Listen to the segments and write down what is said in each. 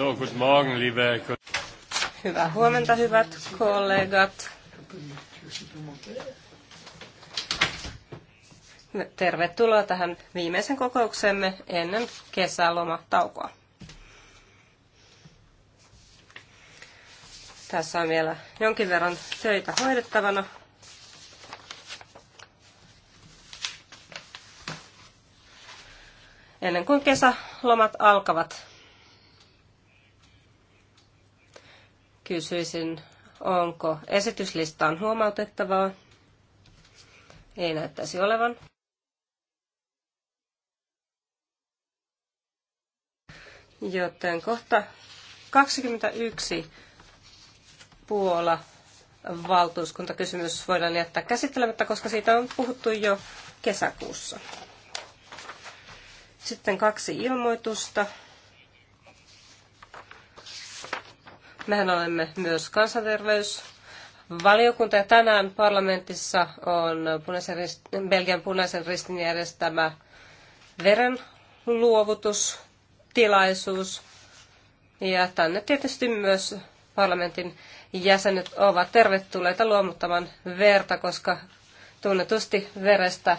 So, guten Morgen, liebe Hyvää huomenta, hyvät kollegat. Tervetuloa tähän viimeisen kokouksemme ennen kesälomataukoa. Tässä on vielä jonkin verran töitä hoidettavana, ennen kuin kesälomat alkavat. Kysyisin, onko esityslistaan huomautettavaa? Ei näyttäisi olevan. Joten kohta 21 Puola valtuuskuntakysymys voidaan jättää käsittelemättä, koska siitä on puhuttu jo kesäkuussa. Sitten kaksi ilmoitusta. Mehän olemme myös kansanterveysvaliokunta ja tänään parlamentissa on punaisen ristin, Belgian punaisen ristin järjestämä verenluovutustilaisuus. Ja tänne tietysti myös parlamentin jäsenet ovat tervetulleita luomuttamaan verta, koska tunnetusti verestä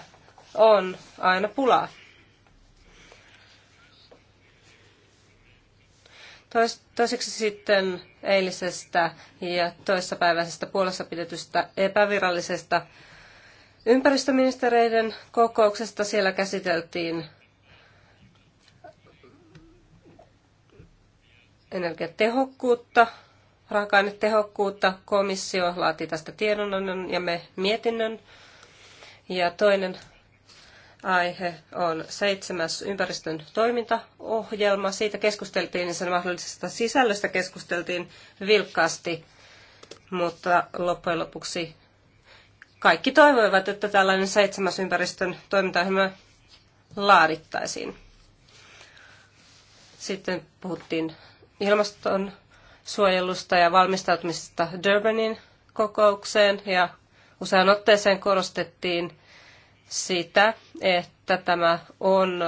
on aina pulaa. Tois, toiseksi sitten eilisestä ja toissapäiväisestä puolessa pidetystä epävirallisesta ympäristöministereiden kokouksesta. Siellä käsiteltiin energiatehokkuutta, raaka-ainetehokkuutta. Komissio laati tästä tiedonannon ja me mietinnön. Ja toinen aihe on seitsemäs ympäristön toimintaohjelma. Siitä keskusteltiin ja niin sen mahdollisesta sisällöstä keskusteltiin vilkkaasti, mutta loppujen lopuksi kaikki toivoivat, että tällainen seitsemäs ympäristön toimintaohjelma laadittaisiin. Sitten puhuttiin ilmaston suojelusta ja valmistautumisesta Durbanin kokoukseen ja usean otteeseen korostettiin sitä, että tämä on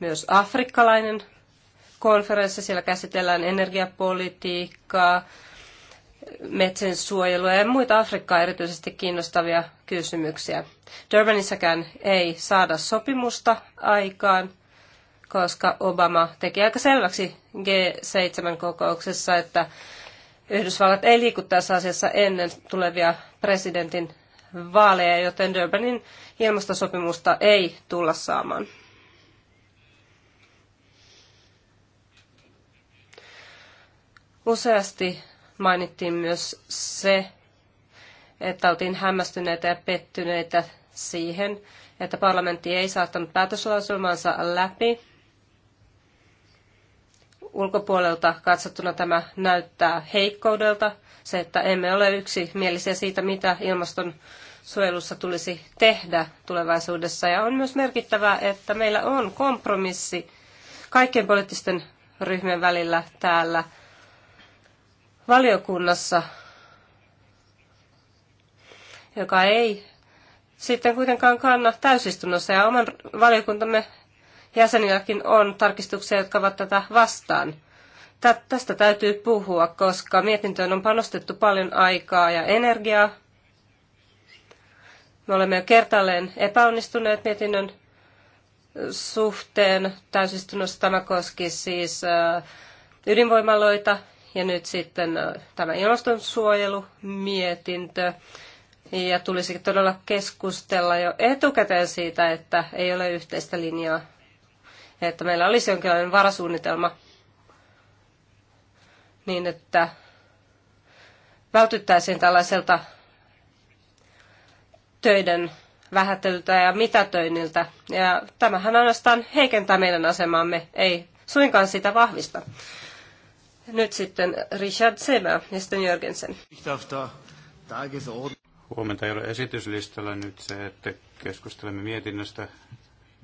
myös afrikkalainen konferenssi. Siellä käsitellään energiapolitiikkaa, metsän suojelua ja muita Afrikkaa erityisesti kiinnostavia kysymyksiä. Durbanissakään ei saada sopimusta aikaan, koska Obama teki aika selväksi G7-kokouksessa, että Yhdysvallat ei liiku tässä asiassa ennen tulevia presidentin vaaleja, joten Durbanin ilmastosopimusta ei tulla saamaan. Useasti mainittiin myös se, että oltiin hämmästyneitä ja pettyneitä siihen, että parlamentti ei saattanut päätöslauselmansa läpi. Ulkopuolelta katsottuna tämä näyttää heikkoudelta, se, että emme ole yksimielisiä siitä, mitä ilmaston suojelussa tulisi tehdä tulevaisuudessa. Ja on myös merkittävää, että meillä on kompromissi kaikkien poliittisten ryhmien välillä täällä valiokunnassa, joka ei sitten kuitenkaan kanna täysistunnossa. Ja oman valiokuntamme jäsenilläkin on tarkistuksia, jotka ovat tätä vastaan. Tästä täytyy puhua, koska mietintöön on panostettu paljon aikaa ja energiaa. Me olemme jo kertaalleen epäonnistuneet mietinnön suhteen. Täysistunnossa tämä koski siis äh, ydinvoimaloita ja nyt sitten äh, tämä ilmastonsuojelumietintö. Ja tulisi todella keskustella jo etukäteen siitä, että ei ole yhteistä linjaa, että meillä olisi jonkinlainen varasuunnitelma niin, että vältyttäisiin tällaiselta töiden vähättelyltä ja mitätöinniltä. Ja tämähän ainoastaan heikentää meidän asemaamme, ei suinkaan sitä vahvista. Nyt sitten Richard Seba ja sitten Jörgensen. Huomenta ei ole esityslistalla nyt se, että keskustelemme mietinnöstä,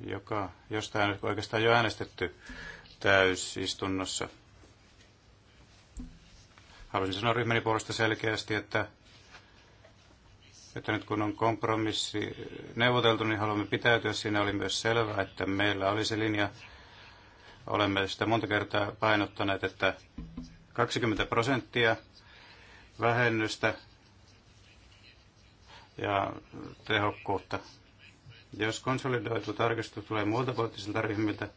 joka jostain on oikeastaan jo äänestetty täysistunnossa. Haluaisin sanoa ryhmäni puolesta selkeästi, että että nyt kun on kompromissi neuvoteltu, niin haluamme pitäytyä. Siinä oli myös selvää, että meillä oli se linja. Olemme sitä monta kertaa painottaneet, että 20 prosenttia vähennystä ja tehokkuutta. Jos konsolidoitu tarkistus tulee muilta poliittisilta ryhmiltä,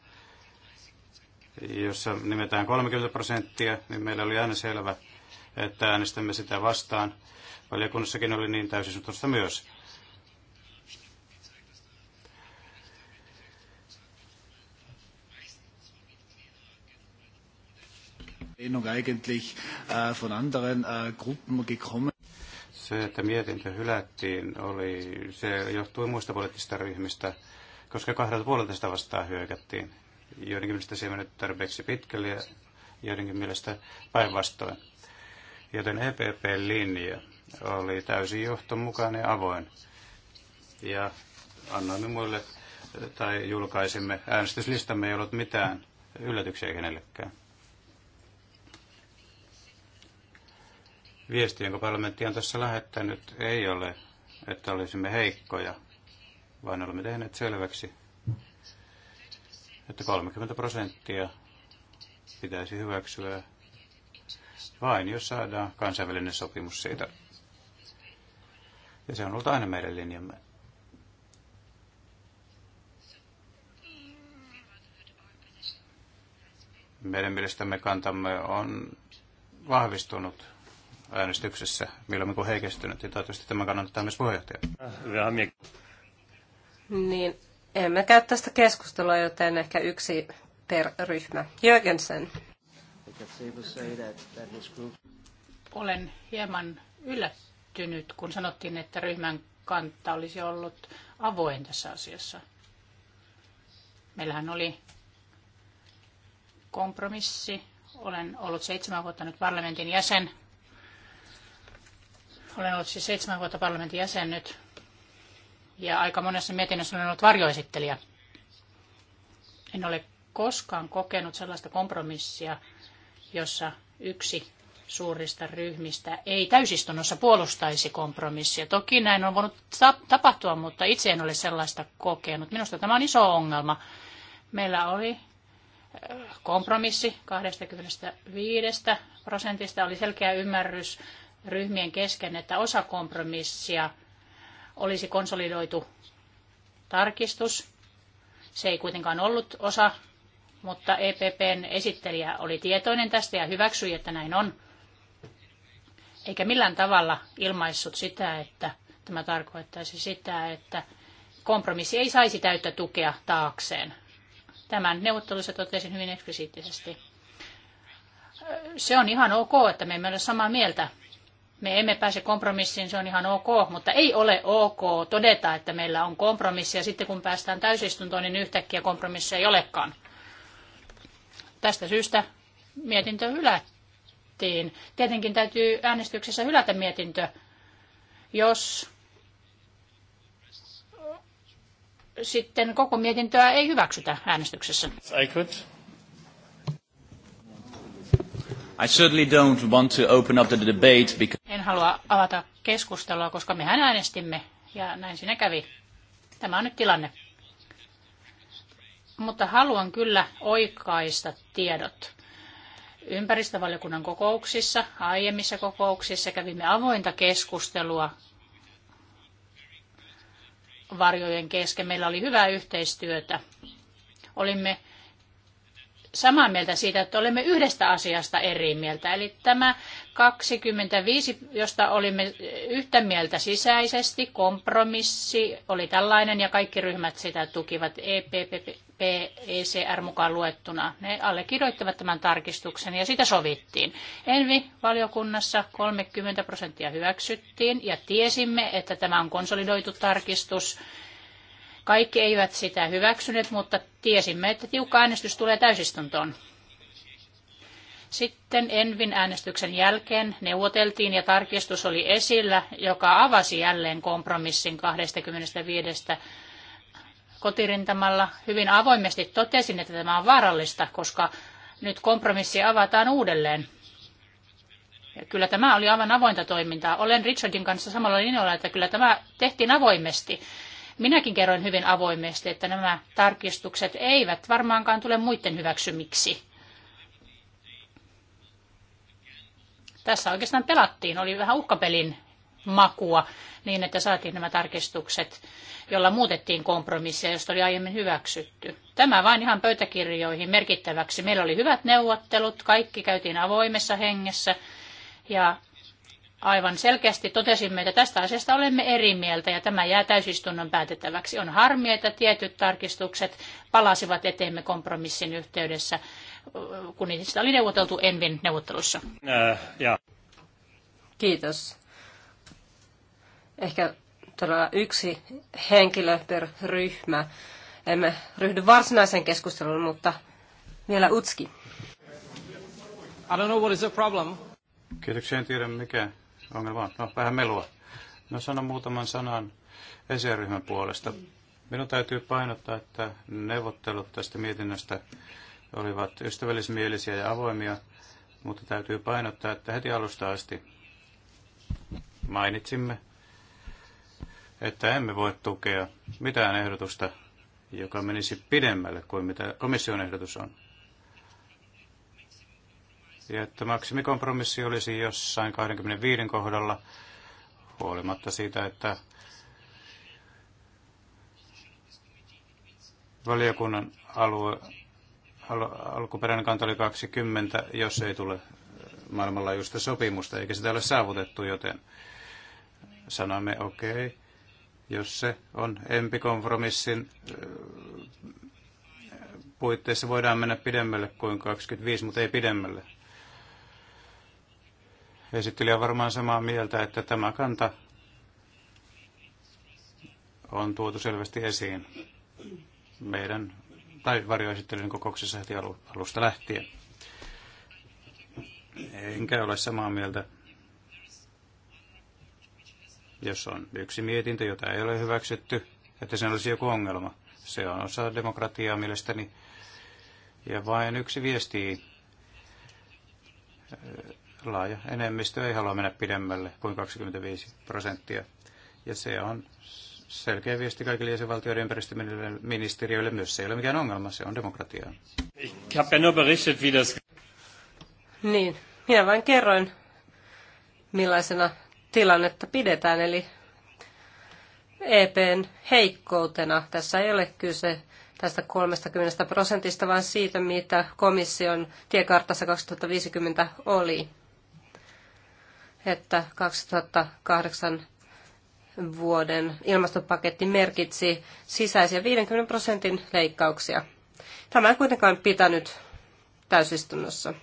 jossa nimetään 30 prosenttia, niin meillä oli aina selvä, että äänestämme sitä vastaan – Valiokunnassakin oli niin täysin täysistuntosta myös. eigentlich äh, von anderen äh, Gruppen gekommen. Se, että mietintö hylättiin, oli, se johtui muista poliittisista ryhmistä, koska kahdelta puolelta sitä vastaan hyökättiin. Joidenkin mielestä se meni tarpeeksi pitkälle ja joidenkin mielestä päinvastoin. Joten EPP-linja oli täysin johtomukainen ja avoin. Ja annoimme muille tai julkaisimme äänestyslistamme, ei ollut mitään yllätyksiä kenellekään. Viesti, jonka parlamentti on tässä lähettänyt, ei ole, että olisimme heikkoja, vaan olemme tehneet selväksi, että 30 prosenttia pitäisi hyväksyä vain, jos saadaan kansainvälinen sopimus siitä. Ja se on ollut aina meidän linjamme. Meidän mielestämme kantamme on vahvistunut äänestyksessä, milloin kuin heikestynyt. ja toivottavasti tämä kannattaa myös puheenjohtaja. Niin, emme käy tästä keskustelua, joten ehkä yksi per ryhmä. Jörgensen. Olen hieman yllättynyt pettynyt, kun sanottiin, että ryhmän kanta olisi ollut avoin tässä asiassa. Meillähän oli kompromissi. Olen ollut seitsemän vuotta nyt parlamentin jäsen. Olen ollut siis seitsemän vuotta parlamentin jäsen nyt. Ja aika monessa mietinnössä olen ollut varjoesittelijä. En ole koskaan kokenut sellaista kompromissia, jossa yksi suurista ryhmistä ei täysistunnossa puolustaisi kompromissia. Toki näin on voinut tapahtua, mutta itse en ole sellaista kokenut. Minusta tämä on iso ongelma. Meillä oli äh, kompromissi 25 prosentista. Oli selkeä ymmärrys ryhmien kesken, että osa kompromissia olisi konsolidoitu tarkistus. Se ei kuitenkaan ollut osa, mutta EPPn esittelijä oli tietoinen tästä ja hyväksyi, että näin on eikä millään tavalla ilmaissut sitä, että tämä tarkoittaisi sitä, että kompromissi ei saisi täyttä tukea taakseen. Tämän neuvottelussa totesin hyvin eksplisiittisesti. Se on ihan ok, että me emme ole samaa mieltä. Me emme pääse kompromissiin, se on ihan ok, mutta ei ole ok todeta, että meillä on kompromissi ja sitten kun päästään täysistuntoon, niin yhtäkkiä kompromissi ei olekaan. Tästä syystä mietintö hylättiin hylättiin. Tietenkin täytyy äänestyksessä hylätä mietintö, jos sitten koko mietintöä ei hyväksytä äänestyksessä. I could. I certainly don't want to open up the debate because... En halua avata keskustelua, koska mehän äänestimme ja näin siinä kävi. Tämä on nyt tilanne. Mutta haluan kyllä oikaista tiedot ympäristövaliokunnan kokouksissa, aiemmissa kokouksissa kävimme avointa keskustelua varjojen kesken. Meillä oli hyvää yhteistyötä. Olimme samaa mieltä siitä, että olemme yhdestä asiasta eri mieltä. Eli tämä 25, josta olimme yhtä mieltä sisäisesti, kompromissi oli tällainen ja kaikki ryhmät sitä tukivat. EPP, PECR mukaan luettuna. Ne allekirjoittavat tämän tarkistuksen ja sitä sovittiin. Envi-valiokunnassa 30 prosenttia hyväksyttiin ja tiesimme, että tämä on konsolidoitu tarkistus. Kaikki eivät sitä hyväksyneet, mutta tiesimme, että tiukka äänestys tulee täysistuntoon. Sitten Envin äänestyksen jälkeen neuvoteltiin ja tarkistus oli esillä, joka avasi jälleen kompromissin 25 kotirintamalla hyvin avoimesti totesin, että tämä on vaarallista, koska nyt kompromissi avataan uudelleen. Ja kyllä tämä oli aivan avointa toimintaa. Olen Richardin kanssa samalla linjalla, että kyllä tämä tehtiin avoimesti. Minäkin kerroin hyvin avoimesti, että nämä tarkistukset eivät varmaankaan tule muiden hyväksymiksi. Tässä oikeastaan pelattiin, oli vähän uhkapelin makua niin, että saatiin nämä tarkistukset, jolla muutettiin kompromissia, josta oli aiemmin hyväksytty. Tämä vain ihan pöytäkirjoihin merkittäväksi. Meillä oli hyvät neuvottelut, kaikki käytiin avoimessa hengessä ja aivan selkeästi totesimme, että tästä asiasta olemme eri mieltä ja tämä jää täysistunnon päätettäväksi. On harmi, että tietyt tarkistukset palasivat eteemme kompromissin yhteydessä, kun niistä oli neuvoteltu Envin neuvottelussa. Äh, ja. Kiitos ehkä todella yksi henkilö per ryhmä. Emme ryhdy varsinaiseen keskusteluun, mutta vielä Utski. I don't know what is the problem. Kiitoksia, en tiedä mikä ongelma on. No, vähän melua. No sanon muutaman sanan esiryhmän puolesta. Minun täytyy painottaa, että neuvottelut tästä mietinnöstä olivat ystävällismielisiä ja avoimia, mutta täytyy painottaa, että heti alusta asti mainitsimme että emme voi tukea mitään ehdotusta, joka menisi pidemmälle kuin mitä komission ehdotus on. Ja että maksimikompromissi olisi jossain 25 kohdalla, huolimatta siitä, että valiokunnan alue, al, alkuperäinen kanta oli 20, jos ei tule maailmanlaajuista sopimusta, eikä sitä ole saavutettu, joten sanamme okei, okay, jos se on empikompromissin äh, puitteissa voidaan mennä pidemmälle kuin 25, mutta ei pidemmälle. Esittelijä on varmaan samaa mieltä, että tämä kanta on tuotu selvästi esiin meidän tai varjoesittelyn kokouksessa heti alusta lähtien. Enkä ole samaa mieltä jos on yksi mietintö, jota ei ole hyväksytty, että se olisi joku ongelma. Se on osa demokratiaa mielestäni. Ja vain yksi viesti laaja enemmistö ei halua mennä pidemmälle kuin 25 prosenttia. Ja se on selkeä viesti kaikille jäsenvaltioiden ympäristöministeriöille myös. Se ei ole mikään ongelma, se on demokratiaa. Niin, minä vain kerroin, millaisena tilannetta pidetään, eli EPn heikkoutena. Tässä ei ole kyse tästä 30 prosentista, vaan siitä, mitä komission tiekartassa 2050 oli. Että 2008 vuoden ilmastopaketti merkitsi sisäisiä 50 prosentin leikkauksia. Tämä ei kuitenkaan pitänyt täysistunnossa.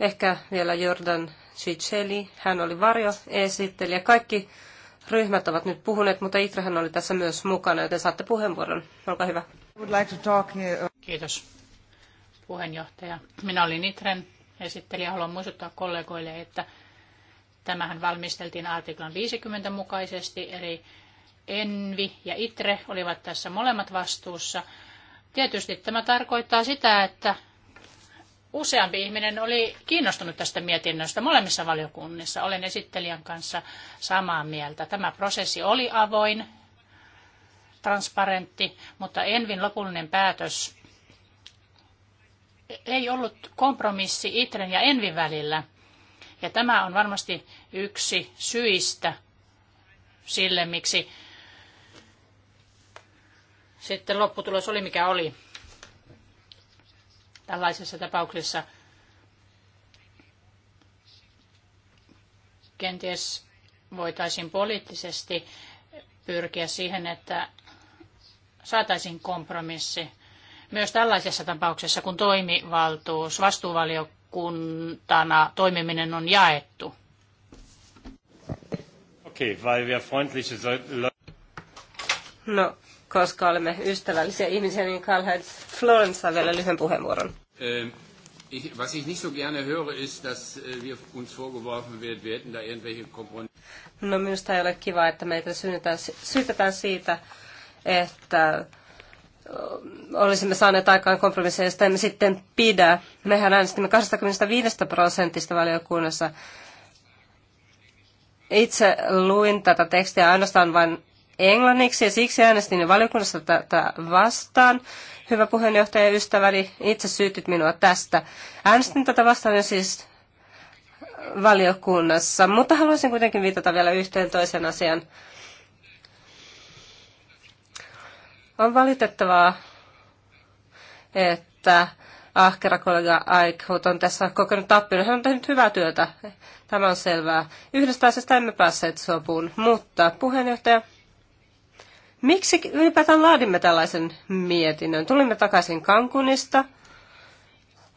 Ehkä vielä Jordan Chicheli. Hän oli varjoesittelijä. Kaikki ryhmät ovat nyt puhuneet, mutta Itrahan oli tässä myös mukana, joten saatte puheenvuoron. Olkaa hyvä. Kiitos puheenjohtaja. Minä olin Itren esittelijä. Haluan muistuttaa kollegoille, että tämähän valmisteltiin artiklan 50 mukaisesti, eli Envi ja Itre olivat tässä molemmat vastuussa. Tietysti tämä tarkoittaa sitä, että useampi ihminen oli kiinnostunut tästä mietinnöstä molemmissa valiokunnissa. Olen esittelijän kanssa samaa mieltä. Tämä prosessi oli avoin, transparentti, mutta Envin lopullinen päätös ei ollut kompromissi Itren ja Envin välillä. Ja tämä on varmasti yksi syistä sille, miksi sitten lopputulos oli mikä oli. Tällaisessa tapauksessa Kenties voitaisiin poliittisesti pyrkiä siihen, että saataisiin kompromissi myös tällaisessa tapauksessa, kun toimivaltuus vastuuvaliokuntana toimiminen on jaettu. Okei, okay, weil wir freundliche No, koska olemme ystävällisiä ihmisiä, niin Karl-Heinz Florence saa vielä lyhyen puheenvuoron. Ähm, ich, was ich nicht so gerne höre, ist, dass äh, wir uns vorgeworfen wird, wir hätten da irgendwelche Kompromisse. No minusta ei ole kiva, että meitä syytetään, syytetään siitä, että äh, olisimme saaneet aikaan kompromisseja, josta emme sitten pidä. Mehän äänestimme 25 prosentista valiokunnassa. Itse luin tätä tekstiä ainoastaan vain englanniksi ja siksi äänestin valiokunnassa tätä vastaan. Hyvä puheenjohtaja ystäväni, itse syytit minua tästä. Äänestin tätä vastaan ja siis valiokunnassa, mutta haluaisin kuitenkin viitata vielä yhteen toisen asian. On valitettavaa, että ahkera kollega Aikhut on tässä kokenut tappion. Hän on tehnyt hyvää työtä, tämä on selvää. Yhdestä asiasta emme päässeet sopuun, mutta puheenjohtaja, Miksi ylipäätään laadimme tällaisen mietinnön? Tulimme takaisin Kankunista.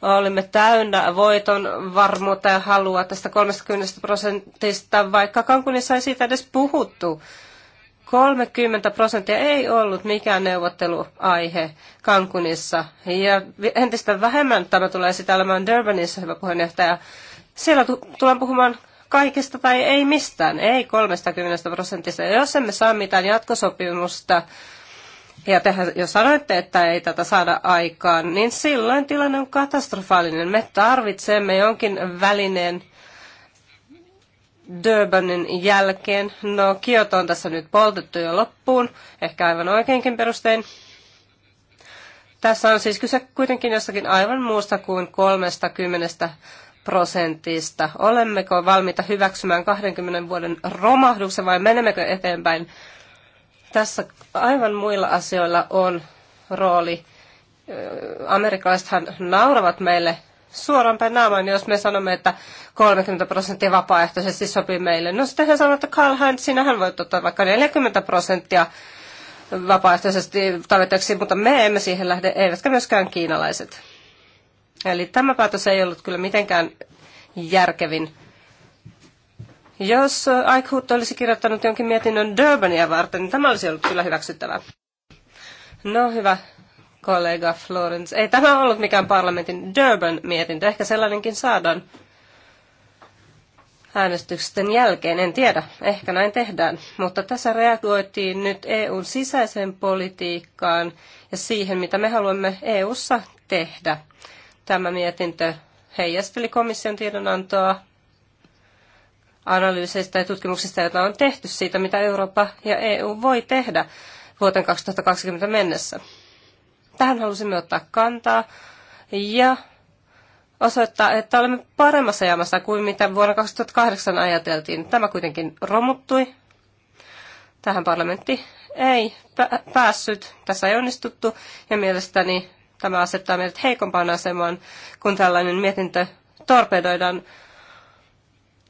Olimme täynnä voiton varmuutta ja halua tästä 30 prosentista, vaikka Kankunissa ei siitä edes puhuttu. 30 prosenttia ei ollut mikään neuvotteluaihe Kankunissa. Ja entistä vähemmän tämä tulee sitä olemaan Durbanissa, hyvä puheenjohtaja. Siellä tullaan puhumaan kaikesta tai ei mistään, ei 30 prosentista. Ja jos emme saa mitään jatkosopimusta, ja tehän jo sanoitte, että ei tätä saada aikaan, niin silloin tilanne on katastrofaalinen. Me tarvitsemme jonkin välineen Durbanin jälkeen. No, Kioto on tässä nyt poltettu jo loppuun, ehkä aivan oikeinkin perustein. Tässä on siis kyse kuitenkin jostakin aivan muusta kuin 30 prosentista. Olemmeko valmiita hyväksymään 20 vuoden romahduksen vai menemmekö eteenpäin? Tässä aivan muilla asioilla on rooli. Amerikkalaisethan nauravat meille suoraan päin naamaan, jos me sanomme, että 30 prosenttia vapaaehtoisesti sopii meille. No sitten hän sanoo, että Carl Heinz, sinähän voit ottaa vaikka 40 prosenttia vapaaehtoisesti tavoitteeksi, mutta me emme siihen lähde, eivätkä myöskään kiinalaiset. Eli tämä päätös ei ollut kyllä mitenkään järkevin. Jos Eichhut olisi kirjoittanut jonkin mietinnön Durbania varten, niin tämä olisi ollut kyllä hyväksyttävää. No hyvä kollega Florence. Ei tämä ollut mikään parlamentin Durban-mietintö. Ehkä sellainenkin saadaan äänestyksen jälkeen, en tiedä, ehkä näin tehdään. Mutta tässä reagoitiin nyt EUn sisäiseen politiikkaan ja siihen, mitä me haluamme EUssa tehdä. Tämä mietintö heijasteli komission tiedonantoa analyyseistä ja tutkimuksista, joita on tehty siitä, mitä Eurooppa ja EU voi tehdä vuoteen 2020 mennessä. Tähän halusimme ottaa kantaa ja osoittaa, että olemme paremmassa jamassa kuin mitä vuonna 2008 ajateltiin. Tämä kuitenkin romuttui. Tähän parlamentti ei päässyt, tässä ei onnistuttu ja mielestäni Tämä asettaa meidät heikompaan asemaan, kun tällainen mietintö torpedoidaan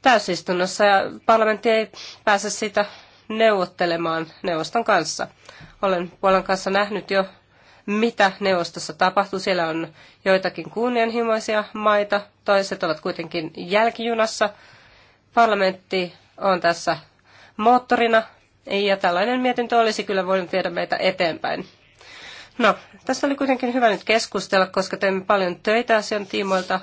täysistunnossa ja parlamentti ei pääse sitä neuvottelemaan neuvoston kanssa. Olen Puolan kanssa nähnyt jo, mitä neuvostossa tapahtuu. Siellä on joitakin kunnianhimoisia maita, toiset ovat kuitenkin jälkijunassa. Parlamentti on tässä moottorina ja tällainen mietintö olisi kyllä voinut viedä meitä eteenpäin. No, tässä oli kuitenkin hyvä nyt keskustella, koska teemme paljon töitä asian tiimoilta.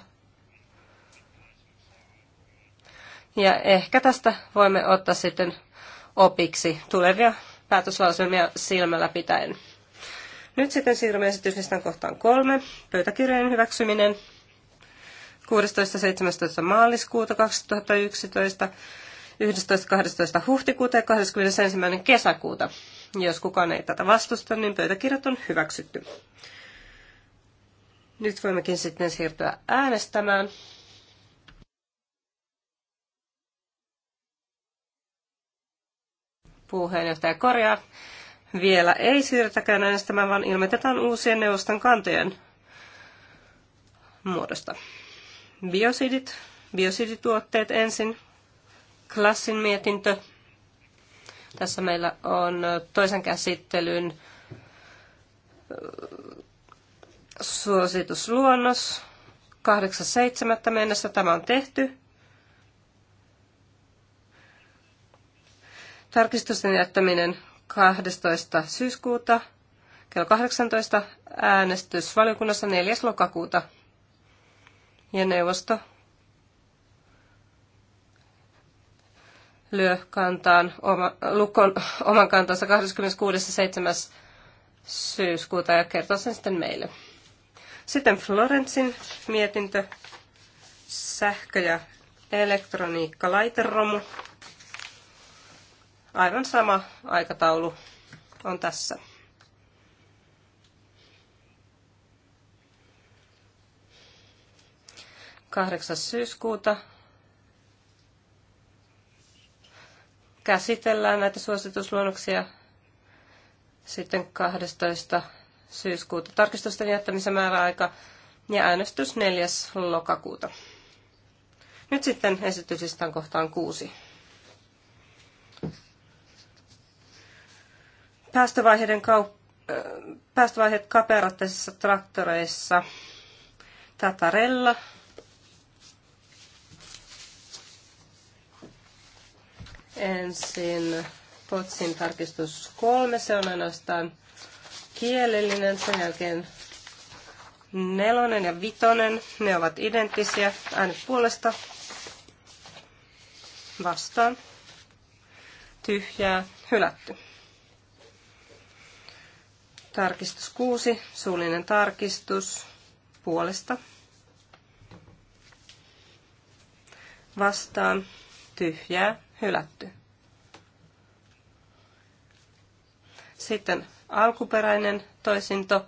Ja ehkä tästä voimme ottaa sitten opiksi tulevia päätöslauselmia silmällä pitäen. Nyt sitten siirrymme esityslistan kohtaan kolme, pöytäkirjojen hyväksyminen 16.17. maaliskuuta 2011, 11.12. huhtikuuta ja 21. kesäkuuta jos kukaan ei tätä vastusta, niin pöytäkirjat on hyväksytty. Nyt voimmekin sitten siirtyä äänestämään. Puheenjohtaja korjaa. Vielä ei siirrytäkään äänestämään, vaan ilmoitetaan uusien neuvoston kantojen muodosta. Biosidit, biosidituotteet ensin, klassin mietintö, tässä meillä on toisen käsittelyn suositusluonnos 8.7. mennessä tämä on tehty. Tarkistusten jättäminen 12. syyskuuta kello 18 äänestys valiokunnassa 4. lokakuuta ja neuvosto lyö kantaan oma, lukon oman kantansa 26.7. syyskuuta ja kertoo sen sitten meille. Sitten Florensin mietintö, sähkö- ja elektroniikkalaiteromu. Aivan sama aikataulu on tässä. Kahdeksas syyskuuta käsitellään näitä suositusluonnoksia sitten 12. syyskuuta. Tarkistusten jättämisen määräaika ja äänestys 4. lokakuuta. Nyt sitten esityslistan kohtaan kuusi. Päästövaiheiden kaup- äh, päästövaiheet kaperatteisissa traktoreissa. Tatarella Ensin Potsin tarkistus kolme, se on ainoastaan kielellinen, sen jälkeen nelonen ja vitonen, ne ovat identtisiä, äänet puolesta vastaan, tyhjää, hylätty. Tarkistus kuusi, suullinen tarkistus puolesta. Vastaan tyhjää, hylätty. Sitten alkuperäinen toisinto,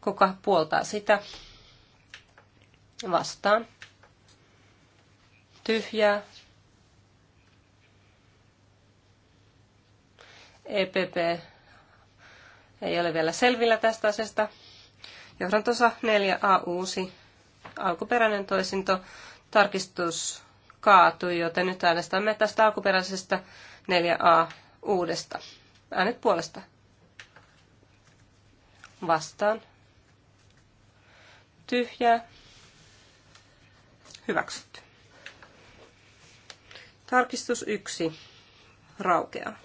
kuka puoltaa sitä vastaan. Tyhjää. EPP ei ole vielä selvillä tästä asiasta. Johdantosa 4a uusi alkuperäinen toisinto, tarkistus kaatui, joten nyt äänestämme tästä alkuperäisestä 4a uudesta. Äänet puolesta. Vastaan. Tyhjää. Hyväksytty. Tarkistus 1. Raukeaa.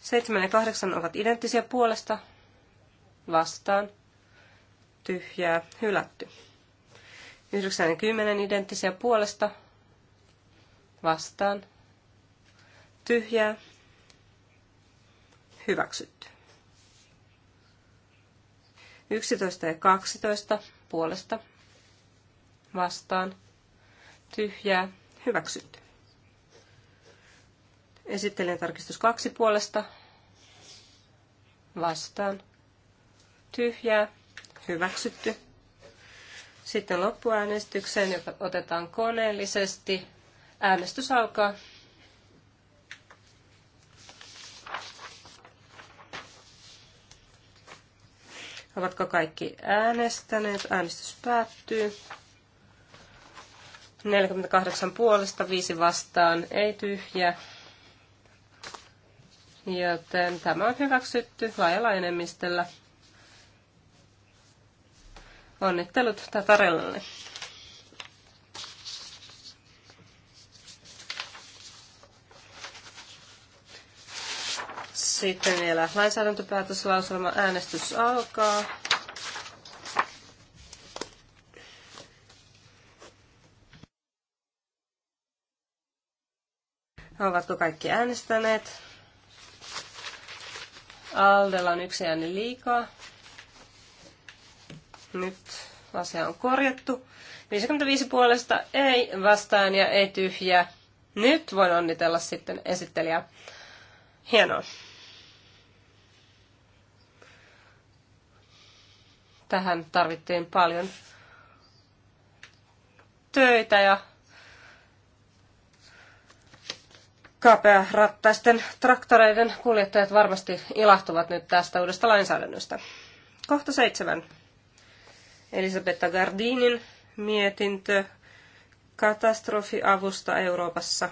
7 ja 8 ovat identtisiä puolesta. Vastaan. Tyhjää. Hylätty. 90 identtisiä puolesta vastaan. Tyhjää. Hyväksytty. 11 ja 12 puolesta vastaan. Tyhjää. Hyväksytty. Esittelen tarkistus kaksi puolesta. Vastaan. Tyhjää. Hyväksytty. Sitten loppuäänestykseen, joka otetaan koneellisesti. Äänestys alkaa. Ovatko kaikki äänestäneet? Äänestys päättyy. 48 puolesta, 5 vastaan, ei tyhjä. Joten tämä on hyväksytty laajalla enemmistöllä. Onnittelut Tatarellalle. Sitten vielä lainsäädäntöpäätöslauselma äänestys alkaa. Ovatko kaikki äänestäneet? Aldella on yksi ääni liikaa. Nyt asia on korjattu. 55 puolesta ei vastaan ja ei tyhjä. Nyt voin onnitella sitten esittelijää. Hienoa. Tähän tarvittiin paljon töitä ja kapearattaisten traktoreiden kuljettajat varmasti ilahtuvat nyt tästä uudesta lainsäädännöstä. Kohta seitsemän. Elisabetta Gardinin mietintö katastrofiavusta Euroopassa.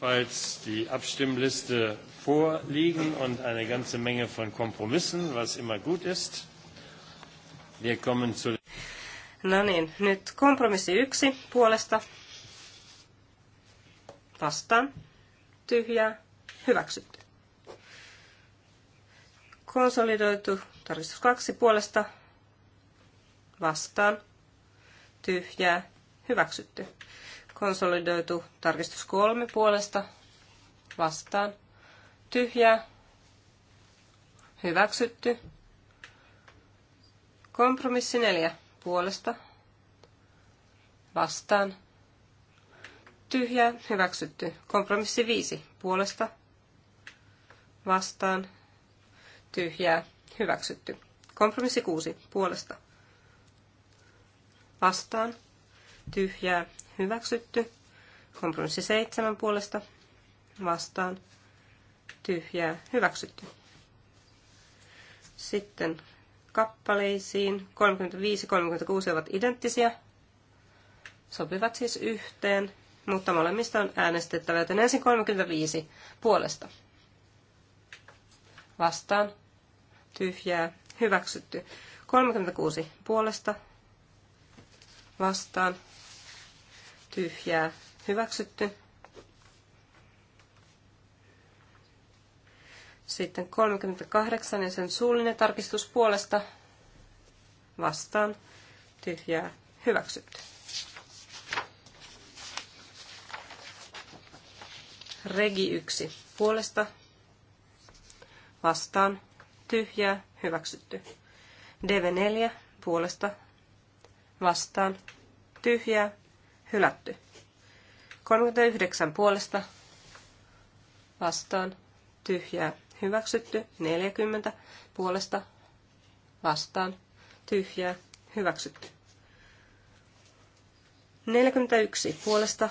Falls die Abstimmliste vorliegen und eine ganze Menge von Kompromissen, was immer gut ist. Wir kommen zu... No niin, nyt kompromissi yksi puolesta. Vastaan. Tyhjää. Hyväksytty. Konsolidoitu Tarkistus kaksi puolesta vastaan. Tyhjää. Hyväksytty. Konsolidoitu tarkistus kolme puolesta vastaan. Tyhjää. Hyväksytty. Kompromissi neljä puolesta vastaan. Tyhjää. Hyväksytty. Kompromissi viisi puolesta vastaan. Tyhjää Hyväksytty. Kompromissi 6. Puolesta. Vastaan. Tyhjää. Hyväksytty. Kompromissi 7. Puolesta. Vastaan. Tyhjää. Hyväksytty. Sitten kappaleisiin. 35 ja 36 ovat identtisiä. Sopivat siis yhteen, mutta molemmista on äänestettävä, joten ensin 35 puolesta. Vastaan tyhjää, hyväksytty. 36 puolesta vastaan, tyhjää, hyväksytty. Sitten 38 ja sen suullinen tarkistus puolesta vastaan, tyhjää, hyväksytty. Regi 1 puolesta vastaan, tyhjää, hyväksytty. DV4 puolesta vastaan, tyhjää, hylätty. 39 puolesta vastaan, tyhjää, hyväksytty. 40 puolesta vastaan, tyhjää, hyväksytty. 41 puolesta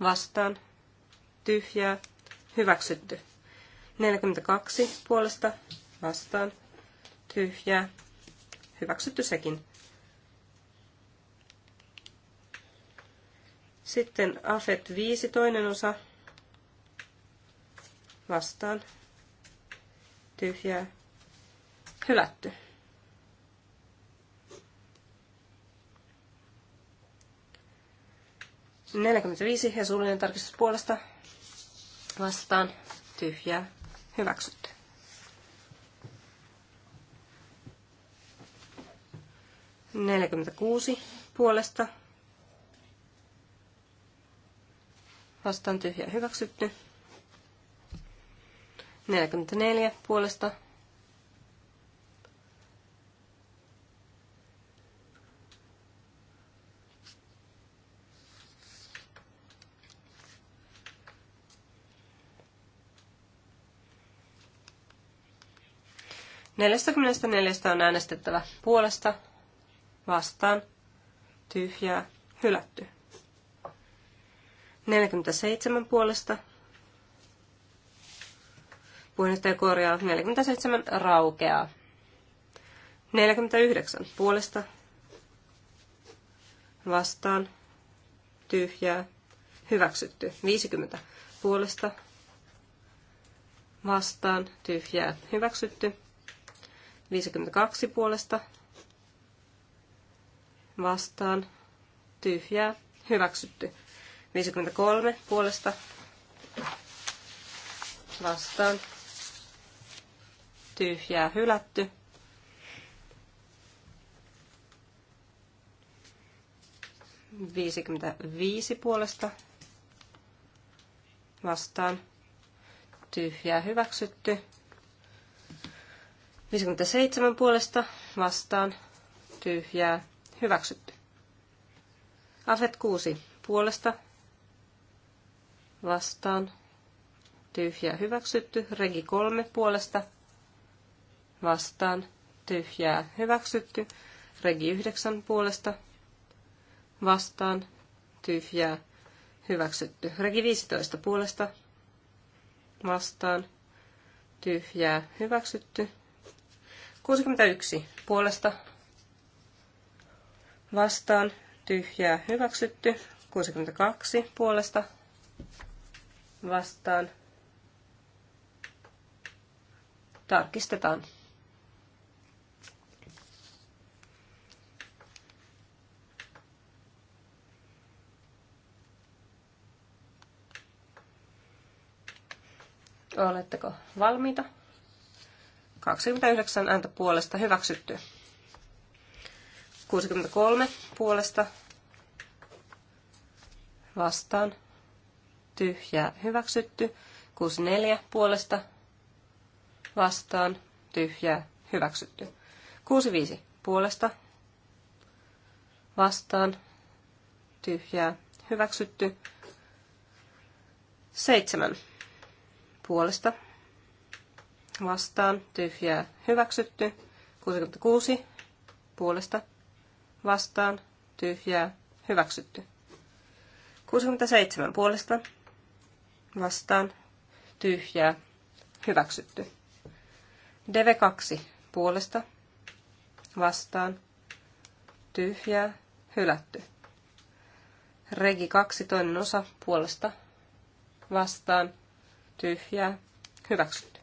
vastaan, tyhjää, hyväksytty. 42 puolesta vastaan tyhjää. Hyväksytty sekin. Sitten AFET 5 toinen osa vastaan tyhjää. Hylätty. Neljäkymmentäviisi ja suullinen tarkistus puolesta vastaan tyhjää Hyväksytty. Neljäkymmentäkuusi puolesta. Vastaan tyhjä hyväksytty. 44 puolesta 44 on äänestettävä puolesta, vastaan, tyhjää, hylätty. 47 puolesta, puheenjohtaja korjaa, 47 raukeaa. 49 puolesta, vastaan, tyhjää, hyväksytty. 50 puolesta, vastaan, tyhjää, hyväksytty. 52 puolesta vastaan tyhjää hyväksytty. 53 puolesta vastaan tyhjää hylätty. 55 puolesta vastaan tyhjää hyväksytty. 57 puolesta vastaan tyhjää hyväksytty. Afet 6 puolesta vastaan tyhjää hyväksytty. Regi 3 puolesta vastaan tyhjää hyväksytty. Regi 9 puolesta vastaan tyhjää hyväksytty. Regi 15 puolesta vastaan tyhjää hyväksytty. 61 puolesta vastaan tyhjää hyväksytty. 62 puolesta vastaan tarkistetaan. Oletteko valmiita? 29 ääntä puolesta hyväksytty. 63 puolesta vastaan tyhjää hyväksytty. 64 puolesta vastaan tyhjää hyväksytty. 65 puolesta vastaan tyhjää hyväksytty. 7 puolesta vastaan, tyhjää, hyväksytty. 66 puolesta vastaan, tyhjää, hyväksytty. 67 puolesta vastaan, tyhjää, hyväksytty. DV2 puolesta vastaan, tyhjää, hylätty. Regi 2 toinen osa puolesta vastaan, tyhjää, hyväksytty.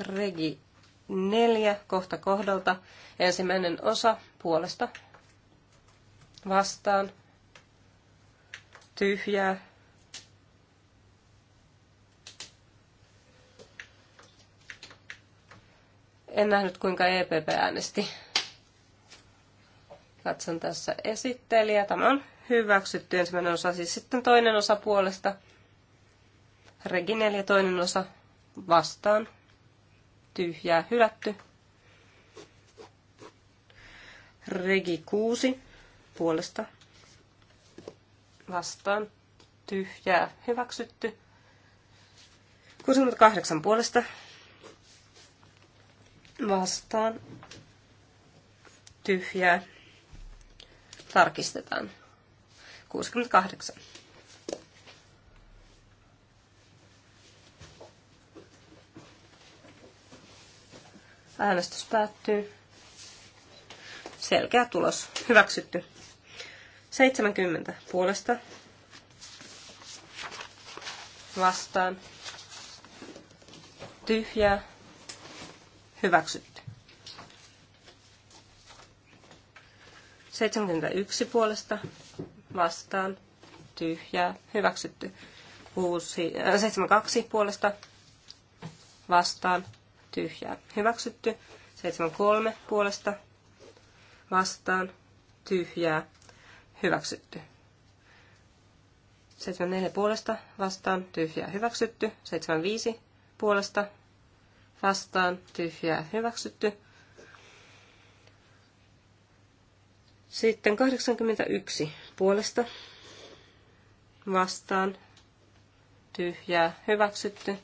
Regi 4 kohta kohdalta. Ensimmäinen osa puolesta vastaan tyhjää. En nähnyt kuinka EPP äänesti. Katson tässä esittelijä. Tämä on hyväksytty ensimmäinen osa, siis sitten toinen osa puolesta. Regi 4 toinen osa vastaan tyhjää hylätty. Regi 6 puolesta vastaan tyhjää hyväksytty. 68 puolesta vastaan tyhjää tarkistetaan. 68. Äänestys päättyy. Selkeä tulos. Hyväksytty. 70 puolesta. Vastaan. Tyhjää. Hyväksytty. 71 puolesta. Vastaan. Tyhjää. Hyväksytty. 72 äh, puolesta. Vastaan tyhjää. Hyväksytty. 73 puolesta vastaan tyhjää. Hyväksytty. 74 puolesta vastaan tyhjää. Hyväksytty. 75 puolesta vastaan tyhjää. Hyväksytty. Sitten 81 puolesta vastaan tyhjää. Hyväksytty.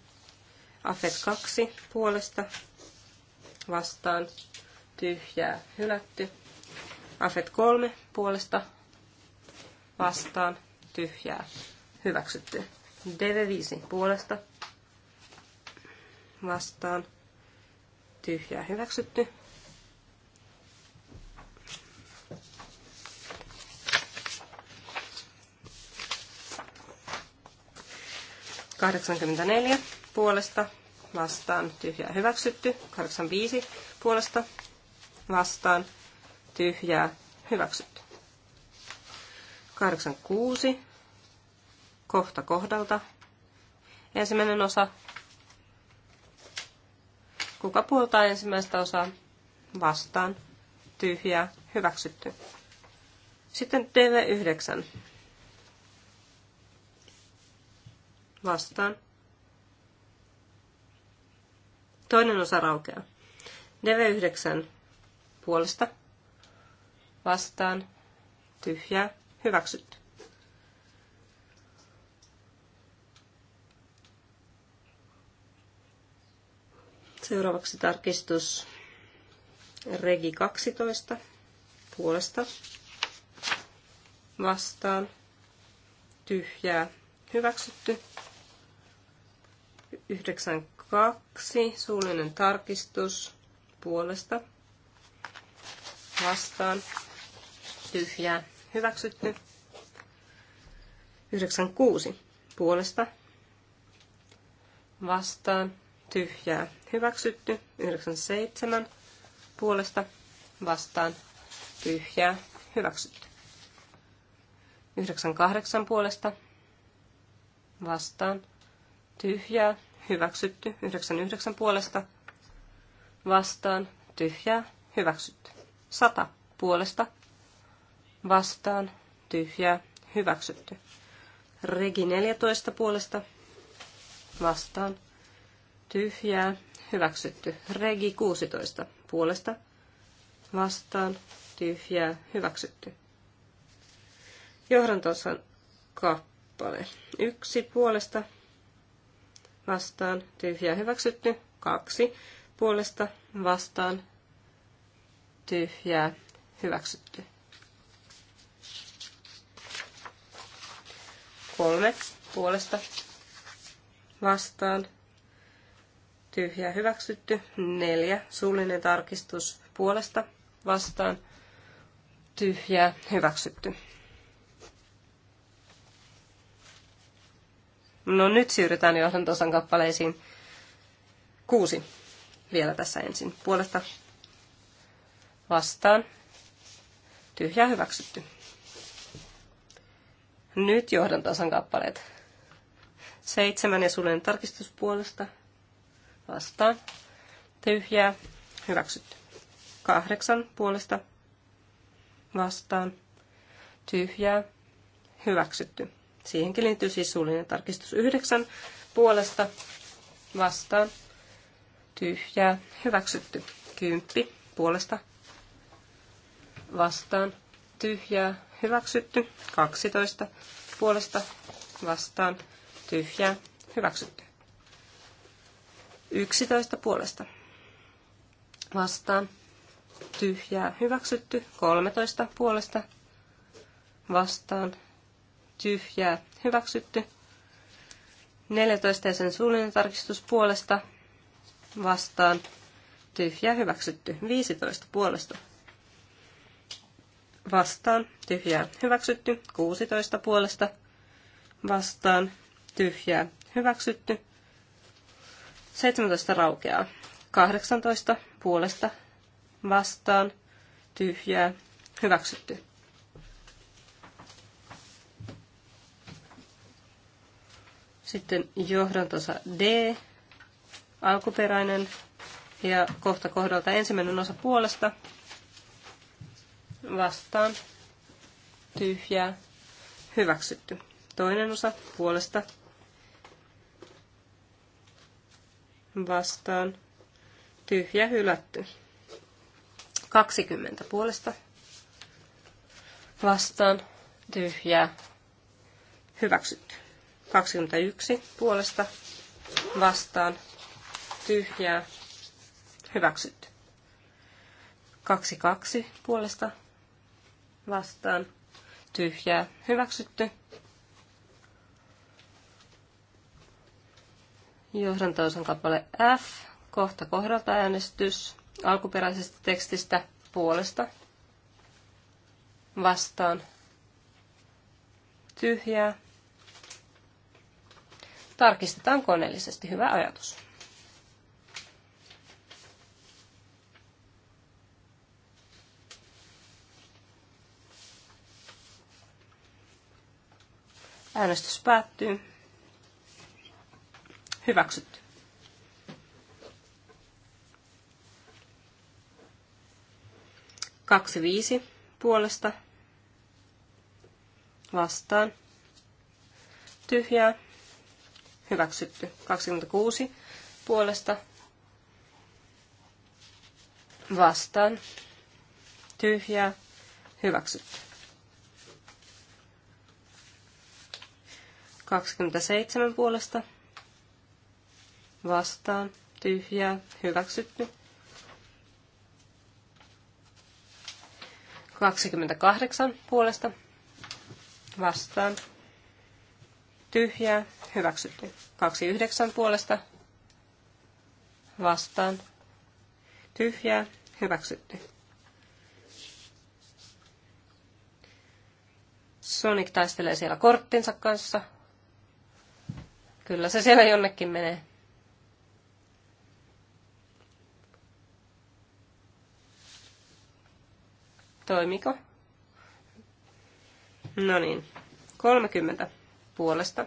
Afet 2 puolesta vastaan tyhjää hylätty. Afet 3 puolesta vastaan tyhjää hyväksytty. DV5 puolesta vastaan tyhjää hyväksytty. Kahdeksankymmentäneljä puolesta vastaan tyhjää hyväksytty. 85 puolesta vastaan tyhjää hyväksytty. 86 kohta kohdalta. Ensimmäinen osa. Kuka puoltaa ensimmäistä osaa? Vastaan. Tyhjää. Hyväksytty. Sitten TV9. Vastaan. Toinen osa raukeaa. Neve 9 puolesta vastaan tyhjää hyväksytty. Seuraavaksi tarkistus Regi 12 puolesta vastaan tyhjää hyväksytty. 9 kaksi, suullinen tarkistus puolesta vastaan, tyhjää, hyväksytty. 96 puolesta vastaan, tyhjää, hyväksytty. 97 puolesta vastaan, tyhjää, hyväksytty. 98 puolesta vastaan, tyhjää, hyväksytty. 99 puolesta vastaan, tyhjää, hyväksytty. 100 puolesta vastaan, tyhjää, hyväksytty. Regi 14 puolesta vastaan, tyhjää, hyväksytty. Regi 16 puolesta vastaan, tyhjää, hyväksytty. Johdantosan kappale. Yksi puolesta vastaan, tyhjää hyväksytty. Kaksi puolesta vastaan, tyhjää hyväksytty. Kolme puolesta vastaan, tyhjää hyväksytty. Neljä suullinen tarkistus puolesta vastaan, tyhjää hyväksytty. No nyt siirrytään johdantosan kappaleisiin. Kuusi vielä tässä ensin. Puolesta vastaan. Tyhjä hyväksytty. Nyt johdantosan kappaleet. Seitsemän ja sulen tarkistuspuolesta vastaan. Tyhjää hyväksytty. Kahdeksan puolesta vastaan. Tyhjää hyväksytty. Siihenkin liittyy siis suullinen tarkistus yhdeksän puolesta vastaan tyhjää hyväksytty. kymppi puolesta vastaan tyhjää hyväksytty. 12 puolesta vastaan tyhjää hyväksytty. 11 puolesta vastaan tyhjää hyväksytty. 13 puolesta vastaan tyhjää hyväksytty. 14 ja sen suullinen tarkistus puolesta vastaan tyhjää hyväksytty. 15 puolesta vastaan tyhjää hyväksytty. 16 puolesta vastaan tyhjää hyväksytty. 17 raukeaa. 18 puolesta vastaan tyhjää hyväksytty. Sitten johdantosa D, alkuperäinen ja kohta kohdalta ensimmäinen osa puolesta vastaan tyhjää hyväksytty. Toinen osa puolesta vastaan tyhjä hylätty. 20 puolesta vastaan tyhjää hyväksytty. 21 puolesta vastaan tyhjää hyväksytty. 22 puolesta vastaan tyhjää hyväksytty. Johdantoosan kappale F, kohta kohdalta äänestys alkuperäisestä tekstistä puolesta vastaan tyhjää Tarkistetaan koneellisesti. Hyvä ajatus. Äänestys päättyy. Hyväksytty. Kaksi viisi puolesta vastaan. Tyhjää hyväksytty. 26 puolesta vastaan tyhjää hyväksytty. 27 puolesta vastaan tyhjää hyväksytty. 28 puolesta vastaan tyhjää hyväksytty. 29 puolesta vastaan tyhjää hyväksytty. Sonic taistelee siellä korttinsa kanssa. Kyllä se siellä jonnekin menee. Toimiko? No niin. 30 puolesta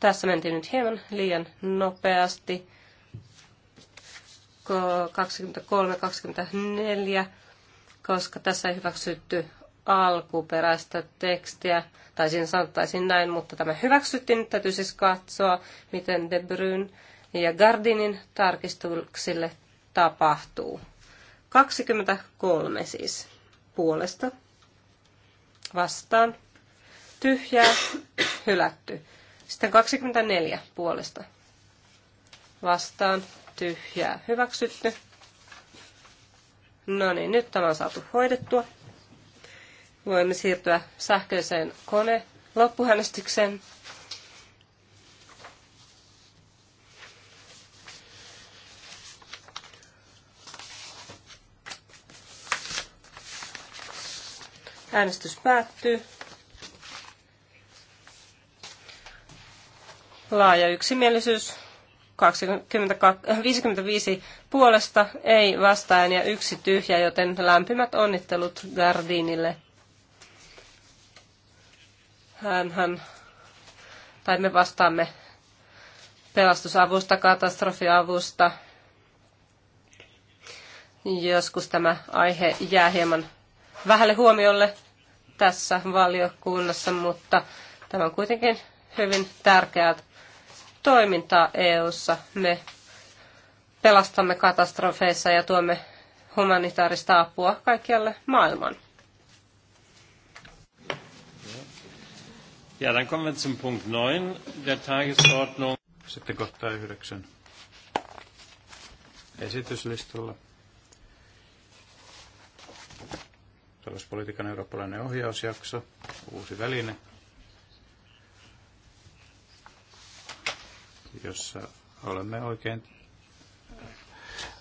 Tässä mentiin nyt hieman liian nopeasti. 23-24, koska tässä ei hyväksytty alkuperäistä tekstiä, tai siinä sanottaisiin näin, mutta tämä hyväksyttiin. Nyt täytyy siis katsoa, miten De Bruyne ja Gardinin tarkistuksille tapahtuu. 23 siis puolesta vastaan. Tyhjää, hylätty. Sitten 24 puolesta. Vastaan tyhjää hyväksytty. No niin, nyt tämä on saatu hoidettua. Voimme siirtyä sähköiseen kone loppuhänestykseen. Äänestys päättyy. laaja yksimielisyys. 20, 55 puolesta, ei vastaan ja yksi tyhjä, joten lämpimät onnittelut Gardinille. Hänhän, tai me vastaamme pelastusavusta, katastrofiavusta. Joskus tämä aihe jää hieman vähälle huomiolle tässä valiokunnassa, mutta tämä on kuitenkin hyvin tärkeää toimintaa EU:ssa. Me pelastamme katastrofeissa ja tuomme humanitaarista apua kaikkialle maailmaan. Ja, dann kommen wir zum Punkt 9 der Tagesordnung. Sitten kohta 9 esityslistalla. Talouspolitiikan eurooppalainen ohjausjakso, uusi väline, jossa olemme oikein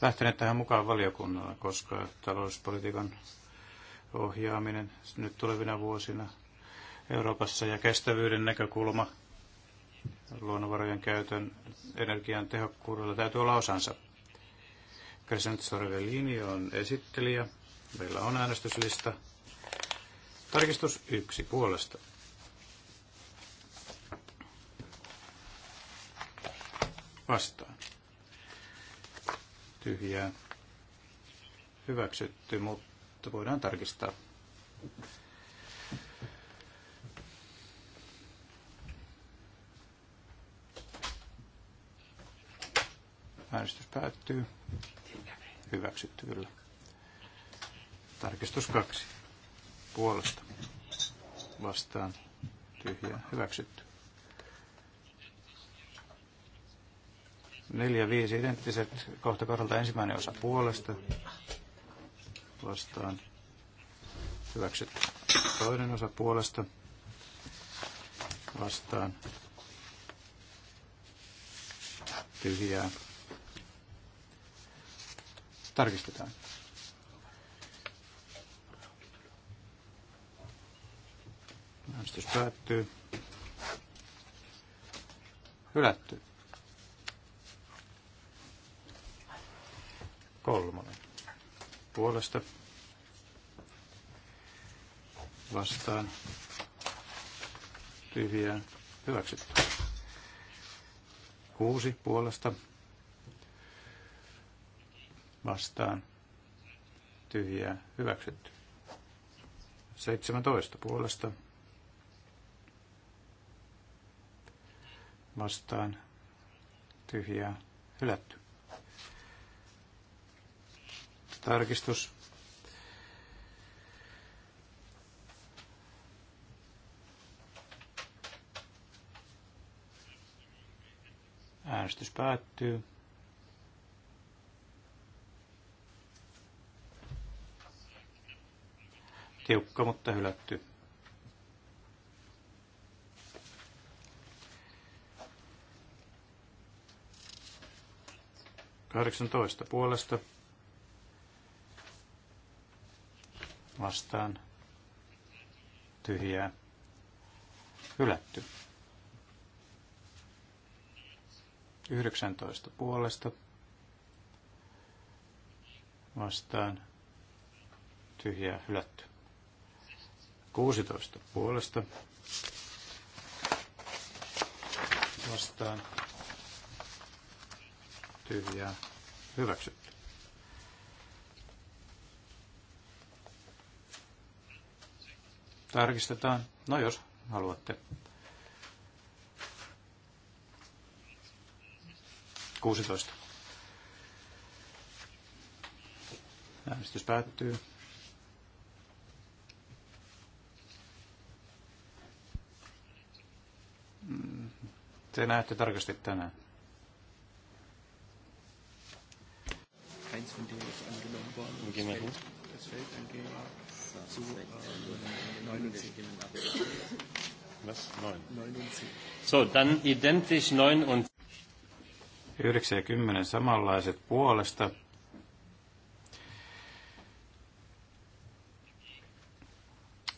lähteneet tähän mukaan valiokunnalla, koska talouspolitiikan ohjaaminen nyt tulevina vuosina Euroopassa ja kestävyyden näkökulma luonnonvarojen käytön energian tehokkuudella täytyy olla osansa. Crescent Sorvelini on esittelijä. Meillä on äänestyslista. Tarkistus yksi puolesta. vastaan. Tyhjää hyväksytty, mutta voidaan tarkistaa. Äänestys päättyy. Hyväksytty kyllä. Tarkistus kaksi. Puolesta. Vastaan. Tyhjää. Hyväksytty. Neljä, viisi identtiset kohta kohdalta ensimmäinen osa puolesta. Vastaan. Hyväksytty. Toinen osa puolesta. Vastaan. Tyhjää. Tarkistetaan. Äänestys päättyy. Hylätty. Kolmonen. Puolesta vastaan tyhjään hyväksytty. Kuusi puolesta vastaan tyhjää hyväksytty. 17 puolesta vastaan tyhjää hylätty tarkistus. Äänestys päättyy. Tiukka, mutta hylätty. Kahdeksantoista puolesta vastaan tyhjää hylätty. 19 puolesta vastaan tyhjää hylätty. 16 puolesta vastaan tyhjää hyväksytty. Tarkistetaan. No jos haluatte. 16. Äänestys päättyy. Mm, te näette tarkasti tänään. Eins von denen ist angenommen worden. das fällt, zu äh, 9 und 10. Was? 9. 9 und 10. So, dann identisch 9 und 9 ja 10 samanlaiset puolesta.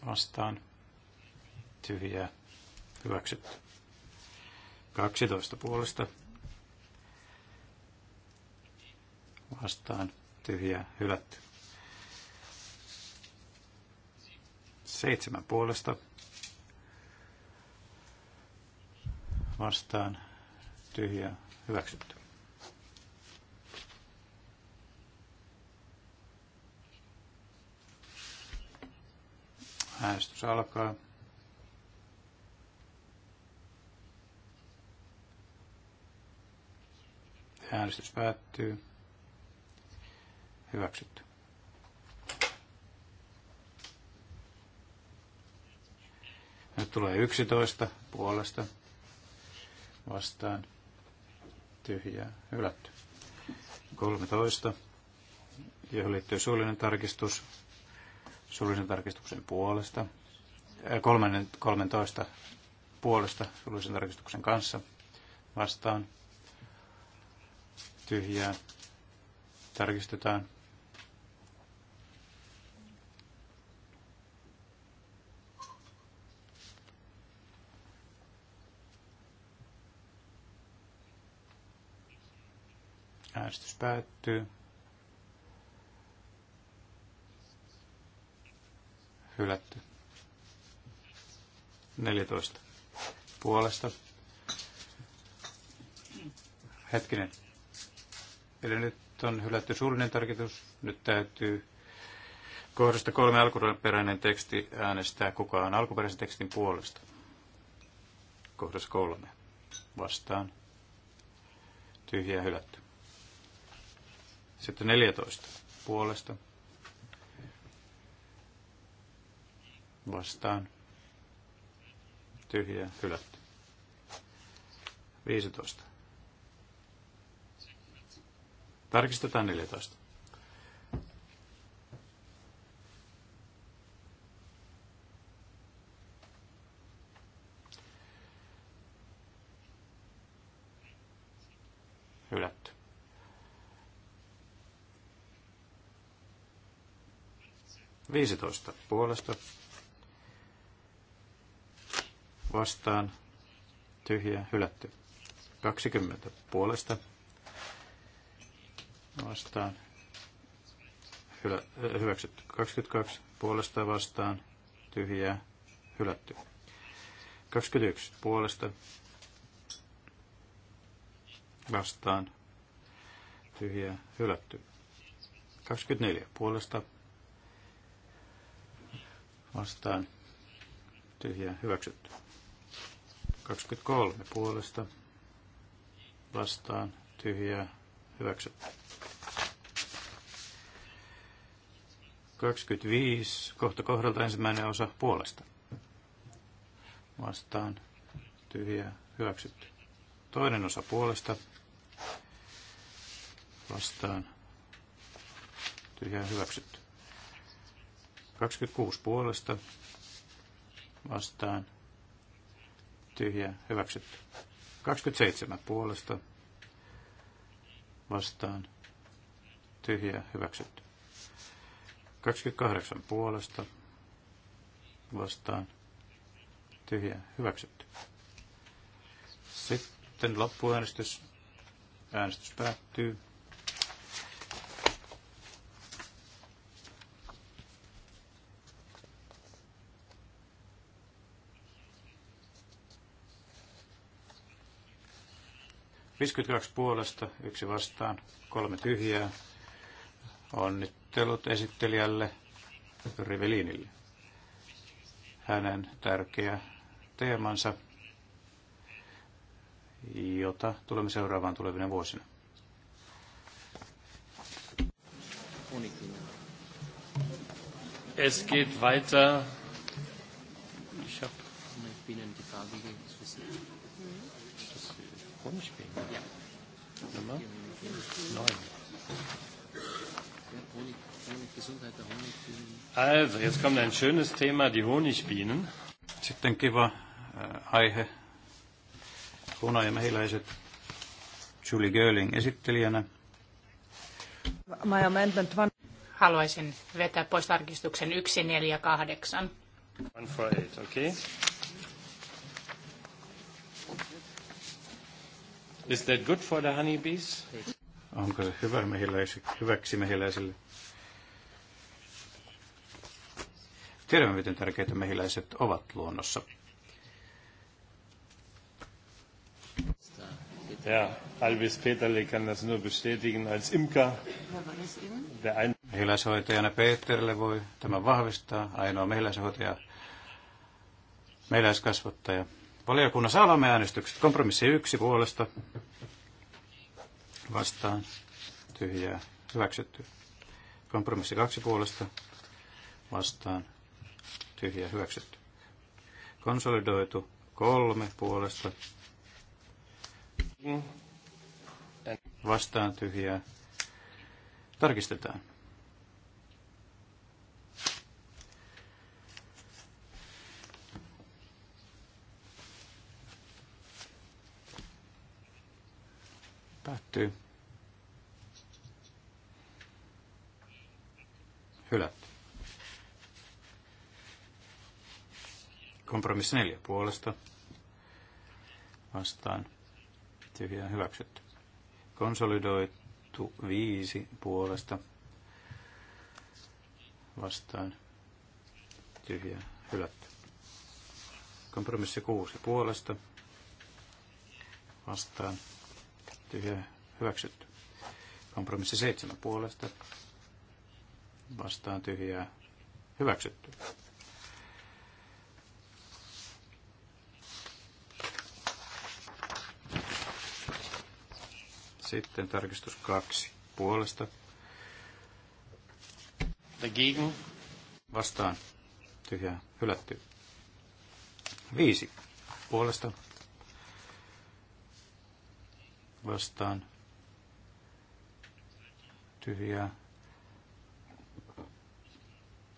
Vastaan. Tyhjää. Hyväksytty. 12 puolesta. Vastaan. Tyhjää. Hylätty. Seitsemän puolesta vastaan tyhjä hyväksytty. Äänestys alkaa. Äänestys päättyy. Hyväksytty. Tarkistus tulee 11 puolesta vastaan tyhjää hylätty. 13, johon liittyy suullinen tarkistus suullisen tarkistuksen puolesta. 13 puolesta suullisen tarkistuksen kanssa vastaan tyhjää tarkistetaan. Äänestys päättyy. Hylätty. 14 puolesta. Hetkinen. Eli nyt on hylätty suullinen tarkitus. Nyt täytyy kohdasta kolme alkuperäinen teksti äänestää kukaan alkuperäisen tekstin puolesta. Kohdassa kolme. Vastaan. Tyhjä hylätty. Sitten 14 puolesta vastaan tyhjää hylätty. 15. Tarkistetaan 14. 15 puolesta vastaan tyhjä hylätty. 20 puolesta vastaan hylä, äh, hyväksytty. 22 puolesta vastaan tyhjää hylätty. 21 puolesta vastaan tyhjää hylätty. 24 puolesta vastaan tyhjää hyväksytty. 23 puolesta vastaan tyhjää hyväksytty. 25 kohta kohdalta ensimmäinen osa puolesta vastaan tyhjää hyväksytty. Toinen osa puolesta vastaan tyhjää hyväksytty. 26 puolesta vastaan tyhjä hyväksytty. 27 puolesta vastaan tyhjä hyväksytty. 28 puolesta vastaan tyhjä hyväksytty. Sitten loppuäänestys. Äänestys päättyy. 52 puolesta, yksi vastaan, kolme tyhjää. Onnittelut esittelijälle Rivelinille. Hänen tärkeä teemansa, jota tulemme seuraavaan tulevina vuosina. Es geht weiter. Ich habe mit Ihnen die Farbe gegeben. Sekunde spielen. Ja. Nummer Also, jetzt kommt ein schönes Thema, die Honigbienen. Sitten kiva äh, aihe, huna ja mehiläiset. Julie Görling esittelijänä. My amendment one. Haluaisin vetää pois tarkistuksen 148. 148, okei. Okay. Is that good for the honeybees? Onko se hyvä mehiläisille, hyväksi mehiläisille? Tiedämme, miten tärkeitä mehiläiset ovat luonnossa. Ja, Alvis Peterle kann das nur bestätigen als Imker. Mehiläishoitajana Peterle voi tämän vahvistaa, ainoa mehiläishoitaja, mehiläiskasvattaja. Valiokunnassa alamme äänestykset. Kompromissi yksi puolesta. Vastaan. Tyhjää. Hyväksytty. Kompromissi kaksi puolesta. Vastaan. Tyhjää. Hyväksytty. Konsolidoitu kolme puolesta. Vastaan tyhjää. Tarkistetaan. Päättyy. Hylätty. Kompromissi neljä puolesta. Vastaan. Tyhjää hyväksytty. Konsolidoitu viisi puolesta. Vastaan. Tyhjää hylätty. Kompromissi kuusi puolesta. Vastaan ja hyväksytty. Kompromissi seitsemän puolesta vastaan tyhjää hyväksytty. Sitten tarkistus kaksi puolesta. Dagegen. Vastaan tyhjää hylätty. Viisi puolesta vastaan tyhjää.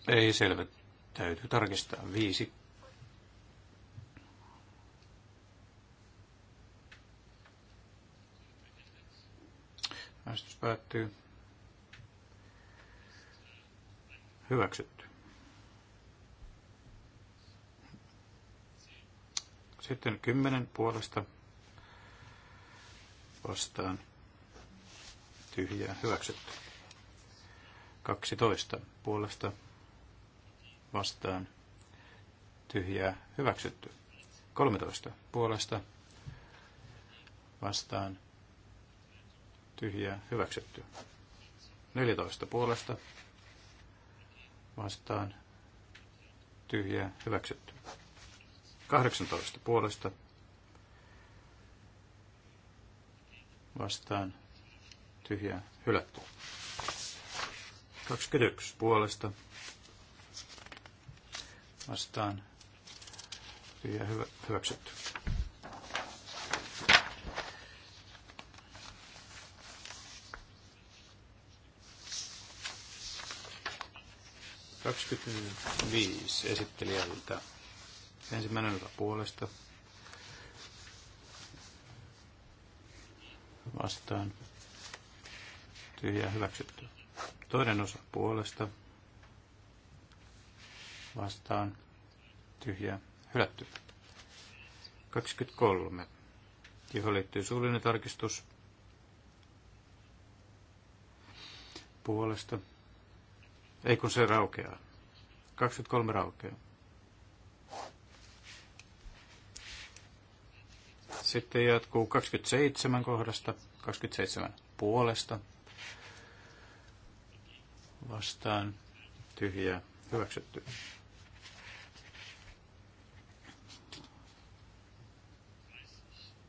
Ei selvä. Täytyy tarkistaa viisi. Äänestys päättyy. Hyväksytty. Sitten kymmenen puolesta vastaan tyhjää hyväksytty. 12 puolesta vastaan tyhjää hyväksytty. 13 puolesta vastaan tyhjää hyväksytty. 14 puolesta vastaan tyhjää hyväksytty. 18 puolesta vastaan tyhjää hylätty. 21 puolesta vastaan tyhjää hyvä, hyväksytty. Kaksikymmentäviisi esittelijältä ensimmäinen puolesta vastaan. Tyhjää hyväksytty. Toinen osa puolesta vastaan. Tyhjää hylätty. 23, johon liittyy suullinen tarkistus puolesta. Ei kun se raukeaa. 23 raukeaa. Sitten jatkuu 27 kohdasta, 27 puolesta vastaan tyhjä hyväksytty.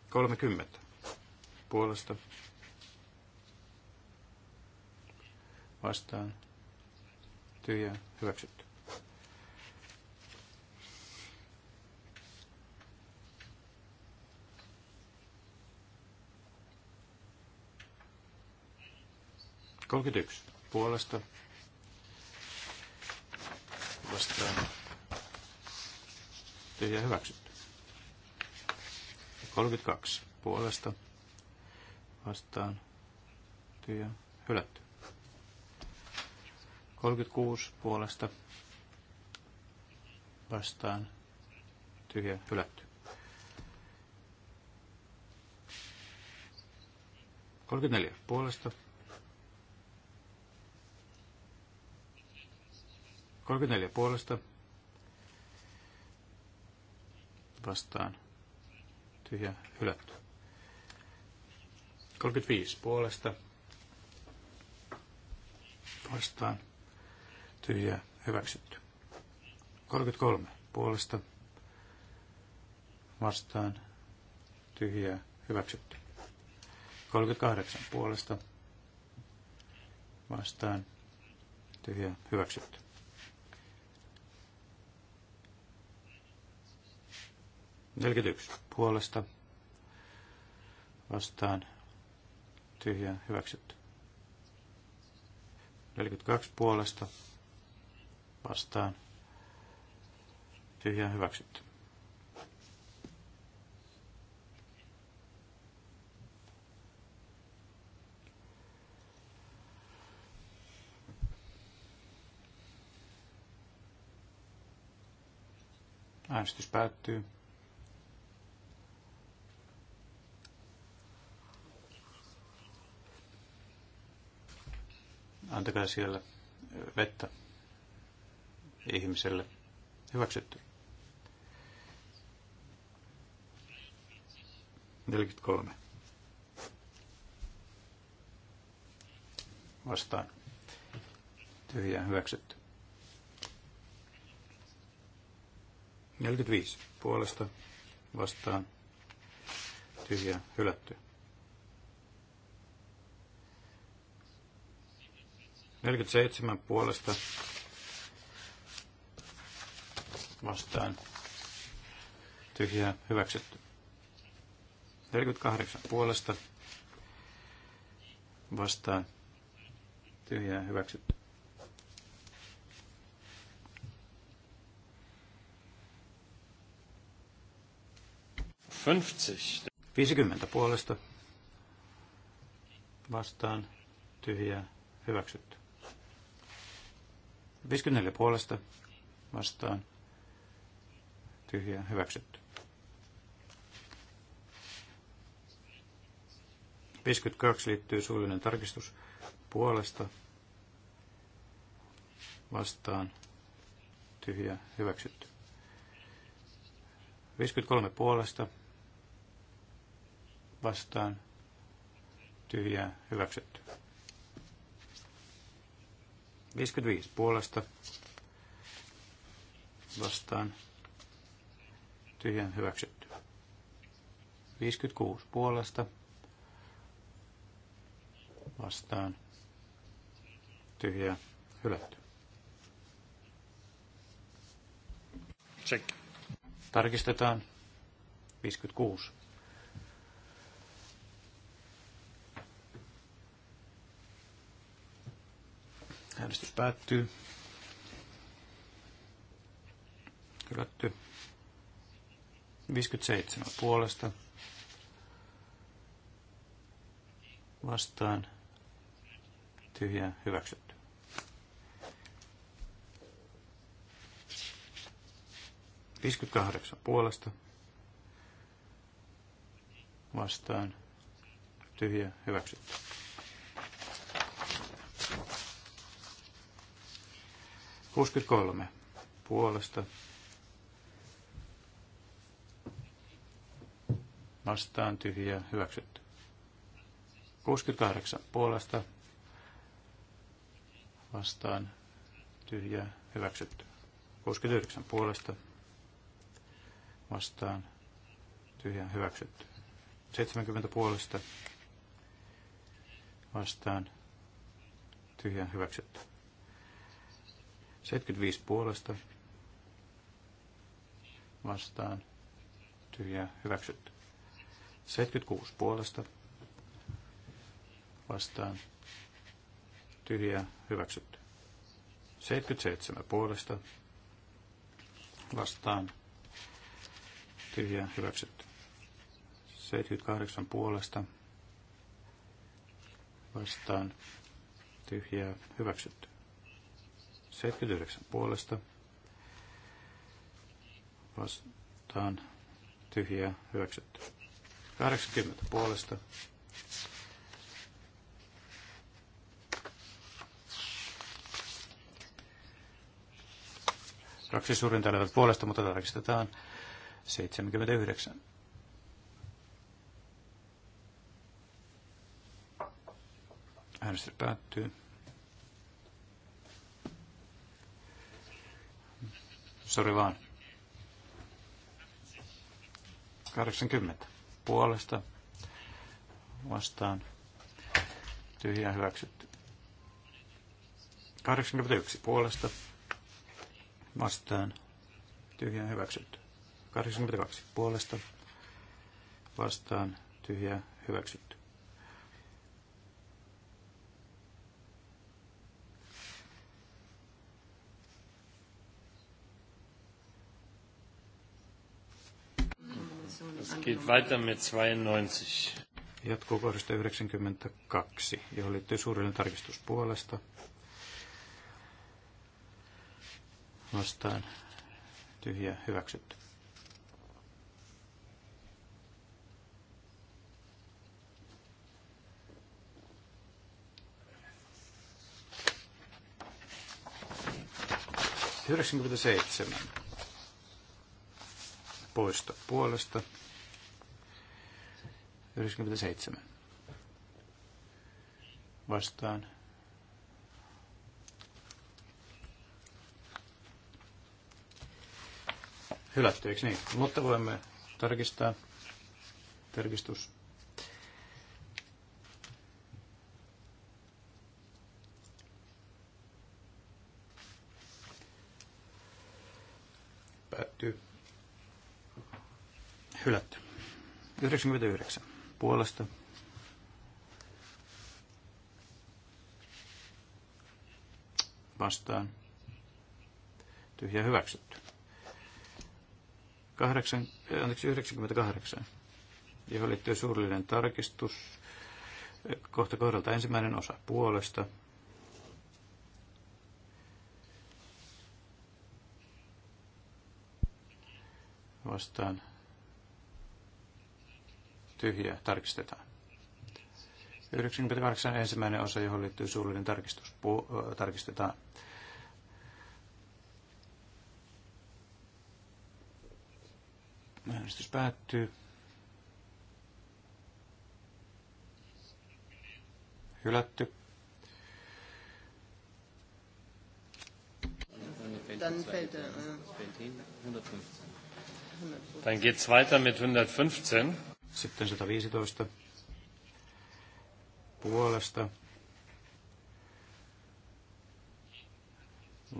Kolmekymmentä puolesta vastaan tyhjä hyväksytty. 31 puolesta vastaan tyhjä hyväksytty. 32 puolesta vastaan tyhjä hylätty. 36 puolesta vastaan tyhjä hylätty. 34 puolesta 34 puolesta vastaan tyhjä hylätty. 35 puolesta vastaan tyhjä hyväksytty. 33 puolesta vastaan tyhjä hyväksytty. 38 puolesta vastaan tyhjä hyväksytty. 41 puolesta vastaan tyhjä hyväksytty. 42 puolesta vastaan tyhjä hyväksytty. Äänestys päättyy. Antakaa siellä vettä ihmiselle. Hyväksytty. 43. Vastaan. Tyhjää hyväksytty. 45. Puolesta vastaan. Tyhjää hylättyä. 47 puolesta vastaan tyhjää hyväksytty. 48 puolesta vastaan tyhjää hyväksytty. Viisikymmentä puolesta vastaan tyhjää hyväksytty. 54 puolesta vastaan Tyhjä, hyväksytty. 52 liittyy suullinen tarkistus puolesta vastaan tyhjä hyväksytty. 53 puolesta vastaan Tyhjä, hyväksytty. 55 puolesta vastaan tyhjän hyväksytty. 56 puolesta vastaan tyhjä hylätty. Check. Tarkistetaan 56. Äänestys päättyy. Hylätty. 57 puolesta. Vastaan. Tyhjä. Hyväksytty. Viisikymmentäkahdeksan puolesta. Vastaan. Tyhjä. Hyväksytty. 63 puolesta vastaan tyhjä hyväksytty. 68 puolesta vastaan tyhjä hyväksytty. 69 puolesta vastaan tyhjä hyväksytty. 70 puolesta vastaan tyhjä hyväksytty. 75 puolesta vastaan tyhjä hyväksytty. 76 puolesta vastaan tyhjä hyväksytty. 77 puolesta vastaan tyhjä hyväksytty. 78 puolesta vastaan tyhjä hyväksytty. 79 puolesta vastaan tyhjää 80 puolesta Kaksi suurinta olevat puolesta, mutta tarkistetaan 79. Äänestys päättyy. Sori vaan. 80 puolesta vastaan Tyhjä hyväksytty. 81 puolesta vastaan Tyhjä hyväksytty. 82 puolesta vastaan tyhjä hyväksytty. Geht weiter mit 92. Jatkuu kohdasta 92, johon liittyy suurinen tarkistus puolesta. Vastaan tyhjä hyväksytty. Yhdeksänkymmentäseitsemän poisto puolesta 97. Vastaan. Hylätty, eikö niin? Mutta voimme tarkistaa. Tarkistus. Päättyy. Hylätty. 99 puolesta. Vastaan. Tyhjä hyväksytty. 8, anteeksi, 98, johon liittyy suurellinen tarkistus. Kohta kohdalta ensimmäinen osa puolesta. Vastaan tyhjää tarkistetaan. 98 ensimmäinen osa, johon liittyy suullinen tarkistus, puu, äh, tarkistetaan. Äänestys päättyy. Hylätty. Dann äh, geht es weiter mit 115. Sitten 115 puolesta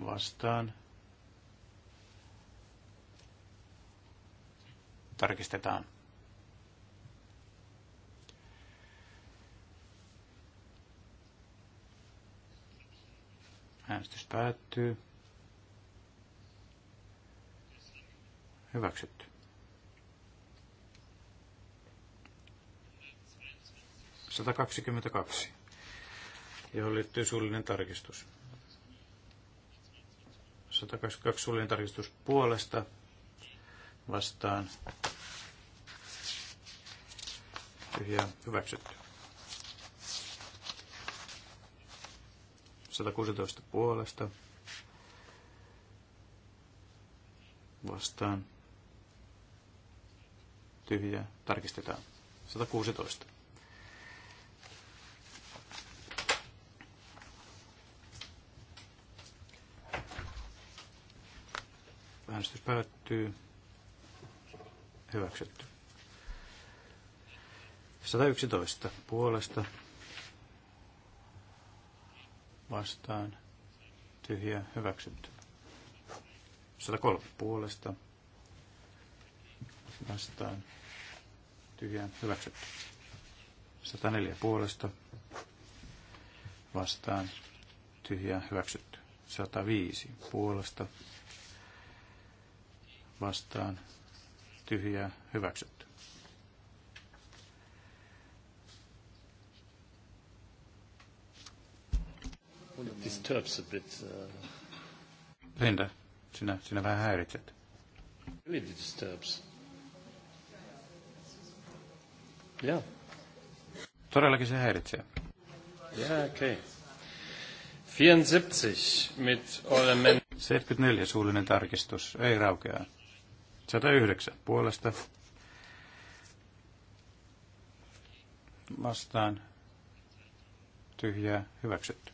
vastaan. Tarkistetaan. Äänestys päättyy. Hyväksytty. 122, johon liittyy suullinen tarkistus. 122 suullinen tarkistus puolesta vastaan. tyhjä hyväksytty. 116 puolesta vastaan tyhjä tarkistetaan. 116. Äänestys päättyy. Hyväksytty. 111 puolesta vastaan tyhjä hyväksytty. 103 puolesta vastaan tyhjä hyväksytty. 104 puolesta vastaan tyhjä hyväksytty. 105 puolesta vastaan tyhjää hyväksytty. Disturbs a bit. Uh... Linda, sinä, sinä vähän häiritset. Really disturbs. Yeah. Todellakin se häiritsee. Yeah, okay. 74 mit 74 suullinen tarkistus, ei raukeaa. 109 puolesta vastaan tyhjää hyväksytty.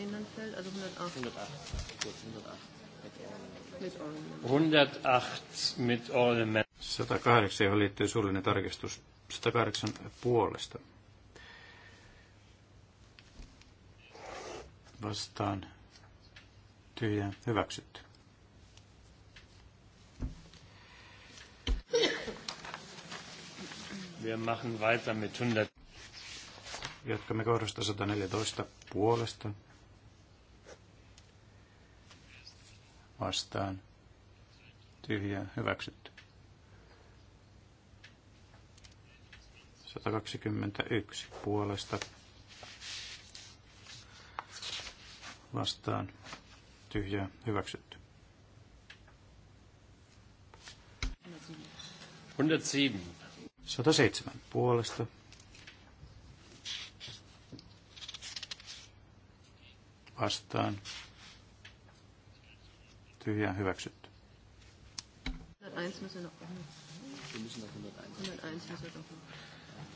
110 dann fällt, also 108. 108. Gut, 108. Mit 108 mit All Amendment. 108, johon liittyy suullinen tarkistus. 108 puolesta. Vastaan tyhjä hyväksytty. Wir machen weiter mit 100. Jatkamme kohdasta 114 puolesta. vastaan tyhjä hyväksytty. 121 puolesta vastaan tyhjä hyväksytty. 107. 107 puolesta vastaan tyhjää hyväksytty.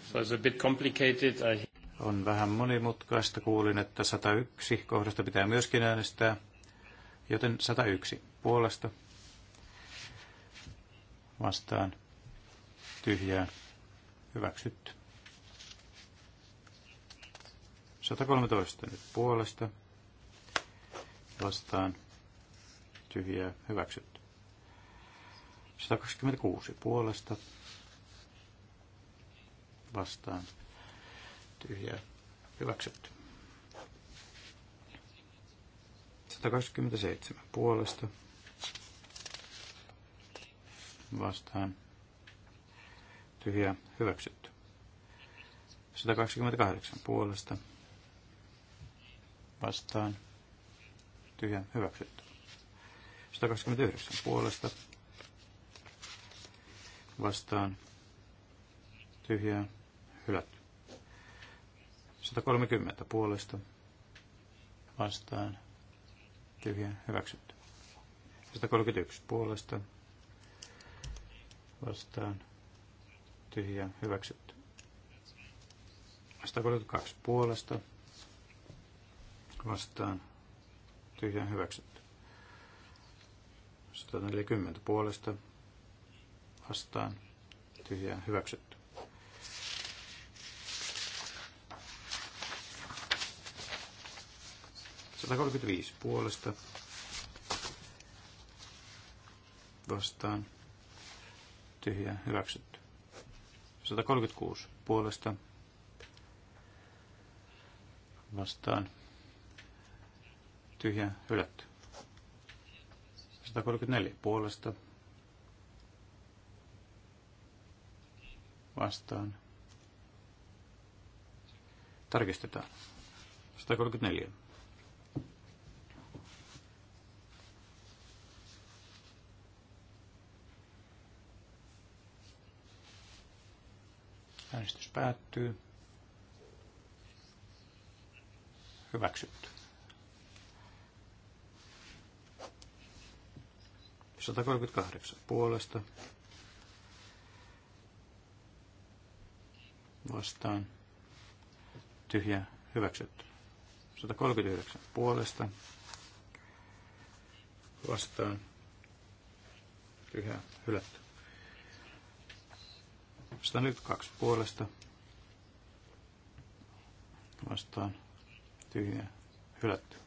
101 On vähän monimutkaista. Kuulin, että 101 kohdasta pitää myöskin äänestää, joten 101 puolesta vastaan tyhjää hyväksytty. 113 nyt puolesta vastaan tyhjää hyväksytty. 126 puolesta vastaan tyhjää hyväksytty. 127 puolesta vastaan tyhjää hyväksytty. 128 puolesta vastaan tyhjä hyväksytty. 129 puolesta vastaan tyhjää hylätty. 130 puolesta vastaan tyhjää hyväksytty. 131 puolesta vastaan tyhjää hyväksytty. 132 puolesta vastaan tyhjää hyväksytty. 140 puolesta vastaan tyhjää hyväksytty. Sata puolesta vastaan tyhjää hyväksytty. 136 puolesta vastaan tyhjä hylätty. 134 puolesta vastaan. Tarkistetaan. 134. Äänestys päättyy. Hyväksytty. 138 puolesta vastaan tyhjä hyväksytty. 139 puolesta vastaan tyhjä hylätty. 142 puolesta vastaan tyhjä hylätty.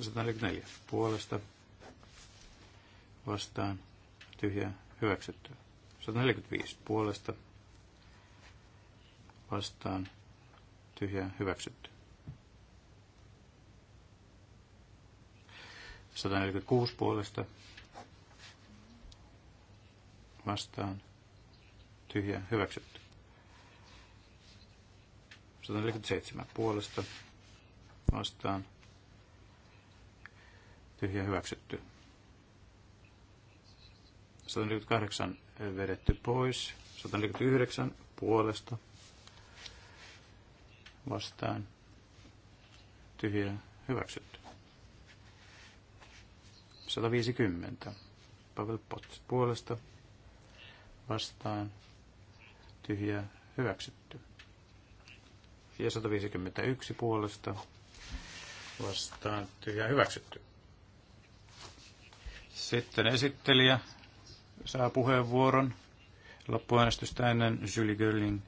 144 puolesta vastaan tyhjä hyväksytty. 145 puolesta vastaan tyhjä hyväksytty. 146 puolesta vastaan tyhjä hyväksytty. 147 puolesta vastaan tyhjä hyväksytty. 148 vedetty pois, 149 puolesta vastaan tyhjä hyväksytty. 150 Pavel Potts puolesta vastaan tyhjä hyväksytty. Ja 151 puolesta vastaan tyhjä hyväksytty. Sitten esittelijä saa puheenvuoron loppuäänestystä ennen Julie Görling.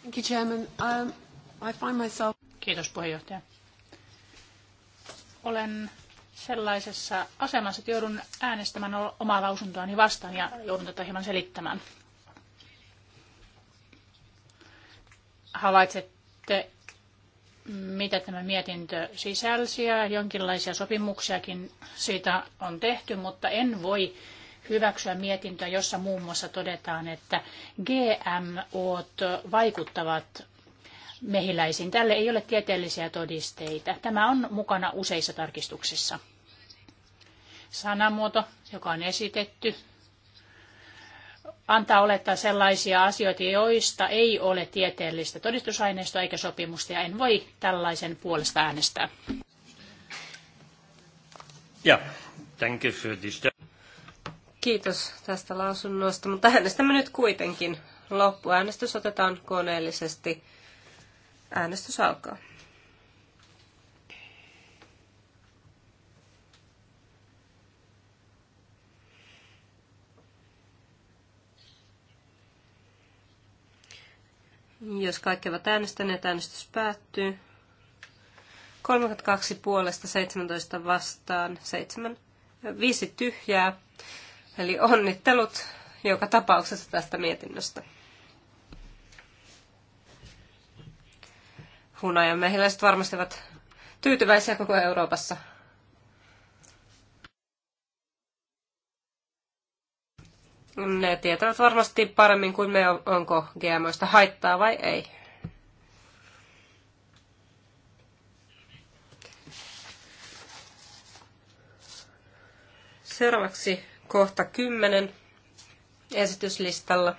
Thank you, Chairman. Um, I find myself... Kiitos puheenjohtaja. Olen sellaisessa asemassa, että joudun äänestämään omaa lausuntoani vastaan ja joudun tätä hieman selittämään. Havaitsette mitä tämä mietintö sisälsi ja jonkinlaisia sopimuksiakin siitä on tehty, mutta en voi hyväksyä mietintöä, jossa muun muassa todetaan, että GMOt vaikuttavat mehiläisiin. Tälle ei ole tieteellisiä todisteita. Tämä on mukana useissa tarkistuksissa. Sanamuoto, joka on esitetty, antaa olettaa sellaisia asioita, joista ei ole tieteellistä todistusaineistoa eikä sopimusta, ja en voi tällaisen puolesta äänestää. Ja, Kiitos tästä lausunnosta, mutta äänestämme nyt kuitenkin. Loppuäänestys otetaan koneellisesti. Äänestys alkaa. Jos kaikki ovat äänestäneet, äänestys päättyy. 32 puolesta 17 vastaan, 7, 5 tyhjää. Eli onnittelut joka tapauksessa tästä mietinnöstä. Hunajan mehiläiset varmasti ovat tyytyväisiä koko Euroopassa. ne tietävät varmasti paremmin kuin me, onko GMOista haittaa vai ei. Seuraavaksi kohta 10 esityslistalla.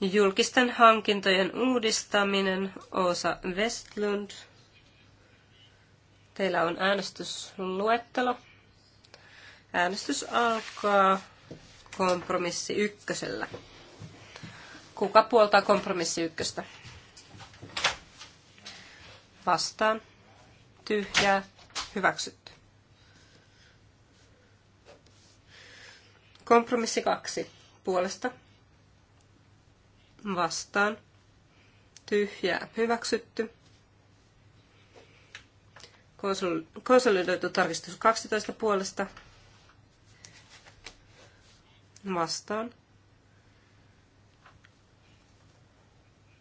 Julkisten hankintojen uudistaminen, Osa Westlund. Teillä on äänestysluettelo. Äänestys alkaa kompromissi ykkösellä. Kuka puoltaa kompromissi ykköstä? Vastaan. Tyhjää. Hyväksytty. Kompromissi kaksi. Puolesta. Vastaan. Tyhjää. Hyväksytty. Konsolidoitu tarkistus 12 puolesta vastaan.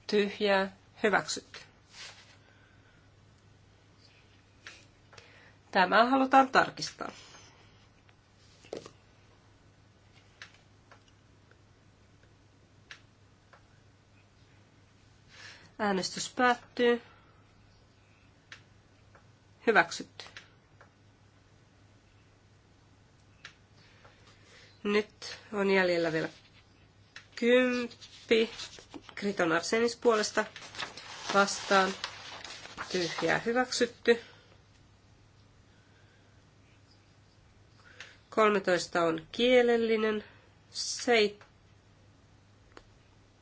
Tyhjää, hyväksytty. Tämä halutaan tarkistaa. Äänestys päättyy. Hyväksytty. Nyt on jäljellä vielä kymppi. Kriton Arsenis puolesta vastaan. Tyhjää hyväksytty. 13 on kielellinen. Sei...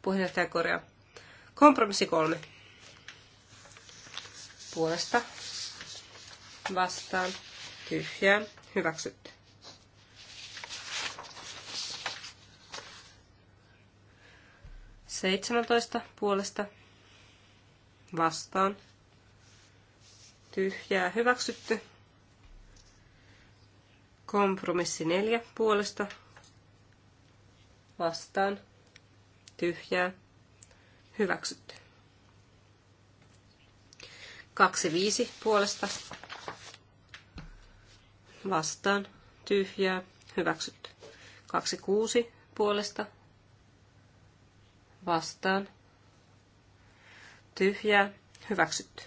Puheenjohtaja korjaa. Kompromissi kolme. Puolesta vastaan tyhjää hyväksytty. Seitsemäntoista puolesta vastaan tyhjää hyväksytty. Kompromissi neljä puolesta vastaan tyhjää hyväksytty. Kaksi viisi puolesta vastaan, tyhjää, hyväksytty. 26 puolesta vastaan, tyhjää, hyväksytty.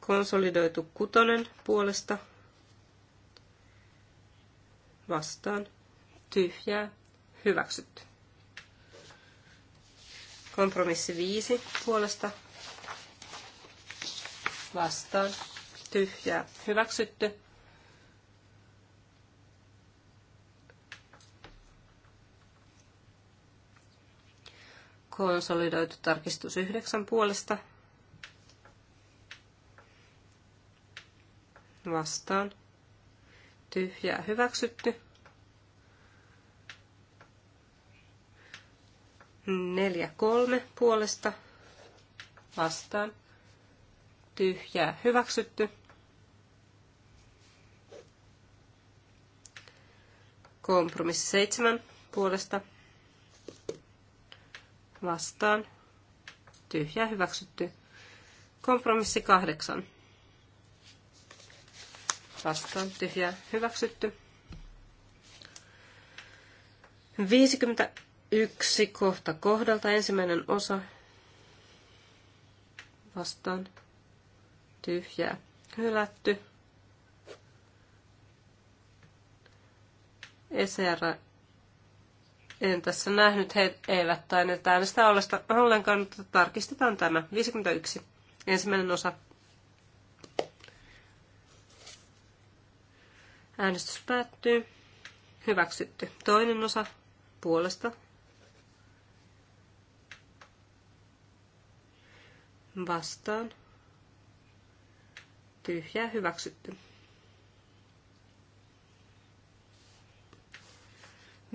Konsolidoitu kutonen puolesta vastaan, tyhjää, hyväksytty. Kompromissi 5 puolesta vastaan, ja hyväksytty. Konsolidoitu tarkistus yhdeksän puolesta. Vastaan. Tyhjää hyväksytty. Neljä kolme puolesta. Vastaan tyhjää hyväksytty. Kompromissi 7 puolesta vastaan. Tyhjä hyväksytty. Kompromissi 8 vastaan. Tyhjä hyväksytty. 51 kohta kohdalta ensimmäinen osa vastaan tyhjää hylätty. ECR, en tässä nähnyt, he eivät tainneet äänestää ollenkaan, mutta tarkistetaan tämä. 51, ensimmäinen osa. Äänestys päättyy. Hyväksytty. Toinen osa puolesta. Vastaan. Tyhjää hyväksytty.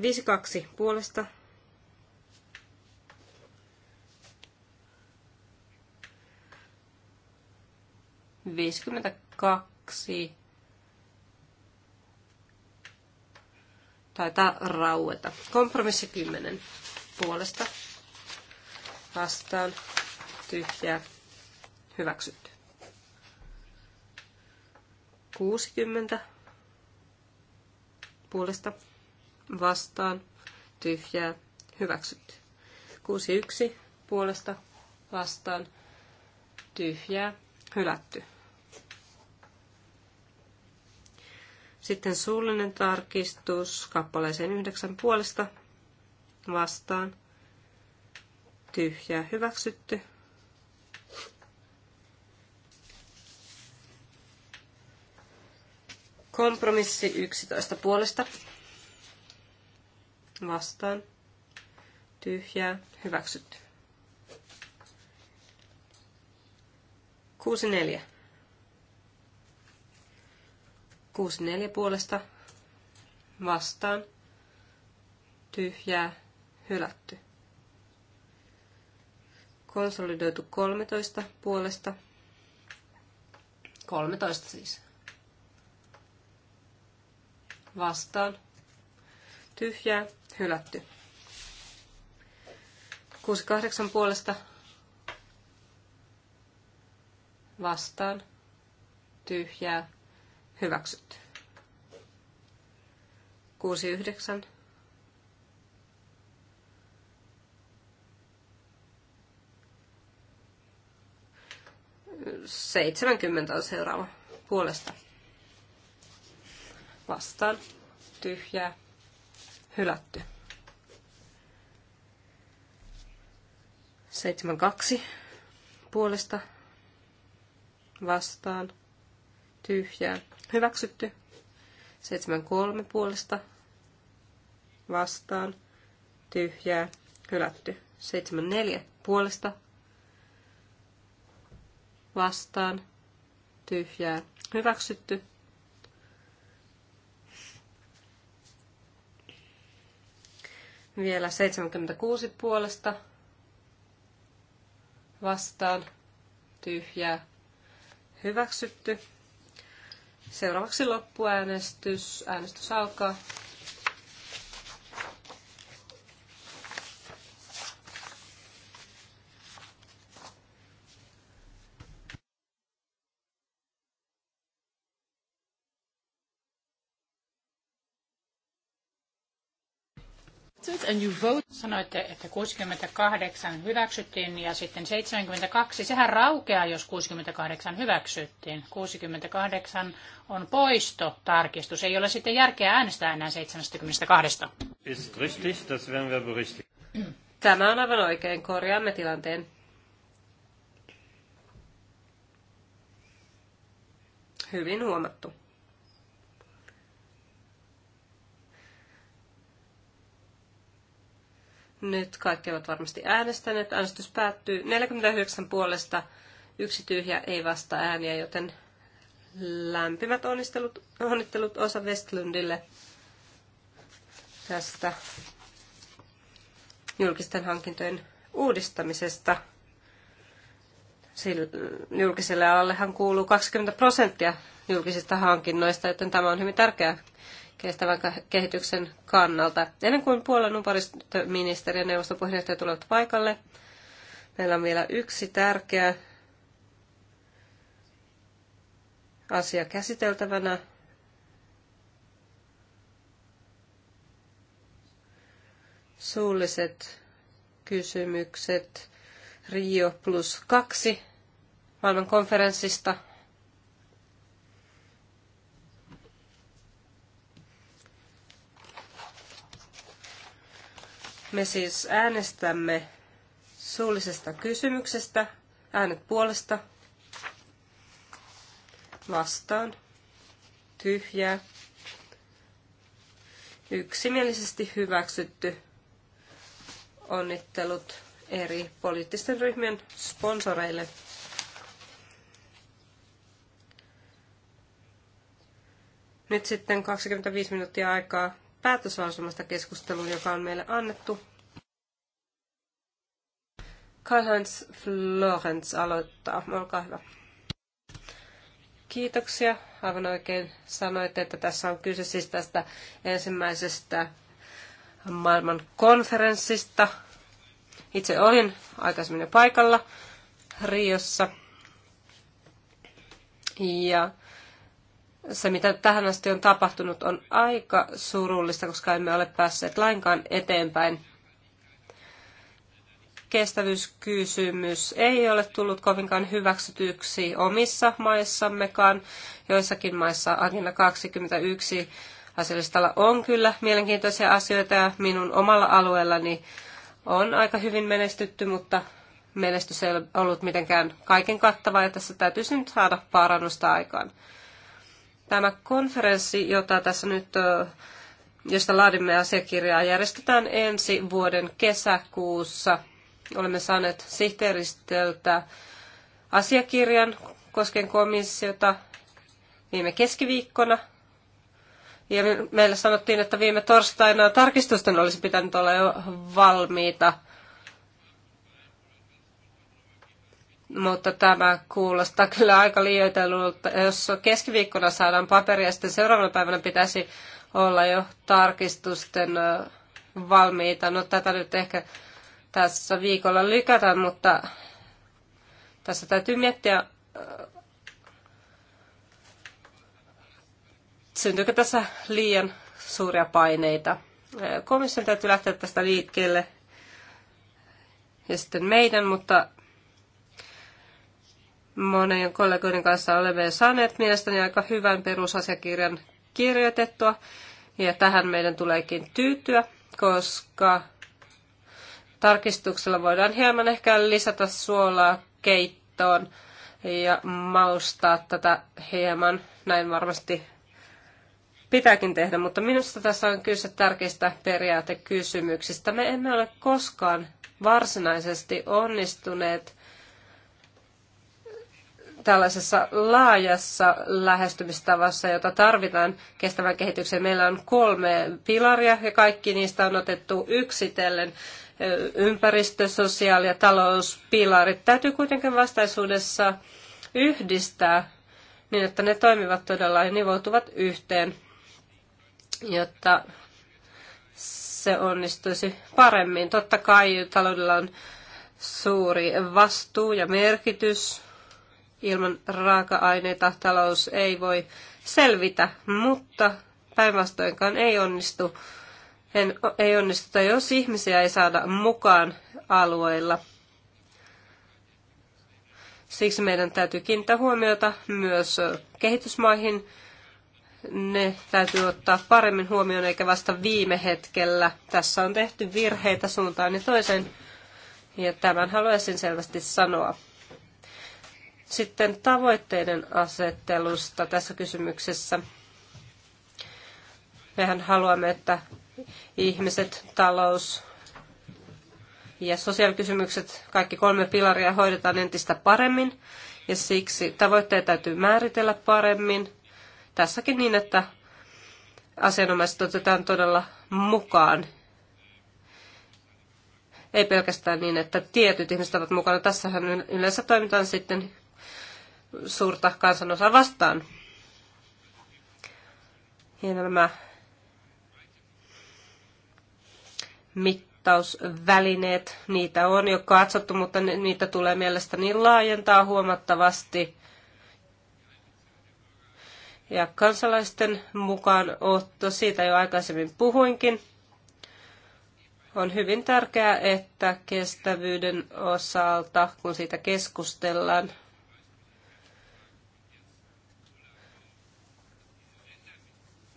52 puolesta viisikymmentä kaksi. taitaa raueta. Kompromissi kymmenen puolesta vastaan tyhjää hyväksytty. Kuusikymmentä puolesta vastaan, tyhjää, hyväksytty. 6.1 puolesta vastaan, tyhjää, hylätty. Sitten suullinen tarkistus kappaleeseen 9 puolesta vastaan, tyhjää, hyväksytty. Kompromissi 11 puolesta vastaan, tyhjää, hyväksytty. 64. 64 puolesta vastaan, tyhjää, hylätty. Konsolidoitu 13 puolesta. 13 siis. Vastaan. Tyhjää, hylätty. 68 puolesta vastaan tyhjää hyväksytty. 69 70 on seuraava puolesta vastaan tyhjää Hylätty. 72 puolesta vastaan tyhjää. Hyväksytty. 73 puolesta vastaan tyhjää. Hylätty. 74 puolesta vastaan tyhjää. Hyväksytty. Vielä 76 puolesta vastaan tyhjää hyväksytty. Seuraavaksi loppuäänestys. Äänestys alkaa. and you vote. Sanoitte, että 68 hyväksyttiin ja sitten 72. Sehän raukeaa, jos 68 hyväksyttiin. 68 on poisto tarkistus. Ei ole sitten järkeä äänestää enää 72. Tämä on aivan oikein. Korjaamme tilanteen. Hyvin huomattu. Nyt kaikki ovat varmasti äänestäneet. Äänestys päättyy 49 puolesta. Yksi tyhjä ei vasta ääniä, joten lämpimät onnistelut, onnittelut Osa Westlundille tästä julkisten hankintojen uudistamisesta. Sille, julkiselle alalle kuuluu 20 prosenttia julkisista hankinnoista, joten tämä on hyvin tärkeää kestävän kehityksen kannalta. Ennen kuin Puolan ympäristöministeri ja neuvoston puheenjohtaja tulevat paikalle, meillä on vielä yksi tärkeä asia käsiteltävänä. Suulliset kysymykset Rio plus kaksi maailmankonferenssista – Me siis äänestämme suullisesta kysymyksestä, äänet puolesta, vastaan, tyhjää, yksimielisesti hyväksytty. Onnittelut eri poliittisten ryhmien sponsoreille. Nyt sitten 25 minuuttia aikaa päätöslausumasta keskusteluun, joka on meille annettu. Karl-Heinz Florenz aloittaa. Olkaa hyvä. Kiitoksia. Aivan oikein sanoitte, että tässä on kyse siis tästä ensimmäisestä maailman konferenssista. Itse olin aikaisemmin jo paikalla Riossa. Ja se, mitä tähän asti on tapahtunut, on aika surullista, koska emme ole päässeet lainkaan eteenpäin. Kestävyyskysymys ei ole tullut kovinkaan hyväksytyksi omissa maissammekaan. Joissakin maissa Agenda 21 asialistalla on kyllä mielenkiintoisia asioita ja minun omalla alueellani on aika hyvin menestytty, mutta menestys ei ole ollut mitenkään kaiken kattava ja tässä täytyisi nyt saada parannusta aikaan. Tämä konferenssi, jota tässä nyt, josta laadimme asiakirjaa, järjestetään ensi vuoden kesäkuussa. Olemme saaneet sihteeristöltä asiakirjan koskien komissiota viime keskiviikkona. Ja meillä sanottiin, että viime torstaina tarkistusten olisi pitänyt olla jo valmiita – mutta tämä kuulostaa kyllä aika liioitellulta. Jos keskiviikkona saadaan paperia, sitten seuraavana päivänä pitäisi olla jo tarkistusten valmiita. No tätä nyt ehkä tässä viikolla lykätään, mutta tässä täytyy miettiä, syntyykö tässä liian suuria paineita. Komission täytyy lähteä tästä liikkeelle ja sitten meidän, mutta Monen kollegoiden kanssa olemme saaneet mielestäni aika hyvän perusasiakirjan kirjoitettua. Ja tähän meidän tuleekin tyytyä, koska tarkistuksella voidaan hieman ehkä lisätä suolaa keittoon ja maustaa tätä hieman. Näin varmasti pitääkin tehdä, mutta minusta tässä on kyse tärkeistä periaatekysymyksistä. Me emme ole koskaan varsinaisesti onnistuneet tällaisessa laajassa lähestymistavassa, jota tarvitaan kestävän kehityksen. Meillä on kolme pilaria ja kaikki niistä on otettu yksitellen ympäristö-, sosiaali- ja talouspilarit. Täytyy kuitenkin vastaisuudessa yhdistää niin, että ne toimivat todella ja nivoutuvat yhteen, jotta se onnistuisi paremmin. Totta kai taloudella on suuri vastuu ja merkitys, Ilman raaka-aineita talous ei voi selvitä, mutta päinvastoinkaan ei onnistu. En, ei onnistuta, jos ihmisiä ei saada mukaan alueilla. Siksi meidän täytyy kiinnittää huomiota myös kehitysmaihin. Ne täytyy ottaa paremmin huomioon eikä vasta viime hetkellä. Tässä on tehty virheitä suuntaan ja toiseen. Ja tämän haluaisin selvästi sanoa. Sitten tavoitteiden asettelusta tässä kysymyksessä. Mehän haluamme, että ihmiset, talous ja sosiaalikysymykset, kaikki kolme pilaria hoidetaan entistä paremmin. Ja siksi tavoitteet täytyy määritellä paremmin. Tässäkin niin, että asianomaiset otetaan todella mukaan. Ei pelkästään niin, että tietyt ihmiset ovat mukana. Tässähän yleensä toimitaan sitten suurta kansanosaa vastaan. Ja nämä mittausvälineet, niitä on jo katsottu, mutta niitä tulee mielestäni laajentaa huomattavasti. Ja kansalaisten mukaan otto, siitä jo aikaisemmin puhuinkin. On hyvin tärkeää, että kestävyyden osalta, kun siitä keskustellaan,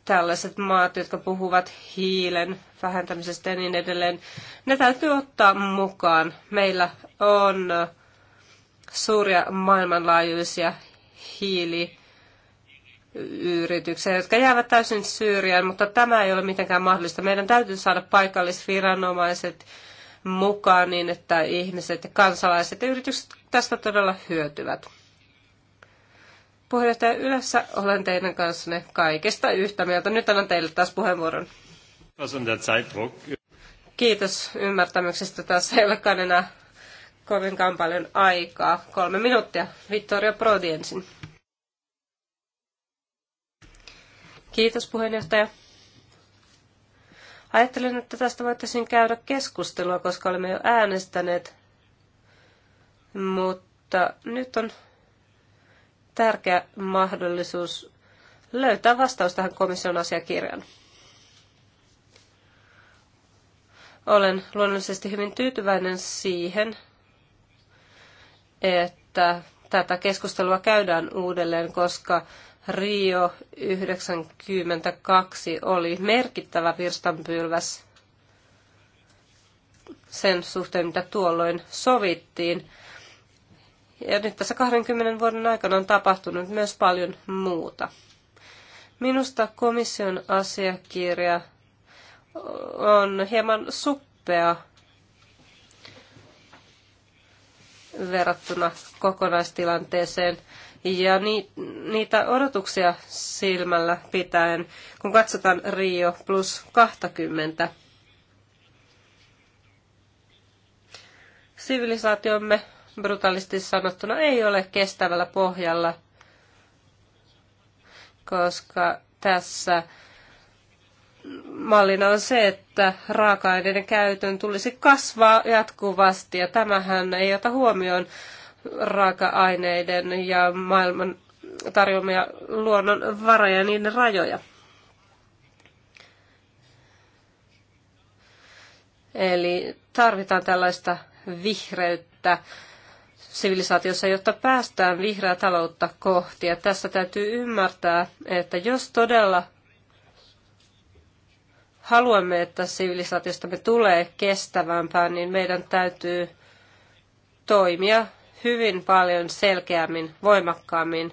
tällaiset maat, jotka puhuvat hiilen vähentämisestä ja niin edelleen, ne täytyy ottaa mukaan. Meillä on suuria maailmanlaajuisia hiili yrityksiä, jotka jäävät täysin Syyriään, mutta tämä ei ole mitenkään mahdollista. Meidän täytyy saada paikallisviranomaiset mukaan niin, että ihmiset ja kansalaiset ja yritykset tästä todella hyötyvät. Puheenjohtaja Ylässä olen teidän kanssanne kaikesta yhtä mieltä. Nyt annan teille taas puheenvuoron. Kiitos ymmärtämyksestä. Tässä ei olekaan enää kovinkaan paljon aikaa. Kolme minuuttia. Vittorio Prodi ensin. Kiitos puheenjohtaja. Ajattelin, että tästä voitaisiin käydä keskustelua, koska olemme jo äänestäneet. Mutta nyt on tärkeä mahdollisuus löytää vastaus tähän komission asiakirjaan. Olen luonnollisesti hyvin tyytyväinen siihen, että tätä keskustelua käydään uudelleen, koska Rio 92 oli merkittävä virstanpylväs sen suhteen, mitä tuolloin sovittiin. Ja nyt tässä 20 vuoden aikana on tapahtunut myös paljon muuta. Minusta komission asiakirja on hieman suppea verrattuna kokonaistilanteeseen. Ja ni, niitä odotuksia silmällä pitäen, kun katsotaan Rio plus 20. Sivilisaatiomme brutalisti sanottuna ei ole kestävällä pohjalla, koska tässä mallina on se, että raaka-aineiden käytön tulisi kasvaa jatkuvasti ja tämähän ei ota huomioon raaka-aineiden ja maailman tarjoamia varoja ja niiden rajoja. Eli tarvitaan tällaista vihreyttä sivilisaatiossa, jotta päästään vihreää taloutta kohti. Ja tässä täytyy ymmärtää, että jos todella haluamme, että me tulee kestävämpää, niin meidän täytyy toimia hyvin paljon selkeämmin, voimakkaammin.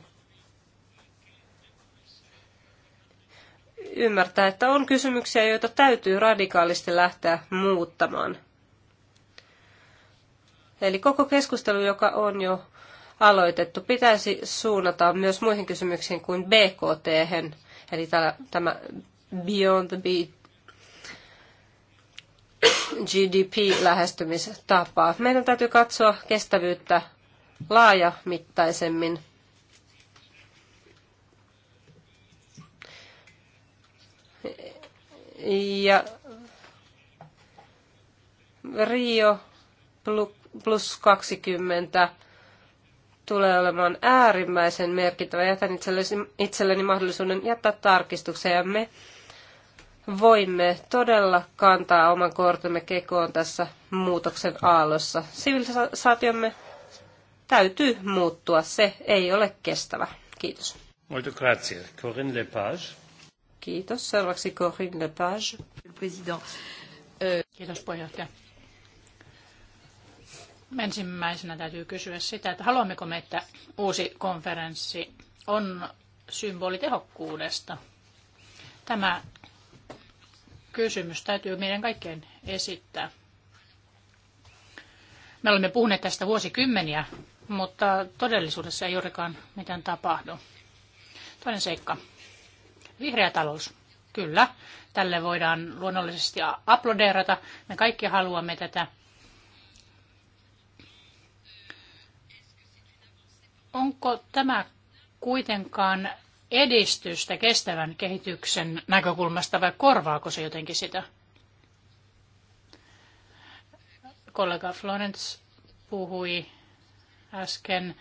Ymmärtää, että on kysymyksiä, joita täytyy radikaalisti lähteä muuttamaan – Eli koko keskustelu, joka on jo aloitettu, pitäisi suunnata myös muihin kysymyksiin kuin BKT, hen eli tämä Beyond the Beat GDP-lähestymistapa. Meidän täytyy katsoa kestävyyttä laajamittaisemmin. Ja Rio plus 20 tulee olemaan äärimmäisen merkittävä. Jätän itselleni, itselleni mahdollisuuden jättää tarkistuksen ja me voimme todella kantaa oman kortemme kekoon tässä muutoksen aallossa. Sivilisaatiomme täytyy muuttua, se ei ole kestävä. Kiitos. Molto grazie. Corinne Lepage. Kiitos. Seuraavaksi Corinne Lepage. President. Euh, Kiitos puheenjohtaja. Ensimmäisenä täytyy kysyä sitä, että haluammeko me, että uusi konferenssi on symbolitehokkuudesta. Tämä kysymys täytyy meidän kaikkien esittää. Me olemme puhuneet tästä vuosikymmeniä, mutta todellisuudessa ei juurikaan mitään tapahdu. Toinen seikka. Vihreä talous. Kyllä, tälle voidaan luonnollisesti aplodeerata. Me kaikki haluamme tätä. Onko tämä kuitenkaan edistystä kestävän kehityksen näkökulmasta vai korvaako se jotenkin sitä? Kollega Florence puhui äsken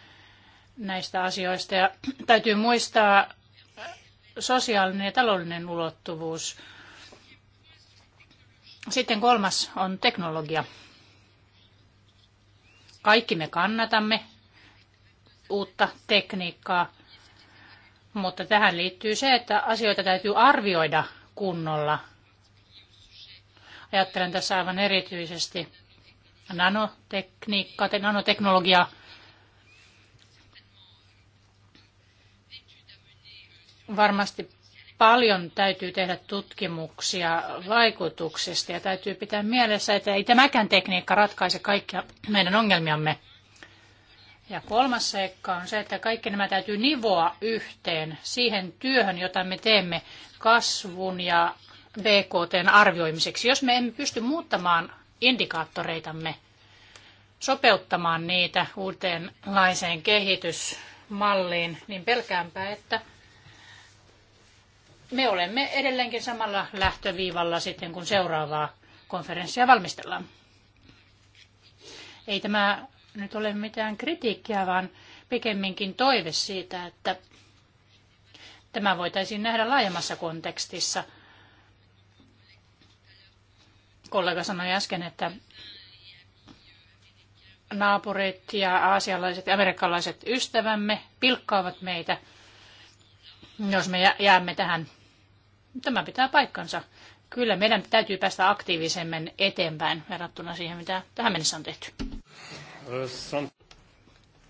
näistä asioista ja täytyy muistaa sosiaalinen ja taloudellinen ulottuvuus. Sitten kolmas on teknologia. Kaikki me kannatamme uutta tekniikkaa. Mutta tähän liittyy se, että asioita täytyy arvioida kunnolla. Ajattelen tässä aivan erityisesti nanotekniikkaa, nanoteknologiaa. Varmasti paljon täytyy tehdä tutkimuksia vaikutuksista ja täytyy pitää mielessä, että ei tämäkään tekniikka ratkaise kaikkia meidän ongelmiamme. Ja kolmas seikka on se, että kaikki nämä täytyy nivoa yhteen siihen työhön, jota me teemme kasvun ja BKTn arvioimiseksi. Jos me emme pysty muuttamaan indikaattoreitamme, sopeuttamaan niitä uuteenlaiseen kehitysmalliin, niin pelkäänpä, että me olemme edelleenkin samalla lähtöviivalla sitten, kun seuraavaa konferenssia valmistellaan. Ei tämä nyt ole mitään kritiikkiä, vaan pikemminkin toive siitä, että tämä voitaisiin nähdä laajemmassa kontekstissa. Kollega sanoi äsken, että naapurit ja aasialaiset ja amerikkalaiset ystävämme pilkkaavat meitä, jos me jäämme tähän. Tämä pitää paikkansa. Kyllä meidän täytyy päästä aktiivisemmin eteenpäin verrattuna siihen, mitä tähän mennessä on tehty.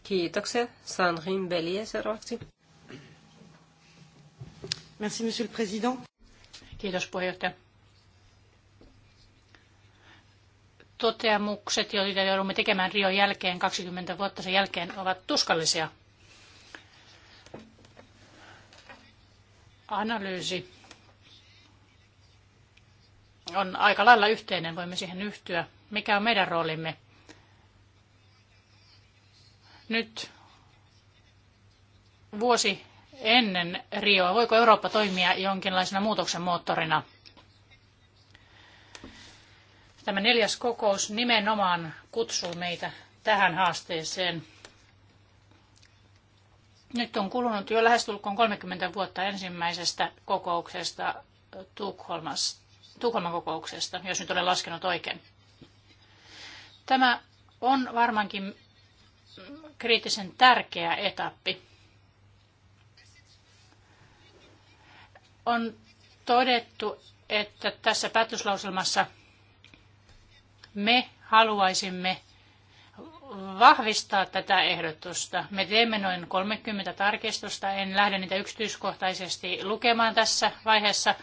Kiitoksia. Sandrine Bellier seuraavaksi. Merci, monsieur le président. Kiitos puheenjohtaja. Toteamukset, joita joudumme tekemään Rion jälkeen, 20 vuotta sen jälkeen, ovat tuskallisia. Analyysi on aika lailla yhteinen, voimme siihen yhtyä. Mikä on meidän roolimme? nyt vuosi ennen Rioa. Voiko Eurooppa toimia jonkinlaisena muutoksen moottorina? Tämä neljäs kokous nimenomaan kutsuu meitä tähän haasteeseen. Nyt on kulunut jo lähestulkoon 30 vuotta ensimmäisestä kokouksesta Tukholmas, Tukholman kokouksesta, jos nyt olen laskenut oikein. Tämä on varmaankin kriittisen tärkeä etappi. On todettu, että tässä päätöslauselmassa me haluaisimme vahvistaa tätä ehdotusta. Me teemme noin 30 tarkistusta. En lähde niitä yksityiskohtaisesti lukemaan tässä vaiheessa.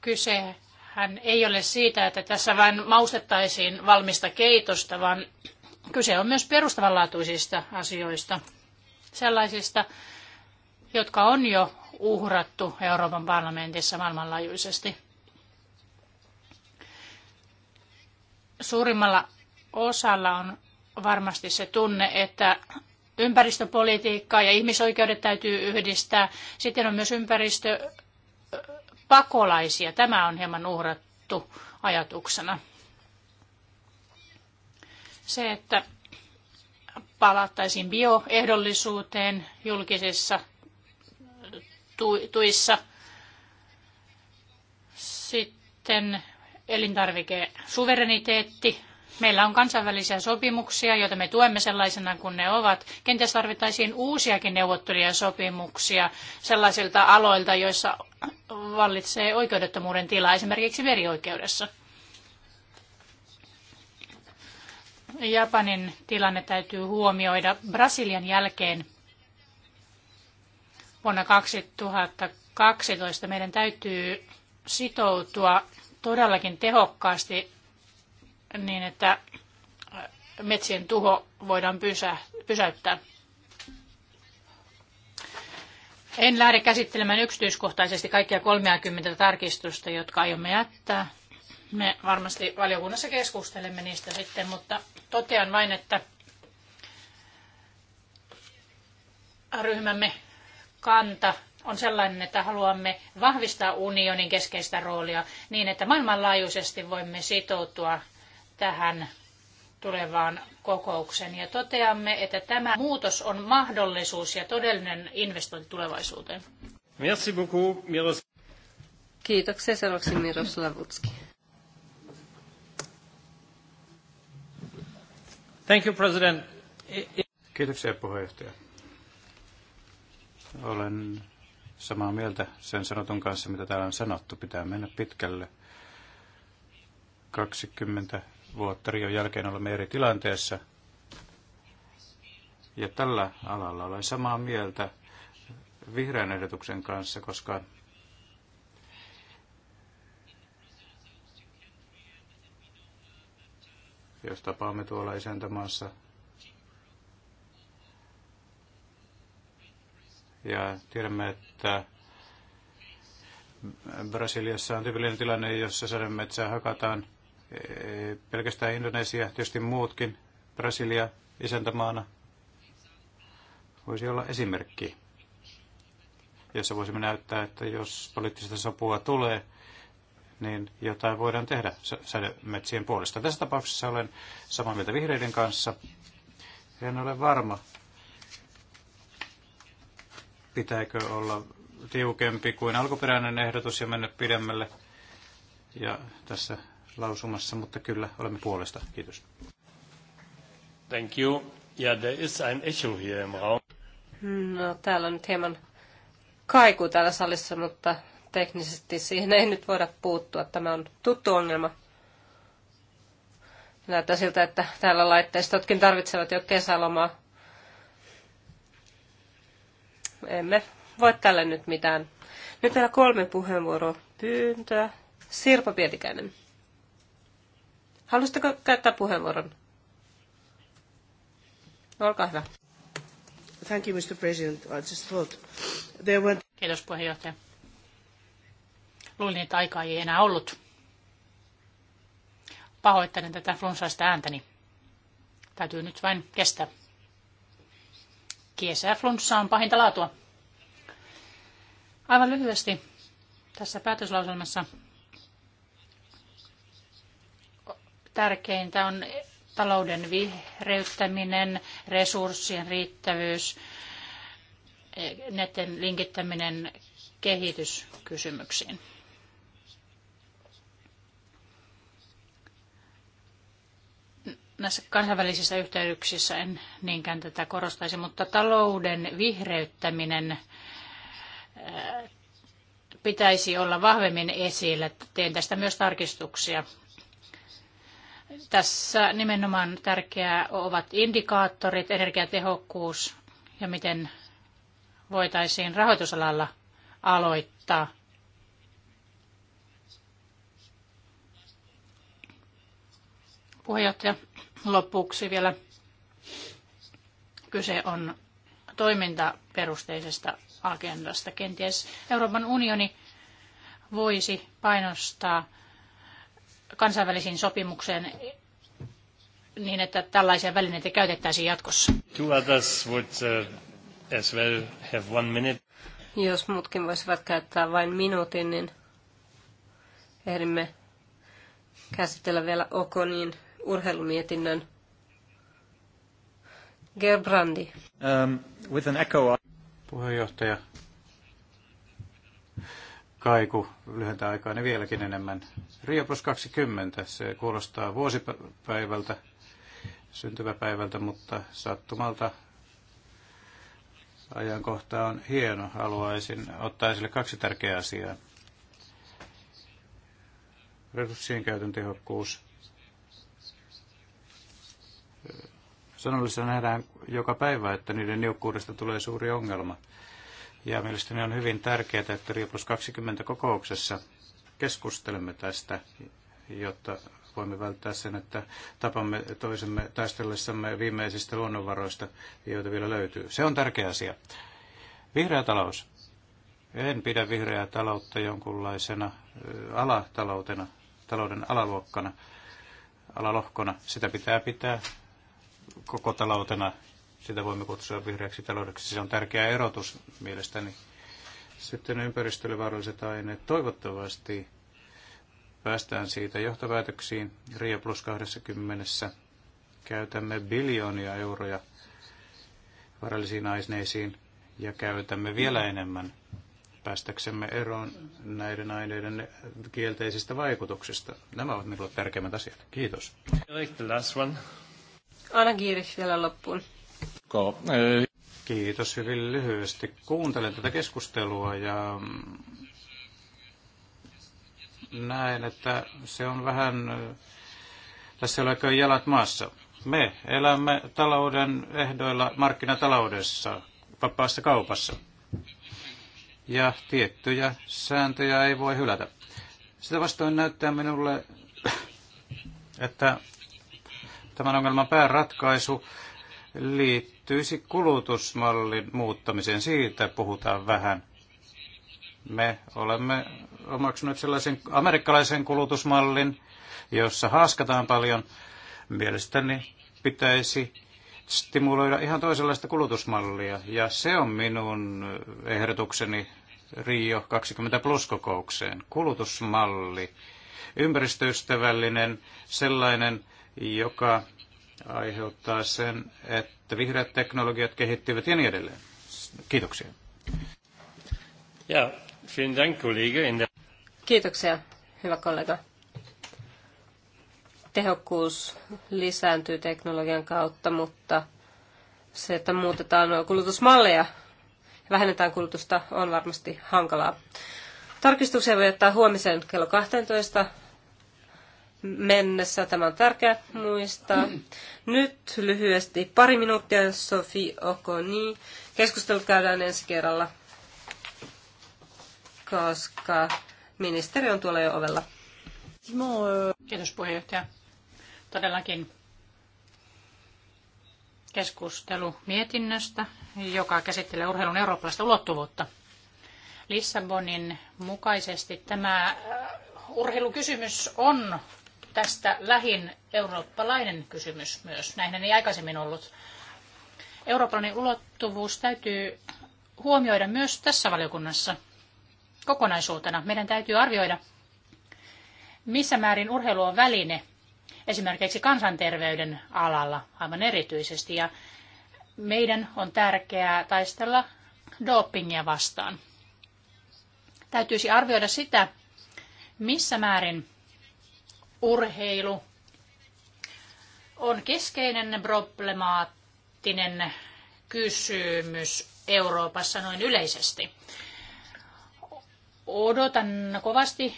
Kysehän ei ole siitä, että tässä vain maustettaisiin valmista keitosta, vaan Kyse on myös perustavanlaatuisista asioista, sellaisista, jotka on jo uhrattu Euroopan parlamentissa maailmanlaajuisesti. Suurimmalla osalla on varmasti se tunne, että ympäristöpolitiikkaa ja ihmisoikeudet täytyy yhdistää. Sitten on myös ympäristöpakolaisia. Tämä on hieman uhrattu ajatuksena. Se, että palattaisiin bioehdollisuuteen julkisissa tuissa. Sitten elintarvikesuvereniteetti. Meillä on kansainvälisiä sopimuksia, joita me tuemme sellaisena kuin ne ovat. Kenties tarvittaisiin uusiakin sopimuksia sellaisilta aloilta, joissa vallitsee oikeudettomuuden tila, esimerkiksi verioikeudessa. Japanin tilanne täytyy huomioida Brasilian jälkeen vuonna 2012. Meidän täytyy sitoutua todellakin tehokkaasti niin, että metsien tuho voidaan pysä, pysäyttää. En lähde käsittelemään yksityiskohtaisesti kaikkia 30 tarkistusta, jotka aiomme jättää. Me varmasti valiokunnassa keskustelemme niistä sitten, mutta totean vain, että ryhmämme kanta on sellainen, että haluamme vahvistaa unionin keskeistä roolia niin, että maailmanlaajuisesti voimme sitoutua tähän tulevaan kokoukseen ja toteamme, että tämä muutos on mahdollisuus ja todellinen investointi tulevaisuuteen. Merci beaucoup, Miros. Kiitoksia. Seuraavaksi Miroslav Utski. Thank you, President. Kiitoksia puheenjohtaja. Olen samaa mieltä sen sanotun kanssa, mitä täällä on sanottu. Pitää mennä pitkälle. 20 vuotta Rion jälkeen olemme eri tilanteessa. Ja tällä alalla olen samaa mieltä vihreän ehdotuksen kanssa, koska jos tapaamme tuolla isäntämaassa. Ja tiedämme, että Brasiliassa on tyypillinen tilanne, jossa sademetsää hakataan. Pelkästään Indonesia, tietysti muutkin. Brasilia isäntämaana voisi olla esimerkki, jossa voisimme näyttää, että jos poliittista sopua tulee, niin jotain voidaan tehdä sädemetsien puolesta. Tässä tapauksessa olen samaa mieltä vihreiden kanssa. En ole varma, pitääkö olla tiukempi kuin alkuperäinen ehdotus ja mennä pidemmälle ja tässä lausumassa, mutta kyllä olemme puolesta. Kiitos. Thank you. Ja there is an Echo here Raum. No, täällä on nyt hieman kaiku täällä salissa, mutta teknisesti siihen ei nyt voida puuttua. Tämä on tuttu ongelma. Näyttää siltä, että täällä laitteistotkin tarvitsevat jo kesälomaa. Emme voi tälle nyt mitään. Nyt vielä kolme pyyntöä. Sirpa Pietikäinen. Haluaisitko käyttää puheenvuoron? Olkaa hyvä. Thank you, Mr. President. I just thought there were... Kiitos puheenjohtaja. Luulin, että aikaa ei enää ollut. Pahoittelen tätä flunsaista ääntäni. Täytyy nyt vain kestää. Kiesää flunssa on pahinta laatua. Aivan lyhyesti tässä päätöslauselmassa tärkeintä on talouden vihreyttäminen, resurssien riittävyys, netten linkittäminen kehityskysymyksiin. näissä kansainvälisissä yhteyksissä en niinkään tätä korostaisi, mutta talouden vihreyttäminen äh, pitäisi olla vahvemmin esillä. Teen tästä myös tarkistuksia. Tässä nimenomaan tärkeää ovat indikaattorit, energiatehokkuus ja miten voitaisiin rahoitusalalla aloittaa. Puheenjohtaja, lopuksi vielä kyse on toimintaperusteisesta agendasta. Kenties Euroopan unioni voisi painostaa kansainvälisiin sopimukseen niin, että tällaisia välineitä käytettäisiin jatkossa. Uh, Jos muutkin voisivat käyttää vain minuutin, niin ehdimme käsitellä vielä Okonin urheilumietinnön. Gerbrandi. Um, with an echo. Puheenjohtaja kaiku lyhentä aikaa, ne niin vieläkin enemmän. Rio plus 20, se kuulostaa vuosipäivältä, syntymäpäivältä, mutta sattumalta ajankohta on hieno. Haluaisin ottaa esille kaksi tärkeää asiaa. Resurssien käytön tehokkuus sanollisessa nähdään joka päivä, että niiden niukkuudesta tulee suuri ongelma. Ja mielestäni on hyvin tärkeää, että Rio 20 kokouksessa keskustelemme tästä, jotta voimme välttää sen, että tapamme toisemme taistellessamme viimeisistä luonnonvaroista, joita vielä löytyy. Se on tärkeä asia. Vihreä talous. En pidä vihreää taloutta jonkunlaisena alataloutena, talouden alaluokkana, alalohkona. Sitä pitää pitää koko taloutena. Sitä voimme kutsua vihreäksi taloudeksi. Se on tärkeä erotus mielestäni. Sitten ympäristölle vaaralliset aineet. Toivottavasti päästään siitä johtopäätöksiin. Rio plus 20 käytämme biljoonia euroja vaarallisiin aineisiin ja käytämme vielä enemmän päästäksemme eroon näiden aineiden kielteisistä vaikutuksista. Nämä ovat minulle tärkeimmät asiat. Kiitos. I like the last one. Anna kiiris vielä loppuun. E, Kiitos hyvin lyhyesti. Kuuntelen tätä keskustelua ja mm, näen, että se on vähän, e, tässä ei ole jalat maassa. Me elämme talouden ehdoilla markkinataloudessa, vapaassa kaupassa. Ja tiettyjä sääntöjä ei voi hylätä. Sitä vastoin näyttää minulle, että Tämän ongelman pääratkaisu liittyisi kulutusmallin muuttamiseen. Siitä puhutaan vähän. Me olemme omaksuneet sellaisen amerikkalaisen kulutusmallin, jossa haaskataan paljon. Mielestäni pitäisi stimuloida ihan toisenlaista kulutusmallia. Ja se on minun ehdotukseni Rio 20 plus kokoukseen. Kulutusmalli, ympäristöystävällinen, sellainen, joka aiheuttaa sen, että vihreät teknologiat kehittyvät ja niin edelleen. Kiitoksia. Ja, Dank, Kiitoksia, hyvä kollega. Tehokkuus lisääntyy teknologian kautta, mutta se, että muutetaan kulutusmalleja ja vähennetään kulutusta, on varmasti hankalaa. Tarkistuksia voi jättää huomiseen kello 12 mennessä. Tämä on tärkeää muistaa. Nyt lyhyesti pari minuuttia, Sofi Okoni. Keskustelu käydään ensi kerralla, koska ministeri on tuolla jo ovella. Kiitos puheenjohtaja. Todellakin keskustelu mietinnöstä, joka käsittelee urheilun eurooppalaista ulottuvuutta. Lissabonin mukaisesti tämä äh, urheilukysymys on tästä lähin eurooppalainen kysymys myös. Näinhän ei aikaisemmin ollut. Eurooppalainen ulottuvuus täytyy huomioida myös tässä valiokunnassa kokonaisuutena. Meidän täytyy arvioida, missä määrin urheilu on väline esimerkiksi kansanterveyden alalla aivan erityisesti. Ja meidän on tärkeää taistella dopingia vastaan. Täytyisi arvioida sitä, missä määrin urheilu on keskeinen problemaattinen kysymys Euroopassa noin yleisesti. Odotan kovasti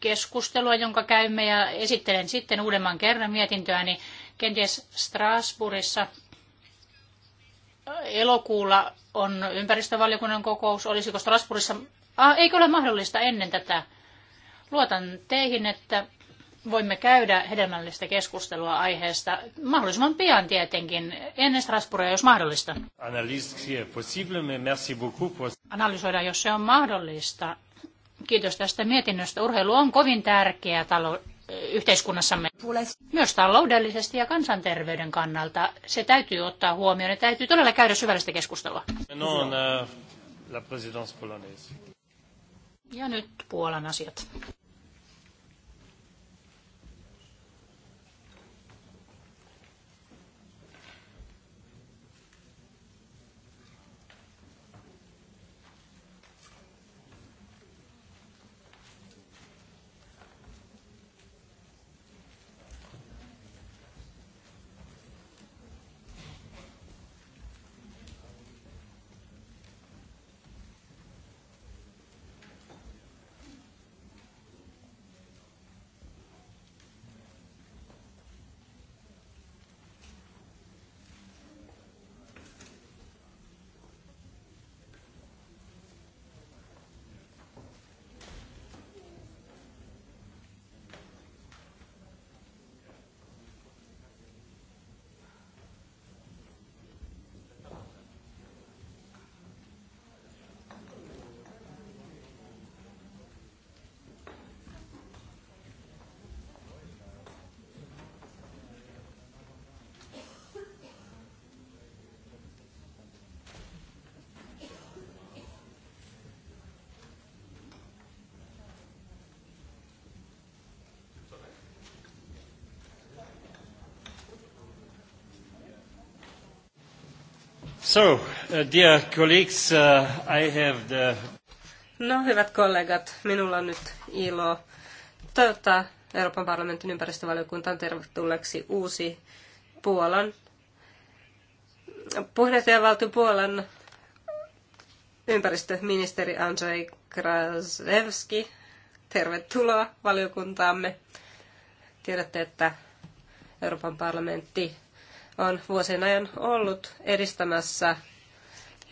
keskustelua, jonka käymme ja esittelen sitten uudemman kerran mietintöäni kenties Strasbourgissa elokuulla on ympäristövaliokunnan kokous. Olisiko Strasbourgissa... Ah, eikö ole mahdollista ennen tätä? Luotan teihin, että voimme käydä hedelmällistä keskustelua aiheesta mahdollisimman pian tietenkin, ennen Strasbourgia, jos mahdollista. Analysoida, jos se on mahdollista. Kiitos tästä mietinnöstä. Urheilu on kovin tärkeä talo- yhteiskunnassamme myös taloudellisesti ja kansanterveyden kannalta. Se täytyy ottaa huomioon ja täytyy todella käydä syvällistä keskustelua. Ja nyt Puolan asiat. So, uh, dear colleagues, uh, I have the... No, hyvät kollegat, minulla on nyt ilo toivottaa Euroopan parlamentin ympäristövaliokuntaan tervetulleeksi uusi Puolan puheenjohtajavaltio Puolan ympäristöministeri Andrzej Krasewski. Tervetuloa valiokuntaamme. Tiedätte, että Euroopan parlamentti on vuosien ajan ollut edistämässä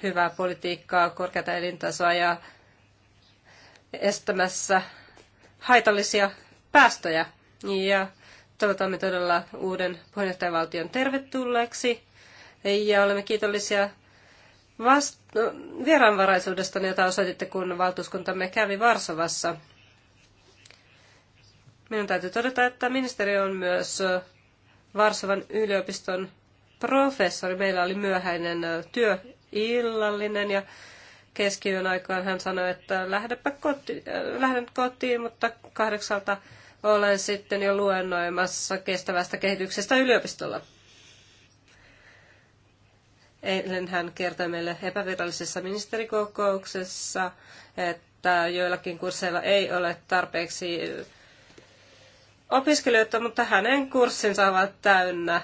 hyvää politiikkaa, korkeata elintasoa ja estämässä haitallisia päästöjä. Ja toivotamme todella uuden puheenjohtajavaltion tervetulleeksi ja olemme kiitollisia vast- no, vieraanvaraisuudesta, jota osoititte, kun valtuuskuntamme kävi Varsovassa. Minun täytyy todeta, että ministeri on myös Varsovan yliopiston professori. Meillä oli myöhäinen työillallinen ja keskiyön aikaan hän sanoi, että lähdepä äh, lähden kotiin, mutta kahdeksalta olen sitten jo luennoimassa kestävästä kehityksestä yliopistolla. Eilen hän kertoi meille epävirallisessa ministerikokouksessa, että joillakin kursseilla ei ole tarpeeksi opiskelijoita, mutta hänen kurssinsa ovat täynnä.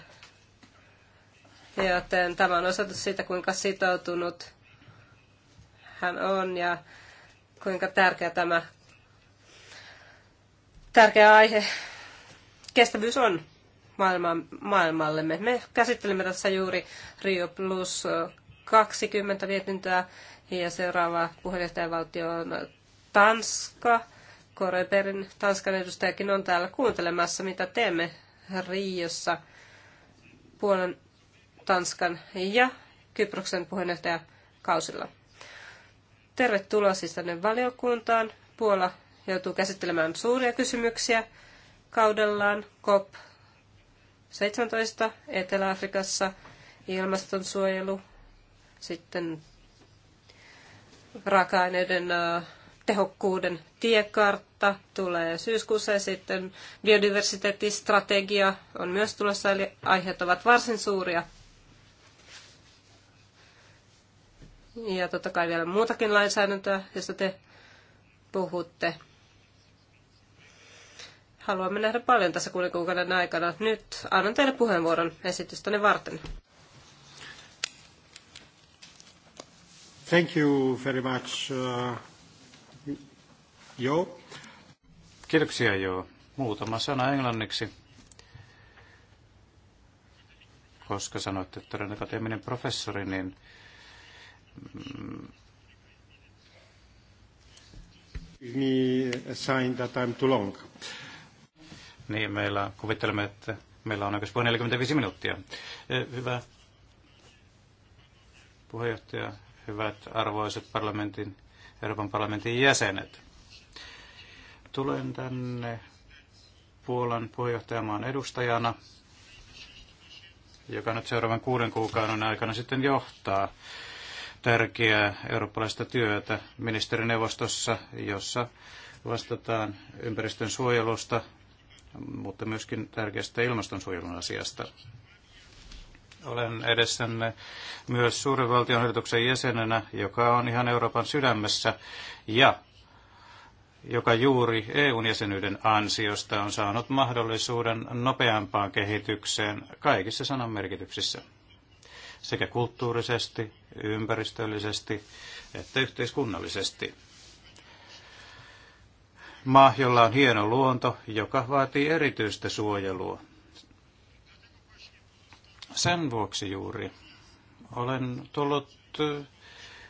Joten tämä on osoitus siitä, kuinka sitoutunut hän on ja kuinka tärkeä tämä tärkeä aihe kestävyys on maailma, maailmallemme. Me käsittelemme tässä juuri Rio Plus 20 vietintöä ja seuraava puheenjohtajavaltio on Tanska. Koreperin Tanskan edustajakin on täällä kuuntelemassa, mitä teemme Riossa Puolan, Tanskan ja Kyproksen puheenjohtaja kausilla. Tervetuloa siis tänne valiokuntaan. Puola joutuu käsittelemään suuria kysymyksiä kaudellaan COP 17 Etelä-Afrikassa, ilmastonsuojelu, sitten raaka-aineiden äh, tehokkuuden tiekartta tulee syyskuussa ja sitten biodiversiteettistrategia on myös tulossa, eli aiheet ovat varsin suuria. Ja totta kai vielä muutakin lainsäädäntöä, josta te puhutte. Haluamme nähdä paljon tässä kuuden kuukauden aikana. Nyt annan teille puheenvuoron esitystäni varten. Thank you very much. Uh... Joo. Kiitoksia joo. Muutama sana englanniksi, koska sanoitte, että olen akateeminen professori, niin me sign that I'm too long. Niin, meillä kuvittelemme, että meillä on oikeastaan 45 minuuttia. E, hyvä puheenjohtaja, hyvät arvoiset parlamentin, Euroopan parlamentin jäsenet. Tulen tänne Puolan puheenjohtajamaan edustajana, joka nyt seuraavan kuuden kuukauden aikana sitten johtaa tärkeää eurooppalaista työtä ministerineuvostossa, jossa vastataan ympäristön suojelusta, mutta myöskin tärkeästä ilmastonsuojelun asiasta. Olen edessänne myös suuren valtion jäsenenä, joka on ihan Euroopan sydämessä ja joka juuri EUn jäsenyyden ansiosta on saanut mahdollisuuden nopeampaan kehitykseen kaikissa sanan merkityksissä, sekä kulttuurisesti, ympäristöllisesti että yhteiskunnallisesti. Maa, jolla on hieno luonto, joka vaatii erityistä suojelua. Sen vuoksi juuri olen tullut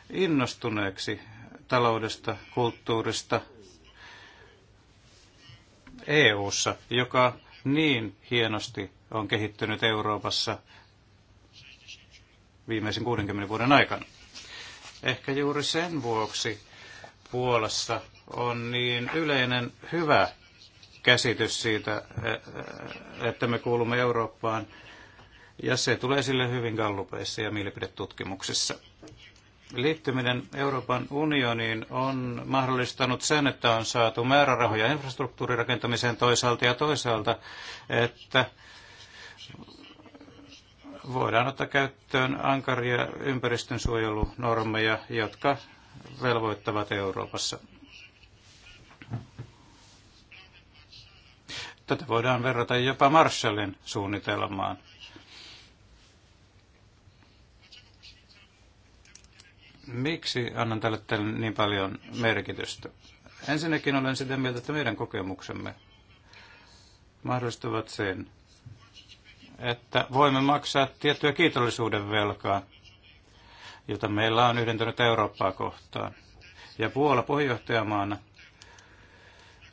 innostuneeksi taloudesta, kulttuurista, EU:ssa, joka niin hienosti on kehittynyt Euroopassa viimeisen 60 vuoden aikana. Ehkä juuri sen vuoksi Puolassa on niin yleinen hyvä käsitys siitä, e, e, että me kuulumme Eurooppaan, ja se tulee sille hyvin gallupeissa ja mielipidetutkimuksissa. Liittyminen Euroopan unioniin on mahdollistanut sen, että on saatu määrärahoja infrastruktuurirakentamiseen toisaalta ja toisaalta, että voidaan ottaa käyttöön ankaria ympäristönsuojelunormeja, jotka velvoittavat Euroopassa. Tätä voidaan verrata jopa Marshallin suunnitelmaan – Miksi annan tälle teille niin paljon merkitystä? Ensinnäkin olen sitä mieltä, että meidän kokemuksemme mahdollistavat sen, että voimme maksaa tiettyä kiitollisuuden velkaa, jota meillä on yhdentynyt Eurooppaa kohtaan. Ja Puola puheenjohtajamaana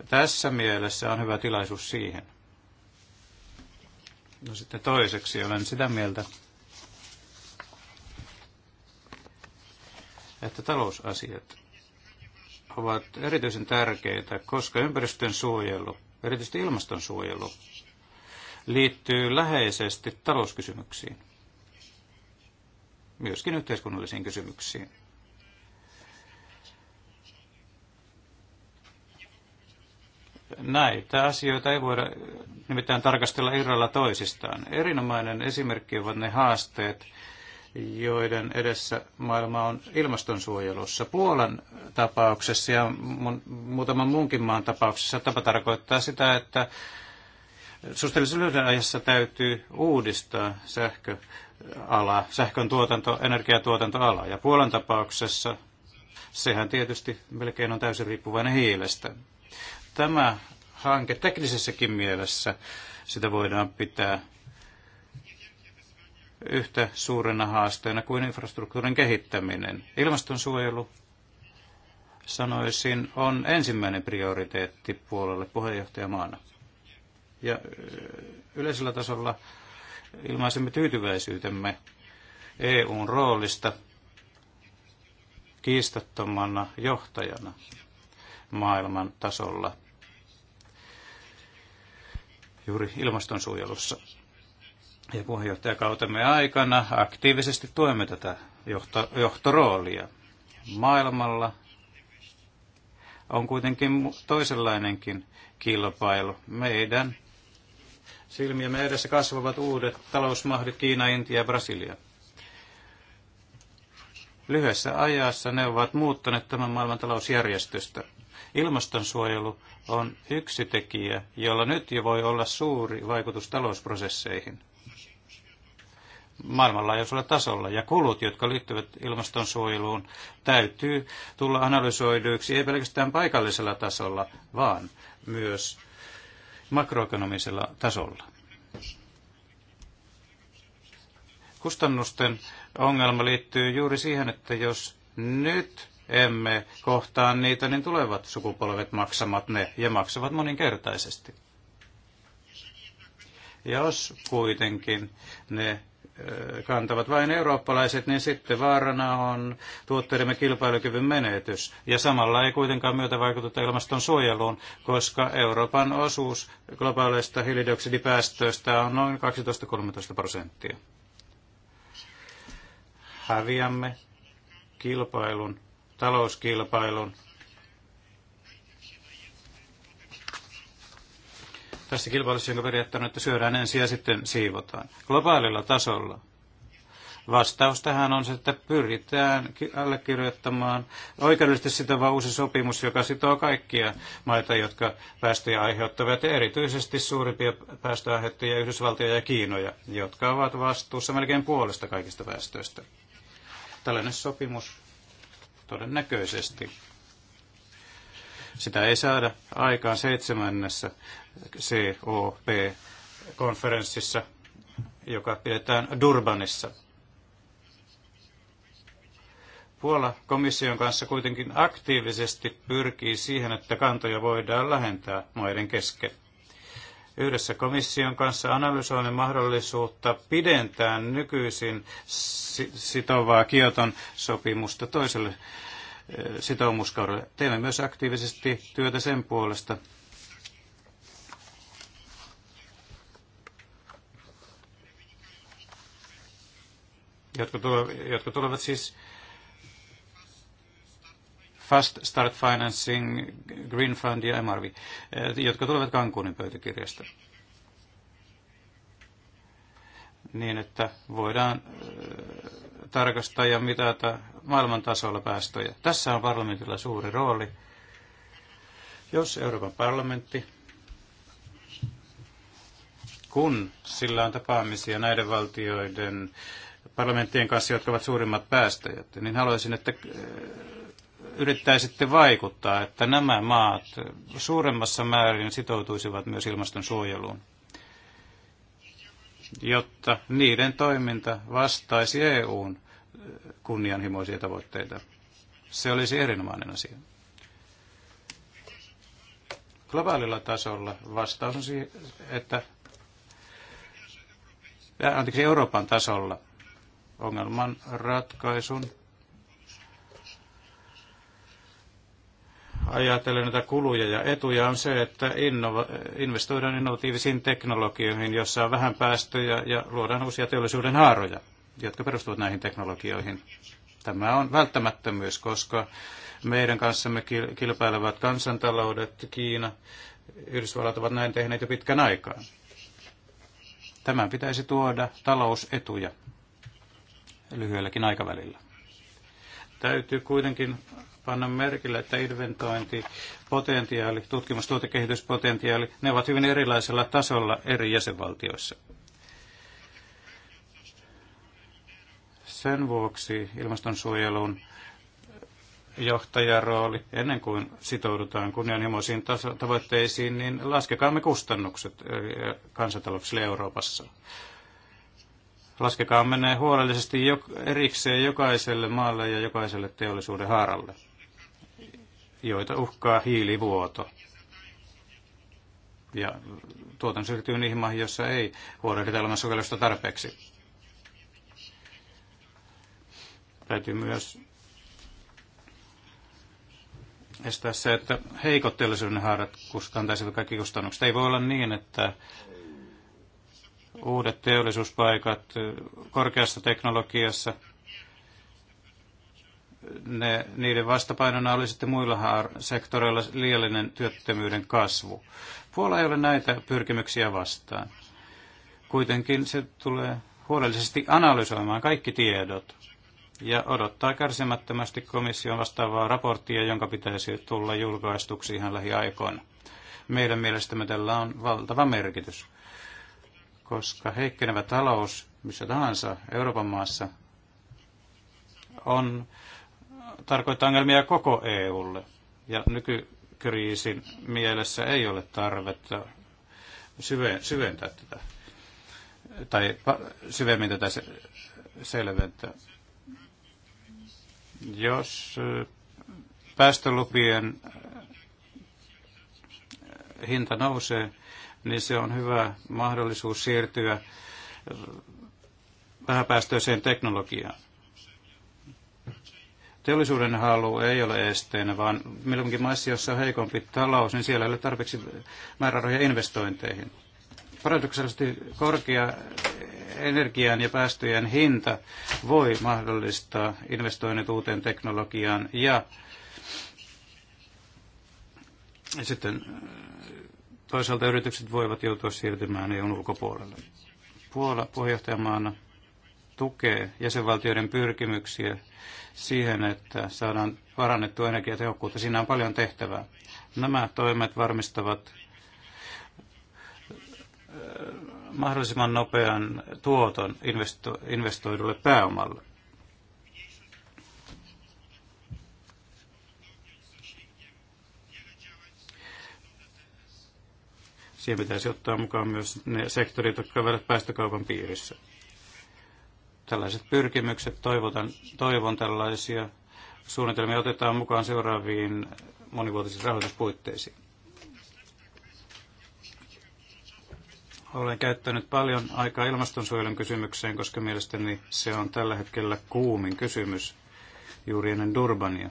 tässä mielessä on hyvä tilaisuus siihen. No sitten toiseksi olen sitä mieltä, että talousasiat ovat erityisen tärkeitä, koska ympäristön suojelu, erityisesti ilmaston suojelu, liittyy läheisesti talouskysymyksiin, myöskin yhteiskunnallisiin kysymyksiin. Näitä asioita ei voida nimittäin tarkastella irralla toisistaan. Erinomainen esimerkki ovat ne haasteet, joiden edessä maailma on ilmastonsuojelussa. Puolan tapauksessa ja mun, muutaman muunkin maan tapauksessa tapa tarkoittaa sitä, että suhteellisen ajassa täytyy uudistaa sähköala, sähkön tuotanto, energiatuotantoala. Ja Puolan tapauksessa sehän tietysti melkein on täysin riippuvainen hiilestä. Tämä hanke teknisessäkin mielessä sitä voidaan pitää yhtä suurena haasteena kuin infrastruktuurin kehittäminen. Ilmastonsuojelu, sanoisin, on ensimmäinen prioriteetti puolelle puheenjohtajamaana. Ja yleisellä tasolla ilmaisemme tyytyväisyytemme EUn roolista kiistattomana johtajana maailman tasolla juuri ilmastonsuojelussa. Ja puheenjohtajakautemme aikana aktiivisesti tuemme tätä johto, johtoroolia. Maailmalla on kuitenkin toisenlainenkin kilpailu. Meidän silmiämme edessä kasvavat uudet talousmahdit Kiina, Intia ja Brasilia. Lyhyessä ajassa ne ovat muuttaneet tämän maailman talousjärjestystä. Ilmastonsuojelu on yksi tekijä, jolla nyt jo voi olla suuri vaikutus talousprosesseihin maailmanlaajuisella tasolla. Ja kulut, jotka liittyvät ilmastonsuojeluun, täytyy tulla analysoiduiksi ei pelkästään paikallisella tasolla, vaan myös makroekonomisella tasolla. Kustannusten ongelma liittyy juuri siihen, että jos nyt emme kohtaa niitä, niin tulevat sukupolvet maksamat ne ja maksavat moninkertaisesti. Jos kuitenkin ne kantavat vain eurooppalaiset, niin sitten vaarana on tuotteidemme kilpailukyvyn menetys. Ja samalla ei kuitenkaan myötä vaikuteta ilmaston suojeluun, koska Euroopan osuus globaaleista hiilidioksidipäästöistä on noin 12-13 prosenttia. Häviämme kilpailun, talouskilpailun tässä kilpailussa, jonka periaatteena, että syödään ensin ja sitten siivotaan. Globaalilla tasolla Vastaus tähän on se, että pyritään allekirjoittamaan oikeudellisesti sitova uusi sopimus, joka sitoo kaikkia maita, jotka päästöjä aiheuttavat, ja erityisesti suurimpia päästöaiheuttajia Yhdysvaltoja ja Kiinoja, jotka ovat vastuussa melkein puolesta kaikista päästöistä. Tällainen sopimus todennäköisesti sitä ei saada aikaan seitsemännessä COP-konferenssissa, joka pidetään Durbanissa. Puola komission kanssa kuitenkin aktiivisesti pyrkii siihen, että kantoja voidaan lähentää maiden kesken. Yhdessä komission kanssa analysoimme mahdollisuutta pidentää nykyisin sitovaa Kioton sopimusta toiselle sitoumuskaudelle. Teemme myös aktiivisesti työtä sen puolesta, jotka, tulevat, jotka tulevat siis Fast Start Financing, Green Fund ja MRV, eh, jotka tulevat Cancunin pöytäkirjasta. Niin, että voidaan eh, tarkastaa ja mitata maailman tasolla päästöjä. Tässä on parlamentilla suuri rooli. Jos Euroopan parlamentti, kun sillä on tapaamisia näiden valtioiden parlamenttien kanssa, jotka ovat suurimmat päästäjät, niin haluaisin, että äh, yrittäisitte vaikuttaa, että nämä maat suuremmassa määrin sitoutuisivat myös ilmaston suojeluun, jotta niiden toiminta vastaisi EUn kunnianhimoisia tavoitteita. Se olisi erinomainen asia. Globaalilla tasolla vastaus on siihen, että anteeksi, Euroopan tasolla ongelman ratkaisun ajatellen näitä kuluja ja etuja on se, että innova- investoidaan innovatiivisiin teknologioihin, jossa on vähän päästöjä ja luodaan uusia teollisuuden haaroja jotka perustuvat näihin teknologioihin. Tämä on välttämättömyys, koska meidän kanssamme kilpailevat kansantaloudet, Kiina, Yhdysvallat ovat näin tehneet jo pitkän aikaa. Tämän pitäisi tuoda talousetuja lyhyelläkin aikavälillä. Täytyy kuitenkin panna merkille, että inventointipotentiaali, tutkimus- ja tuotekehityspotentiaali, ne ovat hyvin erilaisella tasolla eri jäsenvaltioissa. Sen vuoksi ilmastonsuojelun johtajarooli ennen kuin sitoudutaan kunnianhimoisiin taso- tavoitteisiin, niin laskekaamme kustannukset kansantalouksille Euroopassa. Laskekaamme ne huolellisesti erikseen jokaiselle maalle ja jokaiselle teollisuuden haaralle, joita uhkaa hiilivuoto. Ja tuotanto siirtyy niihin maihin, joissa ei huolehdita ilman tarpeeksi Täytyy myös estää se, että heikot teollisuuden haarat kantaisivat kaikki kustannukset. Ei voi olla niin, että uudet teollisuuspaikat korkeassa teknologiassa, ne, niiden vastapainona oli sitten muilla sektoreilla liiallinen työttömyyden kasvu. Puola ei ole näitä pyrkimyksiä vastaan. Kuitenkin se tulee huolellisesti analysoimaan kaikki tiedot ja odottaa kärsimättömästi komission vastaavaa raporttia, jonka pitäisi tulla julkaistuksi ihan lähiaikoina. Meidän mielestämme tällä on valtava merkitys, koska heikkenevä talous missä tahansa Euroopan maassa on, tarkoittaa ongelmia koko EUlle. Ja nykykriisin mielessä ei ole tarvetta syventää tätä tai syvemmin tätä selventää. Jos päästölupien hinta nousee, niin se on hyvä mahdollisuus siirtyä vähäpäästöiseen teknologiaan. Teollisuuden halu ei ole esteenä, vaan milloinkin maissa, jossa on heikompi talous, niin siellä ei ole tarpeeksi määrärahoja investointeihin paradoksaalisesti korkea energian ja päästöjen hinta voi mahdollistaa investoinnit uuteen teknologiaan ja sitten äh, toisaalta yritykset voivat joutua siirtymään EUn ulkopuolelle. Puola puheenjohtajamaana tukee jäsenvaltioiden pyrkimyksiä siihen, että saadaan parannettua energiatehokkuutta. Siinä on paljon tehtävää. Nämä toimet varmistavat mahdollisimman nopean tuoton investo, investoidulle pääomalle. Siihen pitäisi ottaa mukaan myös ne sektorit, jotka ovat päästökaupan piirissä. Tällaiset pyrkimykset, toivotan, toivon tällaisia suunnitelmia, otetaan mukaan seuraaviin monivuotisiin rahoituspuitteisiin. Olen käyttänyt paljon aikaa ilmastonsuojelun kysymykseen, koska mielestäni se on tällä hetkellä kuumin kysymys juuri ennen Durbania.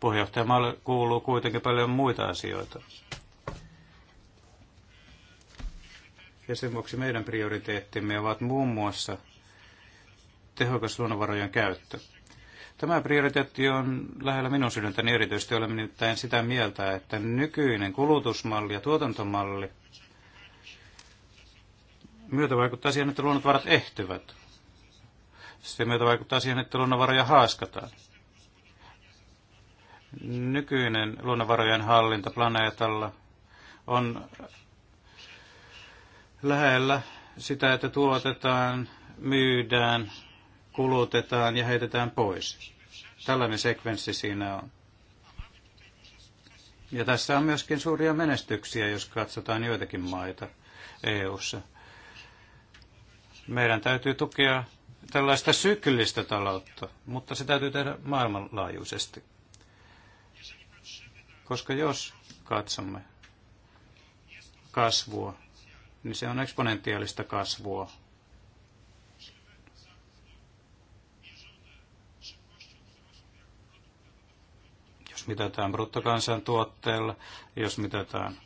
Puheenjohtajamaalle kuuluu kuitenkin paljon muita asioita. Ja sen vuoksi meidän prioriteettimme ovat muun muassa tehokas luonnonvarojen käyttö. Tämä prioriteetti on lähellä minun sydäntäni erityisesti. Olen nimittäin sitä mieltä, että nykyinen kulutusmalli ja tuotantomalli myötä vaikuttaa siihen, että luonnonvarat ehtyvät. Sitten myötä vaikuttaa siihen, että luonnonvaroja haaskataan. Nykyinen luonnonvarojen hallinta planeetalla on lähellä sitä, että tuotetaan, myydään, kulutetaan ja heitetään pois. Tällainen sekvenssi siinä on. Ja tässä on myöskin suuria menestyksiä, jos katsotaan joitakin maita EU:ssa. Meidän täytyy tukea tällaista syklistä taloutta, mutta se täytyy tehdä maailmanlaajuisesti. Koska jos katsomme kasvua, niin se on eksponentiaalista kasvua mitataan bruttokansantuotteella, jos mitataan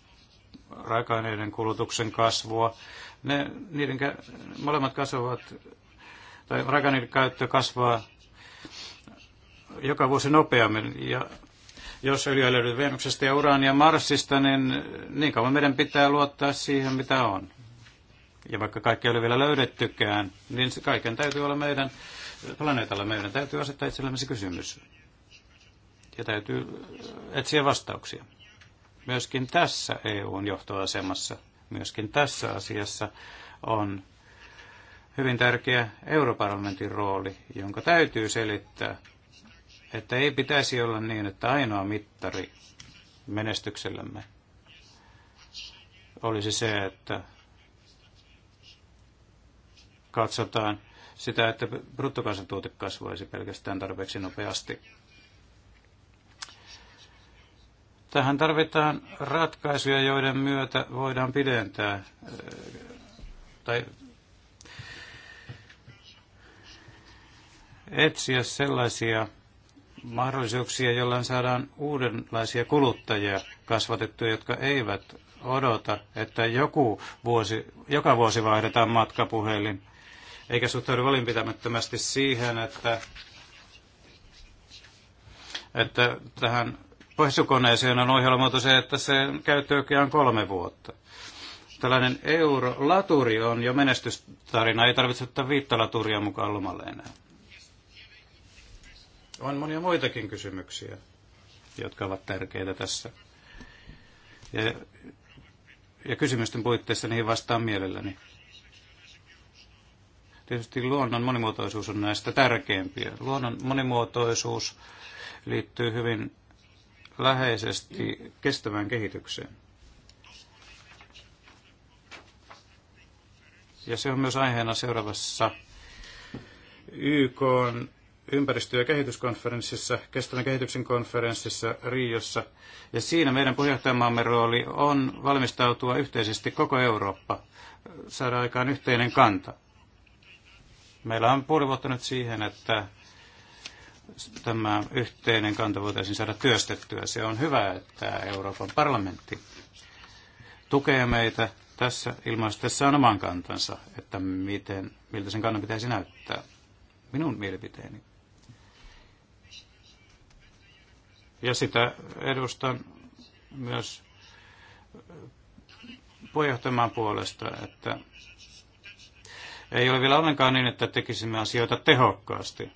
raaka-aineiden kulutuksen kasvua, ne, niiden molemmat kasvavat, tai raaka-aineiden käyttö kasvaa joka vuosi nopeammin. Ja jos öljyä löytyy Venuksesta ja uraania Marsista, niin niin kauan meidän pitää luottaa siihen, mitä on. Ja vaikka kaikki ei ole vielä löydettykään, niin kaiken täytyy olla meidän planeetalla. Meidän täytyy asettaa itsellemme se kysymys ja täytyy äh, etsiä vastauksia. Myöskin tässä EUn johtoasemassa, myöskin tässä asiassa on hyvin tärkeä europarlamentin rooli, jonka täytyy selittää, että ei pitäisi olla niin, että ainoa mittari menestyksellämme olisi se, että katsotaan sitä, että bruttokansantuote kasvaisi pelkästään tarpeeksi nopeasti Tähän tarvitaan ratkaisuja, joiden myötä voidaan pidentää eh, tai etsiä sellaisia mahdollisuuksia, joilla saadaan uudenlaisia kuluttajia kasvatettuja, jotka eivät odota, että joku vuosi, joka vuosi vaihdetaan matkapuhelin, eikä suhtaudu valinpitämättömästi siihen, että, että tähän pesukoneeseen on ohjelmoitu se, että sen käyttöikä on kolme vuotta. Tällainen eurolaturi on jo menestystarina, ei tarvitse ottaa viittä laturia mukaan lomalle enää. On monia muitakin kysymyksiä, jotka ovat tärkeitä tässä. Ja, ja kysymysten puitteissa niihin vastaan mielelläni. Tietysti luonnon monimuotoisuus on näistä tärkeimpiä. Luonnon monimuotoisuus liittyy hyvin läheisesti kestävään kehitykseen. Ja se on myös aiheena seuraavassa YK ympäristö- ja kehityskonferenssissa, kestävän kehityksen konferenssissa Riossa. Ja siinä meidän puheenjohtajamaamme rooli on valmistautua yhteisesti koko Eurooppa, saada aikaan yhteinen kanta. Meillä on puoli vuotta nyt siihen, että tämä yhteinen kanta voitaisiin saada työstettyä. Se on hyvä, että Euroopan parlamentti tukee meitä tässä ilmaistessaan oman kantansa, että miten, miltä sen kannan pitäisi näyttää. Minun mielipiteeni. Ja sitä edustan myös puheenjohtajan puolesta, että ei ole vielä ollenkaan niin, että tekisimme asioita tehokkaasti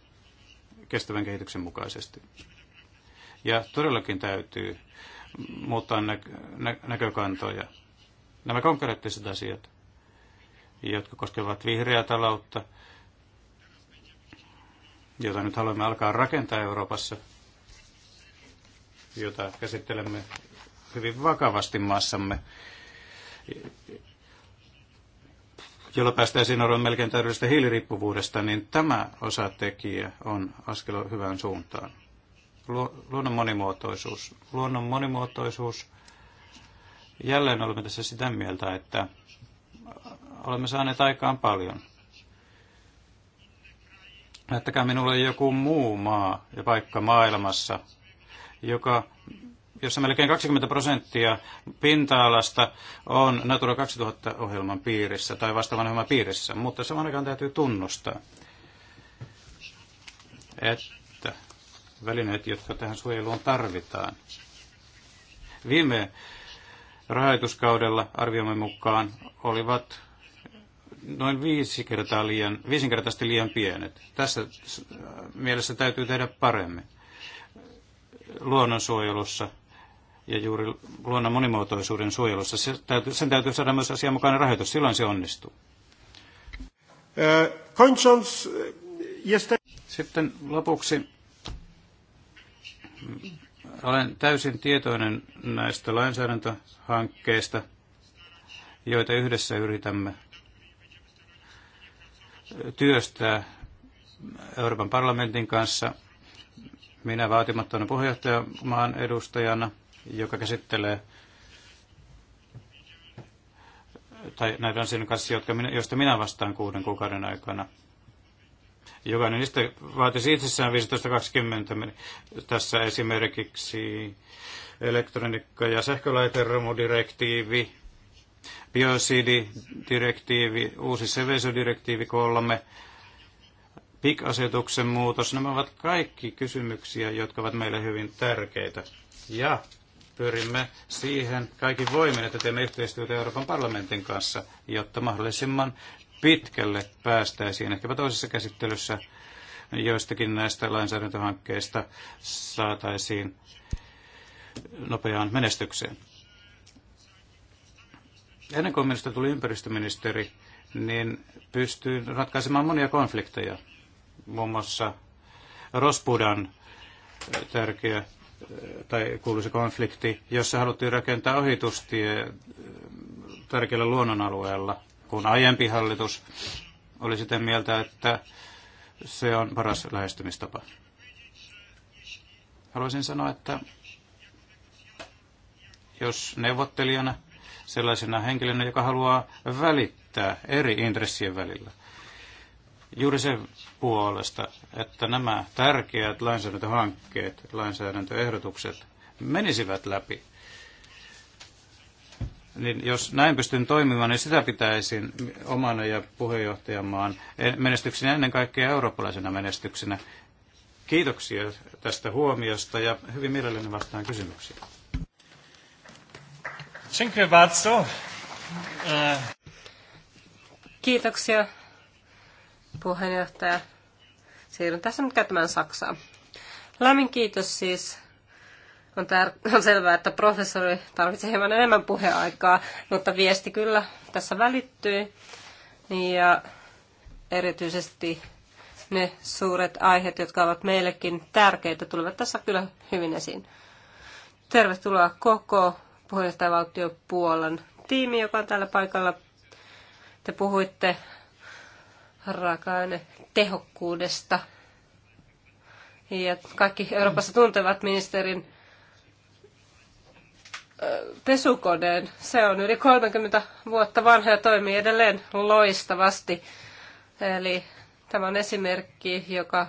kestävän mukaisesti. Ja todellakin täytyy muuttaa nä- nä- näkökantoja. Nämä konkreettiset asiat, jotka koskevat vihreää taloutta, jota nyt haluamme alkaa rakentaa Euroopassa, jota käsittelemme hyvin vakavasti maassamme, jolla päästäisiin eroon melkein täydellisestä hiiliriippuvuudesta, niin tämä osatekijä on askel hyvään suuntaan. Luonnon monimuotoisuus. Luonnon monimuotoisuus. Jälleen olemme tässä sitä mieltä, että olemme saaneet aikaan paljon. Näyttäkää minulle joku muu maa ja paikka maailmassa, joka jossa melkein 20 prosenttia pinta-alasta on Natura 2000-ohjelman piirissä tai vastaavan ohjelman piirissä, mutta se aikaan täytyy tunnustaa, että välineet, jotka tähän suojeluun tarvitaan, viime rahoituskaudella arviomme mukaan olivat noin viisi kertaa liian, viisinkertaisesti liian pienet. Tässä äh, mielessä täytyy tehdä paremmin luonnonsuojelussa ja juuri luonnon monimuotoisuuden suojelussa. Se täytyy, sen täytyy saada myös asianmukainen rahoitus, silloin se onnistuu. Äh, äh, Sitten lopuksi mm, olen täysin tietoinen näistä lainsäädäntöhankkeista, joita yhdessä yritämme työstää Euroopan parlamentin kanssa. Minä vaatimattomana puheenjohtajamaan edustajana – joka käsittelee tai näiden asioiden kanssa, jotka minä, joista minä vastaan kuuden kuukauden aikana. Jokainen niistä vaatisi itsessään 15.20 Tässä esimerkiksi elektroniikka- ja sähkölaitermodirektiivi, direktiivi uusi cvs direktiivi kolme, PIK-asetuksen muutos. Nämä ovat kaikki kysymyksiä, jotka ovat meille hyvin tärkeitä. Ja pyrimme siihen kaikin voimin, että teemme yhteistyötä Euroopan parlamentin kanssa, jotta mahdollisimman pitkälle päästäisiin ehkäpä toisessa käsittelyssä joistakin näistä lainsäädäntöhankkeista saataisiin nopeaan menestykseen. Ennen kuin minusta tuli ympäristöministeri, niin pystyin ratkaisemaan monia konflikteja. Muun muassa Rospudan tärkeä tai kuuluisa konflikti, jossa haluttiin rakentaa ohitustie tärkeällä luonnonalueella, kun aiempi hallitus oli sitä mieltä, että se on paras lähestymistapa. Haluaisin sanoa, että jos neuvottelijana, sellaisena henkilönä, joka haluaa välittää eri intressien välillä – juuri sen puolesta, että nämä tärkeät lainsäädäntöhankkeet, lainsäädäntöehdotukset menisivät läpi. Niin jos näin pystyn toimimaan, niin sitä pitäisin omana ja puheenjohtajamaan menestyksenä ennen kaikkea eurooppalaisena menestyksenä. Kiitoksia tästä huomiosta ja hyvin mielelläni vastaan kysymyksiin. E, Kiitoksia puheenjohtaja. Siirryn tässä nyt käyttämään Saksaa. Lämmin kiitos siis. On, tär- on selvää, että professori tarvitsee hieman enemmän puheaikaa, mutta viesti kyllä tässä välittyi. Ja erityisesti ne suuret aiheet, jotka ovat meillekin tärkeitä, tulevat tässä kyllä hyvin esiin. Tervetuloa koko puheenjohtajavaltio tiimi, joka on täällä paikalla. Te puhuitte raaka-aine tehokkuudesta. Ja kaikki Euroopassa tuntevat ministerin pesukoneen. Se on yli 30 vuotta vanha ja toimii edelleen loistavasti. Eli tämä on esimerkki, joka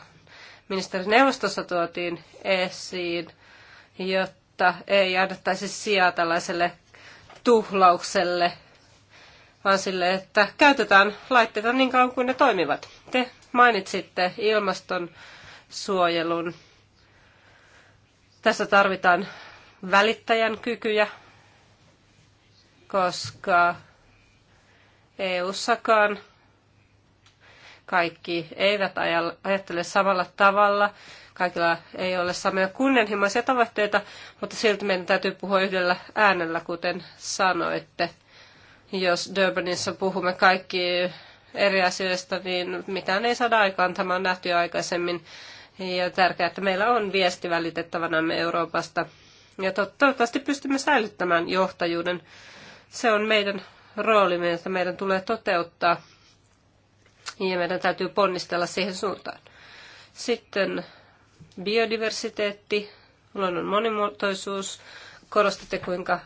ministerineuvostossa tuotiin esiin, jotta ei jäädettäisi sijaa tällaiselle tuhlaukselle – vaan sille, että käytetään laitteita niin kauan kuin ne toimivat. Te mainitsitte ilmaston suojelun. Tässä tarvitaan välittäjän kykyjä, koska EU-sakaan kaikki eivät ajattele samalla tavalla. Kaikilla ei ole samoja kunnianhimoisia tavoitteita, mutta silti meidän täytyy puhua yhdellä äänellä, kuten sanoitte. Jos Durbanissa puhumme kaikki eri asioista, niin mitään ei saada aikaan. Tämä on nähty jo aikaisemmin. Ja tärkeää, että meillä on viesti välitettävänä Euroopasta. Ja toivottavasti pystymme säilyttämään johtajuuden. Se on meidän roolimme, mitä meidän tulee toteuttaa. Ja meidän täytyy ponnistella siihen suuntaan. Sitten biodiversiteetti, luonnon monimuotoisuus. Korostatte, kuinka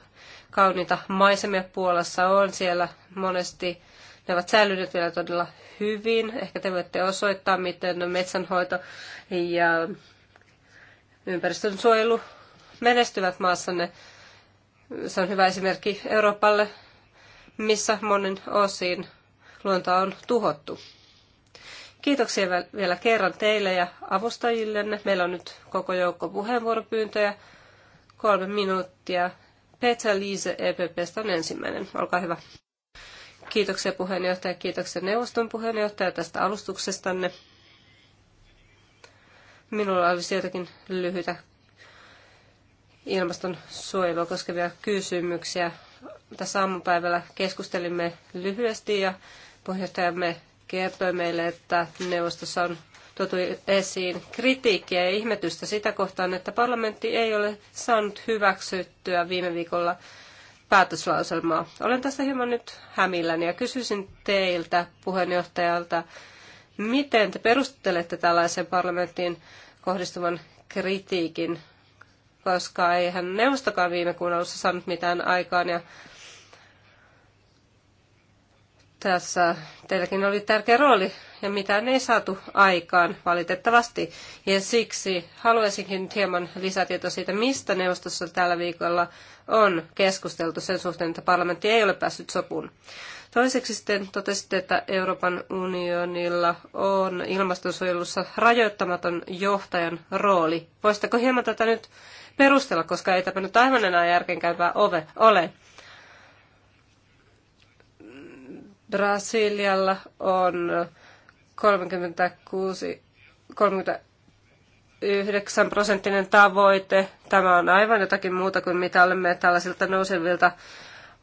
kauniita maisemia Puolassa on. Siellä monesti ne ovat säilyneet vielä todella hyvin. Ehkä te voitte osoittaa, miten metsänhoito ja ympäristönsuojelu menestyvät maassanne. Se on hyvä esimerkki Euroopalle, missä monen osin luonto on tuhottu. Kiitoksia vielä kerran teille ja avustajillenne. Meillä on nyt koko joukko puheenvuoropyyntöjä. Kolme minuuttia Peter Liise EPPstä on ensimmäinen. Olkaa hyvä. Kiitoksia puheenjohtaja, kiitoksia neuvoston puheenjohtaja tästä alustuksestanne. Minulla olisi jotakin lyhyitä ilmastonsuojelua koskevia kysymyksiä. Tässä aamupäivällä keskustelimme lyhyesti ja puheenjohtajamme kertoi meille, että neuvostossa on tuotu esiin kritiikkiä ja ihmetystä sitä kohtaan, että parlamentti ei ole saanut hyväksyttyä viime viikolla päätöslauselmaa. Olen tässä hieman nyt hämilläni ja kysyisin teiltä puheenjohtajalta, miten te perustelette tällaisen parlamenttiin kohdistuvan kritiikin, koska eihän neuvostokaan viime kuun alussa saanut mitään aikaan ja tässä teilläkin oli tärkeä rooli ja mitään ei saatu aikaan valitettavasti. Ja siksi haluaisinkin nyt hieman lisätietoa siitä, mistä neuvostossa tällä viikolla on keskusteltu sen suhteen, että parlamentti ei ole päässyt sopuun. Toiseksi sitten totesitte, että Euroopan unionilla on ilmastonsuojelussa rajoittamaton johtajan rooli. Voisitteko hieman tätä nyt perustella, koska ei tämä nyt aivan enää järkenkäypää ove ole. Brasilialla on 36, 39 prosenttinen tavoite. Tämä on aivan jotakin muuta kuin mitä olemme tällaisilta nousevilta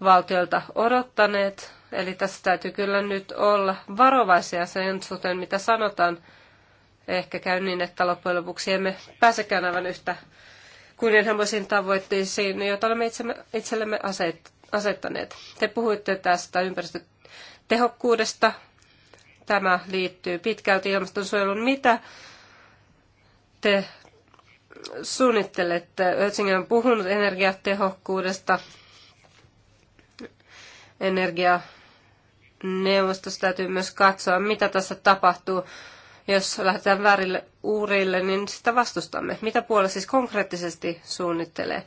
valtioilta odottaneet. Eli tässä täytyy kyllä nyt olla varovaisia sen suhteen, mitä sanotaan. Ehkä käy niin, että loppujen lopuksi emme pääsekään aivan yhtä kunnianhimoisiin tavoitteisiin, joita olemme itsellemme asettaneet. Te puhuitte tästä ympäristötehokkuudesta, Tämä liittyy pitkälti ilmastonsuojeluun. Mitä te suunnittelette? Ötsingen on puhunut energiatehokkuudesta, energianeuvostosta täytyy myös katsoa, mitä tässä tapahtuu. Jos lähdetään väärille uurille, niin sitä vastustamme. Mitä puolella siis konkreettisesti suunnittelee?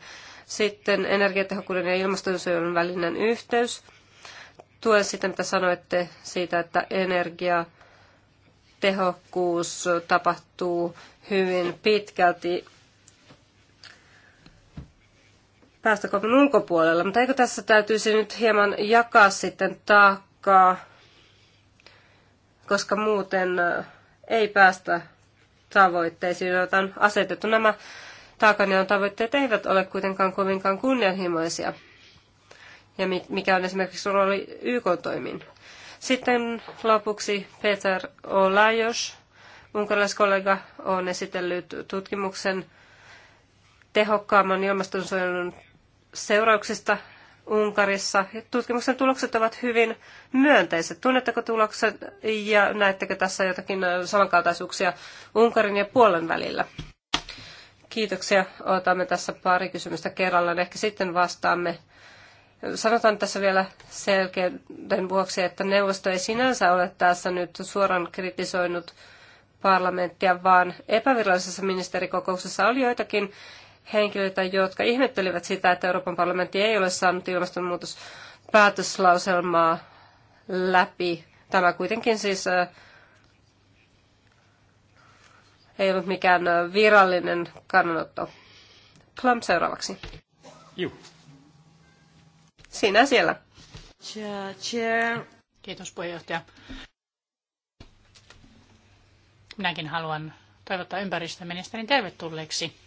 Sitten energiatehokkuuden ja ilmastonsuojelun välinen yhteys – tue sitä, mitä sanoitte siitä, että energia tehokkuus tapahtuu hyvin pitkälti päästökaupan ulkopuolella, mutta eikö tässä täytyisi nyt hieman jakaa sitten taakkaa, koska muuten ei päästä tavoitteisiin, joita on asetettu. Nämä taakanjaon tavoitteet eivät ole kuitenkaan kovinkaan kunnianhimoisia ja mikä on esimerkiksi rooli YK-toimin. Sitten lopuksi Peter Lajos, unkarilaiskollega, on esitellyt tutkimuksen tehokkaamman ilmastonsuojelun seurauksista Unkarissa. Tutkimuksen tulokset ovat hyvin myönteiset. Tunnetteko tulokset ja näettekö tässä jotakin samankaltaisuuksia Unkarin ja Puolen välillä? Kiitoksia. Otamme tässä pari kysymystä kerrallaan. Ehkä sitten vastaamme Sanotaan tässä vielä selkeyden vuoksi, että neuvosto ei sinänsä ole tässä nyt suoraan kritisoinut parlamenttia, vaan epävirallisessa ministerikokouksessa oli joitakin henkilöitä, jotka ihmettelivät sitä, että Euroopan parlamentti ei ole saanut ilmastonmuutospäätöslauselmaa läpi. Tämä kuitenkin siis ei ollut mikään virallinen kannanotto. Plum seuraavaksi. Juh. Sinä siellä. Kiitos puheenjohtaja. Minäkin haluan toivottaa ympäristöministerin tervetulleeksi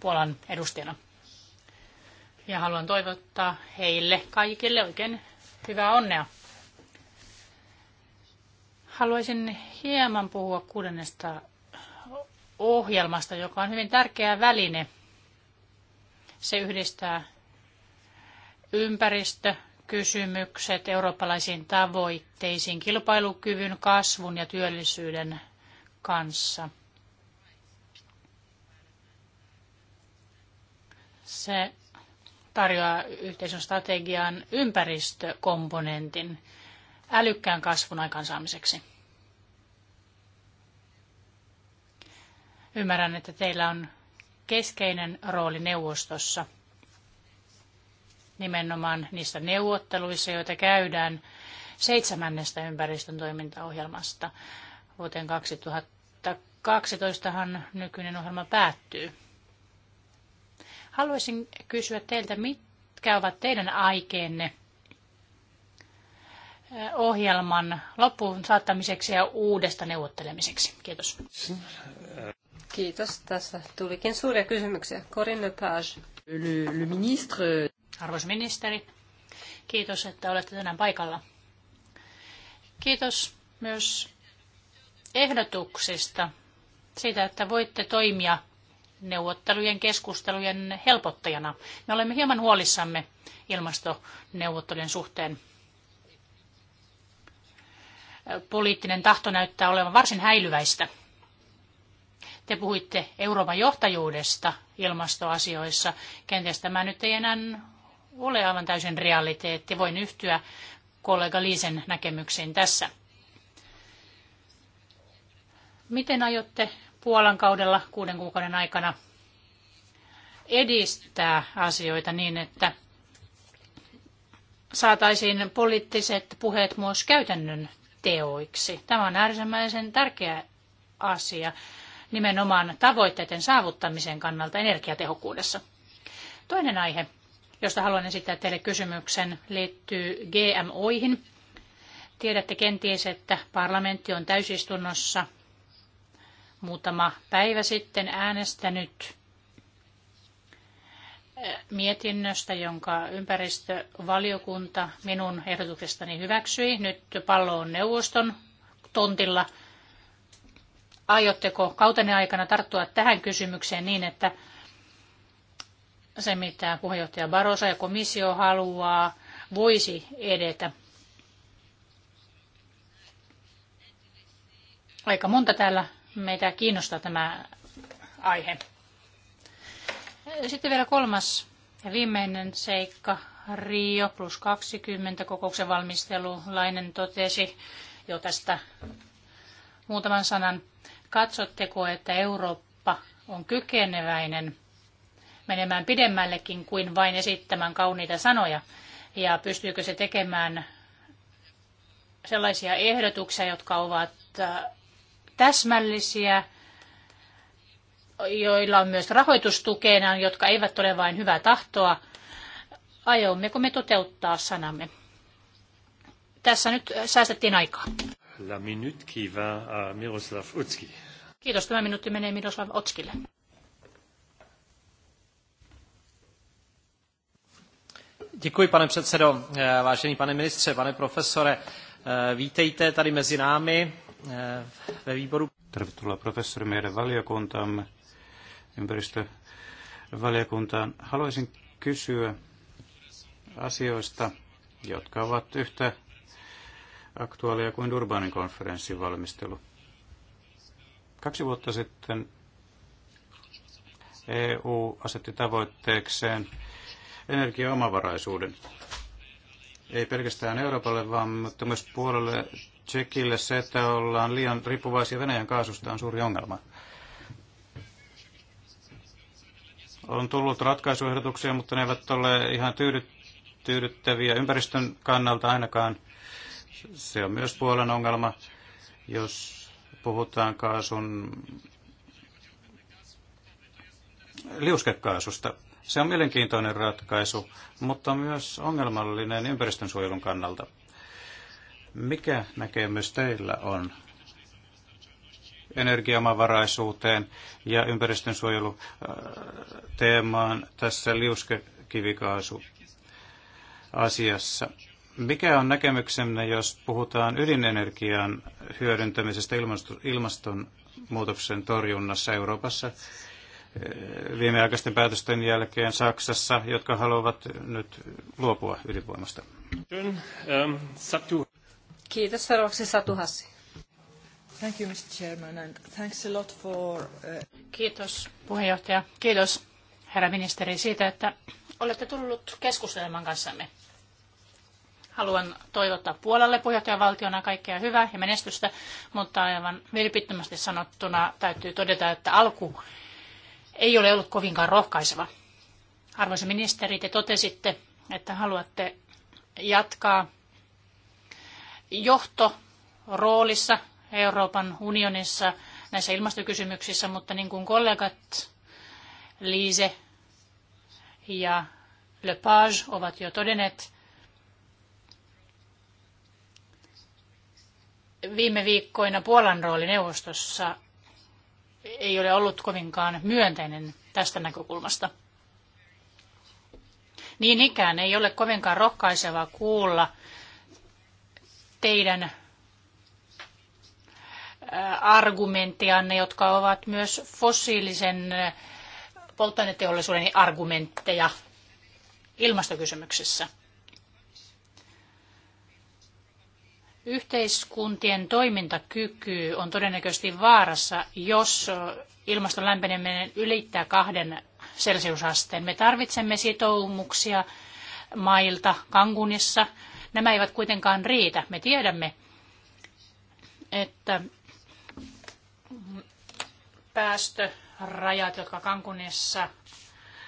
Puolan edustajana. Ja haluan toivottaa heille kaikille oikein hyvää onnea. Haluaisin hieman puhua kuudennesta ohjelmasta, joka on hyvin tärkeä väline. Se yhdistää ympäristökysymykset eurooppalaisiin tavoitteisiin kilpailukyvyn, kasvun ja työllisyyden kanssa. Se tarjoaa yhteisön strategian ympäristökomponentin älykkään kasvun aikaansaamiseksi. Ymmärrän, että teillä on keskeinen rooli neuvostossa nimenomaan niissä neuvotteluissa, joita käydään seitsemännestä ympäristön toimintaohjelmasta. Vuoteen 2012han nykyinen ohjelma päättyy. Haluaisin kysyä teiltä, mitkä ovat teidän aikeenne ohjelman loppuun saattamiseksi ja uudesta neuvottelemiseksi? Kiitos. Kiitos. Tässä tulikin suuria kysymyksiä. Corinne Page. Le, le ministre. Arvoisa ministeri, kiitos, että olette tänään paikalla. Kiitos myös ehdotuksista siitä, että voitte toimia neuvottelujen keskustelujen helpottajana. Me olemme hieman huolissamme ilmastoneuvottelujen suhteen. Poliittinen tahto näyttää olevan varsin häilyväistä. Te puhuitte Euroopan johtajuudesta ilmastoasioissa. Kenties tämä nyt ei enää ole aivan täysin realiteetti. Voin yhtyä kollega Liisen näkemyksiin tässä. Miten aiotte Puolan kaudella kuuden kuukauden aikana edistää asioita niin, että saataisiin poliittiset puheet myös käytännön teoiksi. Tämä on äärimmäisen tärkeä asia nimenomaan tavoitteiden saavuttamisen kannalta energiatehokkuudessa. Toinen aihe, josta haluan esittää teille kysymyksen, liittyy GMOihin. Tiedätte kenties, että parlamentti on täysistunnossa muutama päivä sitten äänestänyt eh, mietinnöstä, jonka ympäristövaliokunta minun ehdotuksestani hyväksyi. Nyt pallo on neuvoston tontilla – aiotteko kautenne aikana tarttua tähän kysymykseen niin, että se, mitä puheenjohtaja Barosa ja komissio haluaa, voisi edetä. Aika monta täällä meitä kiinnostaa tämä aihe. Sitten vielä kolmas ja viimeinen seikka. Rio plus 20 kokouksen valmistelu. Lainen totesi jo tästä muutaman sanan. Katsotteko, että Eurooppa on kykeneväinen menemään pidemmällekin kuin vain esittämään kauniita sanoja? Ja pystyykö se tekemään sellaisia ehdotuksia, jotka ovat äh, täsmällisiä, joilla on myös rahoitustukena, jotka eivät ole vain hyvää tahtoa. Aiommeko me toteuttaa sanamme? Tässä nyt säästettiin aikaa la minute qui va à Miroslav Utski. Kiitos. Tämä minuutti menee Miroslav Otskille. Děkuji, pane předsedo. Eh, vážený pane ministře, pane profesore, eh, vítejte tady mezi námi eh, ve výboru. Tervetuloa professori meidän valiokuntaamme, ympäristövaliokuntaan. Haluaisin kysyä asioista, jotka ovat yhtä aktuaalia kuin Durbanin konferenssin valmistelu. Kaksi vuotta sitten EU asetti tavoitteekseen energiaomavaraisuuden. Ei pelkästään Euroopalle, vaan mutta myös puolelle Tsekille se, että ollaan liian riippuvaisia Venäjän kaasusta on suuri ongelma. On tullut ratkaisuehdotuksia, mutta ne eivät ole ihan tyydyttäviä ympäristön kannalta ainakaan. Se on myös Puolan ongelma, jos puhutaan kaasun liuskekaasusta. Se on mielenkiintoinen ratkaisu, mutta myös ongelmallinen ympäristönsuojelun kannalta. Mikä näkemys teillä on energiamavaraisuuteen ja ympäristönsuojeluteemaan äh, tässä liuskekivikaasu-asiassa? Mikä on näkemyksenne, jos puhutaan ydinenergian hyödyntämisestä ilmastonmuutoksen torjunnassa Euroopassa eh, viimeaikaisten päätösten jälkeen Saksassa, jotka haluavat nyt luopua ydinvoimasta? Ähm, Kiitos. Seuraavaksi Satu Hassi. Thank you, Mr. Chairman, and thanks a lot for... Eh, Kiitos puheenjohtaja. Kiitos herra ministeri siitä, että olette tullut keskustelemaan kanssamme. Haluan toivottaa Puolalle puheenjohtajavaltiona kaikkea hyvää ja menestystä, mutta aivan vilpittömästi sanottuna täytyy todeta, että alku ei ole ollut kovinkaan rohkaiseva. Arvoisa ministeri, te totesitte, että haluatte jatkaa johto- roolissa Euroopan unionissa näissä ilmastokysymyksissä, mutta niin kuin kollegat Liise ja Lepage ovat jo todenneet, viime viikkoina Puolan rooli neuvostossa ei ole ollut kovinkaan myönteinen tästä näkökulmasta. Niin ikään ei ole kovinkaan rohkaisevaa kuulla teidän argumenttianne, jotka ovat myös fossiilisen polttoaineteollisuuden argumentteja ilmastokysymyksissä. Yhteiskuntien toimintakyky on todennäköisesti vaarassa, jos ilmaston lämpeneminen ylittää kahden celsiusasteen. Me tarvitsemme sitoumuksia mailta Kangunissa. Nämä eivät kuitenkaan riitä. Me tiedämme, että päästörajat, jotka Kankunissa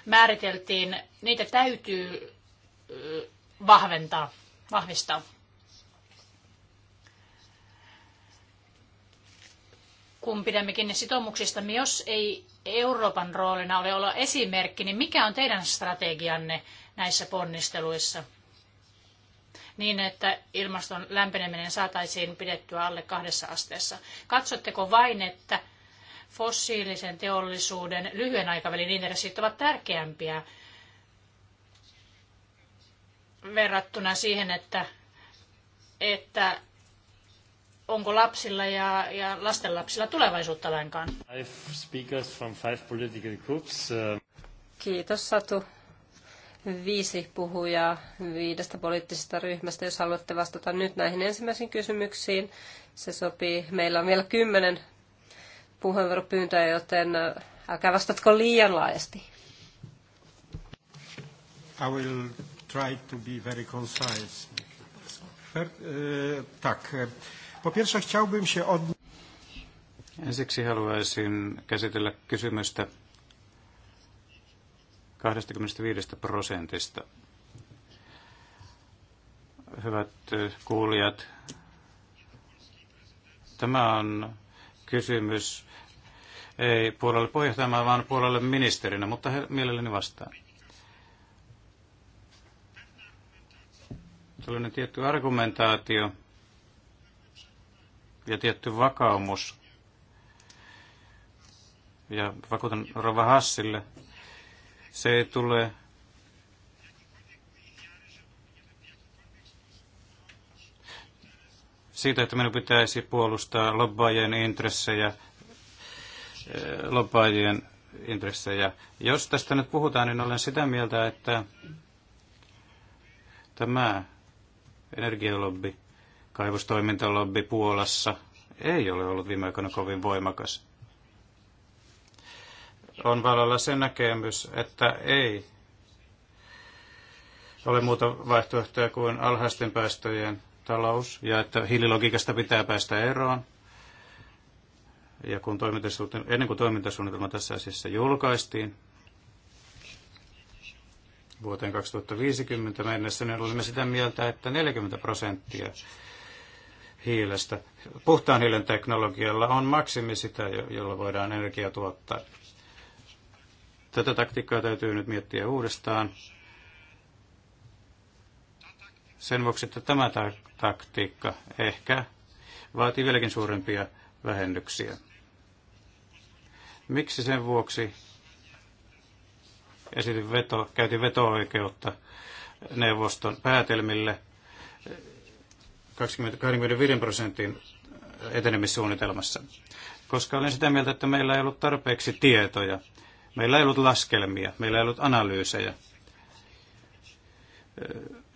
määriteltiin, niitä täytyy vahventaa, vahvistaa. kun pidämme kiinni sitoumuksistamme, niin jos ei Euroopan roolina ole olla esimerkki, niin mikä on teidän strategianne näissä ponnisteluissa? niin, että ilmaston lämpeneminen saataisiin pidettyä alle kahdessa asteessa. Katsotteko vain, että fossiilisen teollisuuden lyhyen aikavälin intressit ovat tärkeämpiä verrattuna siihen, että, että onko lapsilla ja, ja lastenlapsilla tulevaisuutta lainkaan. Uh, Kiitos Satu. Viisi puhujaa viidestä poliittisesta ryhmästä. Jos haluatte vastata nyt näihin ensimmäisiin kysymyksiin, se sopii. Meillä on vielä kymmenen puheenvuoropyyntöä, joten uh, älkää vastatko liian laajasti. I will try to be very concise. First, uh, tak. Uh, Po pierwsze chciałbym się od... Ensiksi haluaisin käsitellä kysymystä 25 prosentista. Hyvät kuulijat, tämä on kysymys ei puolelle puheenjohtajana, vaan puolelle ministerinä, mutta he mielelläni vastaan. Tällainen tietty argumentaatio, ja tietty vakaumus. Ja vakuutan Rova Hassille, se ei tule siitä, että minun pitäisi puolustaa lobbaajien intressejä, eh, lobbaajien intressejä. Jos tästä nyt puhutaan, niin olen sitä mieltä, että tämä energialobby Kaivostoimintalobby Puolassa ei ole ollut viime aikoina kovin voimakas. On vallalla se näkemys, että ei ole muuta vaihtoehtoja kuin alhaisten päästöjen talous ja että hiililogiikasta pitää päästä eroon. Ja kun ennen kuin toimintasuunnitelma tässä asiassa julkaistiin vuoteen 2050 mennessä, niin olemme sitä mieltä, että 40 prosenttia hiilestä. Puhtaan hiilen teknologialla on maksimi sitä, jolla voidaan energiaa tuottaa. Tätä taktiikkaa täytyy nyt miettiä uudestaan. Sen vuoksi, että tämä ta- taktiikka ehkä vaatii vieläkin suurempia vähennyksiä. Miksi sen vuoksi esitin veto, käytin veto-oikeutta neuvoston päätelmille 20, 25 prosentin etenemissuunnitelmassa, koska olen sitä mieltä, että meillä ei ollut tarpeeksi tietoja, meillä ei ollut laskelmia, meillä ei ollut analyysejä eh,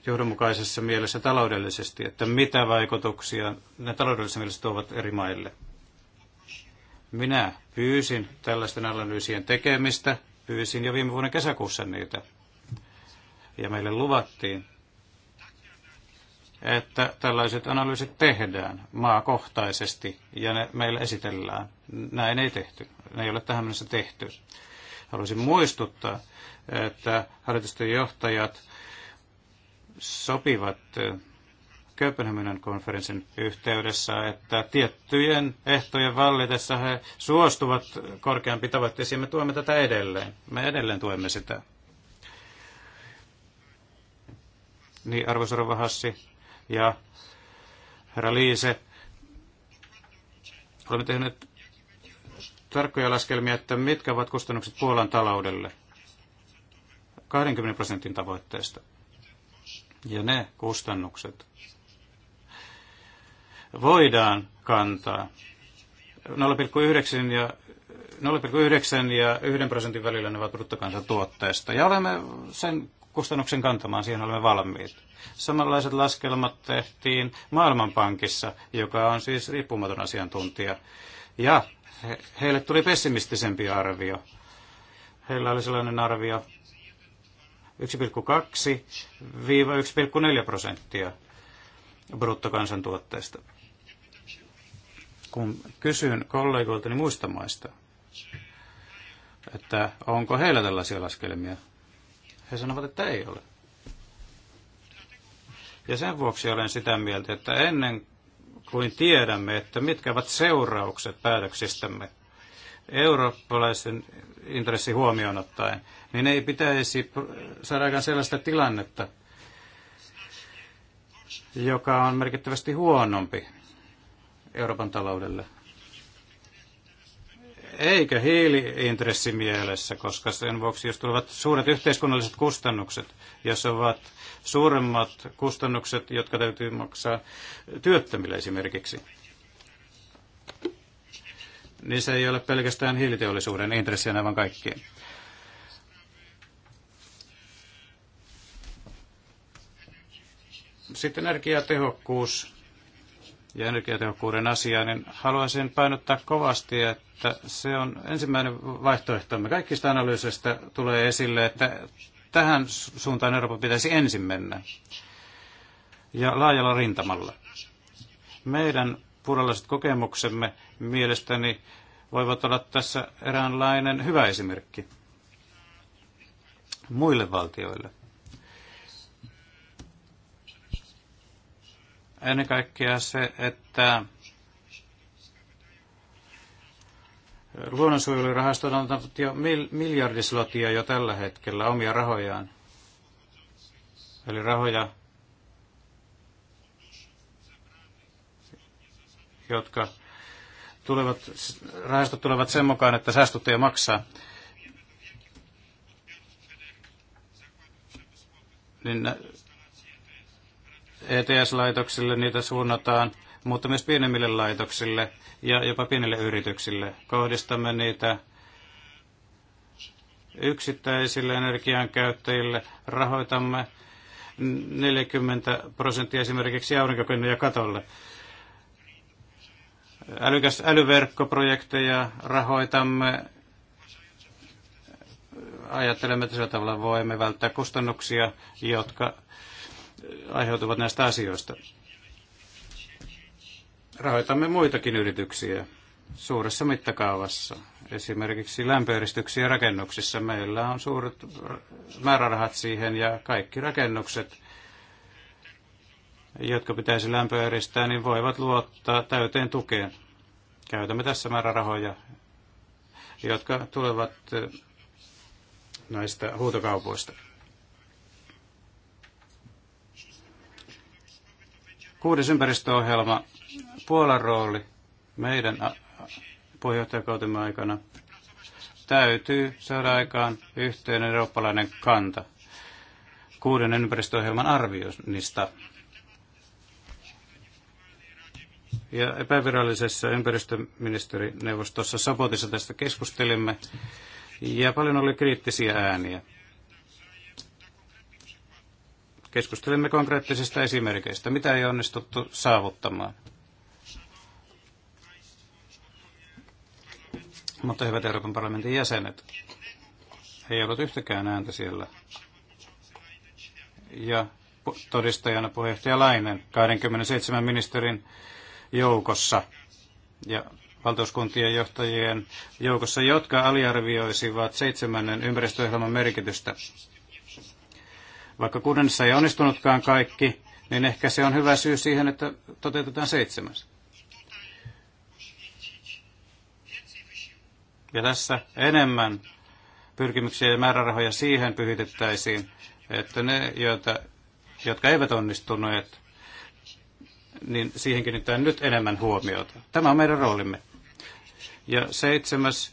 johdonmukaisessa mielessä taloudellisesti, että mitä vaikutuksia ne taloudellisessa mielessä tuovat eri maille. Minä pyysin tällaisten analyysien tekemistä, pyysin jo viime vuoden kesäkuussa niitä. Ja meille luvattiin, että tällaiset analyysit tehdään maakohtaisesti ja ne meille esitellään. Näin ei tehty. Ne ei ole tähän mennessä tehty. Haluaisin muistuttaa, että hallitusten johtajat sopivat eh, Kööpenhaminan konferenssin yhteydessä, että tiettyjen ehtojen vallitessa he suostuvat korkeampi tavoitteisiin. Me tuemme tätä edelleen. Me edelleen tuemme sitä. Niin, arvoisa Rova Hassi, ja herra Liise. Olemme tehneet tarkkoja laskelmia, että mitkä ovat kustannukset Puolan taloudelle 20 prosentin tavoitteesta. Ja ne kustannukset voidaan kantaa 0,9 ja 0,9 ja 1 prosentin välillä ne ovat bruttokansantuotteesta. Ja olemme sen kustannuksen kantamaan, siihen olemme valmiit. Samanlaiset laskelmat tehtiin Maailmanpankissa, joka on siis riippumaton asiantuntija. Ja he, heille tuli pessimistisempi arvio. Heillä oli sellainen arvio 1,2-1,4 prosenttia bruttokansantuotteesta. Kun kysyn kollegoiltani muista maista, että onko heillä tällaisia laskelmia, he sanovat, että ei ole. Ja sen vuoksi olen sitä mieltä, että ennen kuin tiedämme, että mitkä ovat seuraukset päätöksistämme eurooppalaisen intressi huomioon ottaen, niin ei pitäisi saada aikaan sellaista tilannetta, joka on merkittävästi huonompi Euroopan taloudelle eikä hiiliintressi mielessä, koska sen vuoksi, jos tulevat suuret yhteiskunnalliset kustannukset, jos ovat suuremmat kustannukset, jotka täytyy maksaa työttömille esimerkiksi, niin se ei ole pelkästään hiiliteollisuuden intressinä, vaan kaikkien. Sitten energiatehokkuus ja energiatehokkuuden asiaa, niin haluaisin painottaa kovasti, että se on ensimmäinen vaihtoehto. Me Kaikista analyysistä tulee esille, että tähän suuntaan Euroopan pitäisi ensin mennä ja laajalla rintamalla. Meidän puralaiset kokemuksemme mielestäni voivat olla tässä eräänlainen hyvä esimerkki muille valtioille. Ennen kaikkea se, että luonnonsuojelurahasto on antanut jo miljardislotia jo tällä hetkellä omia rahojaan. Eli rahoja, jotka tulevat, rahastot tulevat sen mukaan, että säästöttäjä maksaa. Niin ETS-laitoksille niitä suunnataan, mutta myös pienemmille laitoksille ja jopa pienille yrityksille. Kohdistamme niitä yksittäisille energiankäyttäjille. Rahoitamme 40 prosenttia esimerkiksi aurinkokennoja katolle. Älykäs älyverkkoprojekteja rahoitamme. Ajattelemme, että sillä tavalla voimme välttää kustannuksia, jotka aiheutuvat näistä asioista. Rahoitamme muitakin yrityksiä suuressa mittakaavassa. Esimerkiksi lämpöyristyksiä rakennuksissa. Meillä on suuret määrärahat siihen ja kaikki rakennukset, jotka pitäisi lämpöeristää, niin voivat luottaa täyteen tukeen. Käytämme tässä määrärahoja, jotka tulevat eh, näistä huutokaupoista. Kuudes ympäristöohjelma, Puolan rooli meidän puheenjohtajakautemme aikana täytyy saada aikaan yhteinen eurooppalainen kanta kuuden ympäristöohjelman arvioinnista. Ja epävirallisessa ympäristöministerineuvostossa Sabotissa tästä keskustelimme ja paljon oli kriittisiä ääniä. Keskustelemme konkreettisista esimerkkeistä, mitä ei onnistuttu saavuttamaan. Mutta hyvät Euroopan parlamentin jäsenet, ei ollut yhtäkään ääntä siellä. Ja todistajana puheenjohtaja Lainen 27 ministerin joukossa ja valtuuskuntien johtajien joukossa, jotka aliarvioisivat seitsemännen ympäristöohjelman merkitystä vaikka kuudennessa ei onnistunutkaan kaikki, niin ehkä se on hyvä syy siihen, että toteutetaan seitsemäs. Ja tässä enemmän pyrkimyksiä ja määrärahoja siihen pyhitettäisiin, että ne, joita, jotka eivät onnistuneet, niin siihen kiinnitetään nyt enemmän huomiota. Tämä on meidän roolimme. Ja seitsemäs,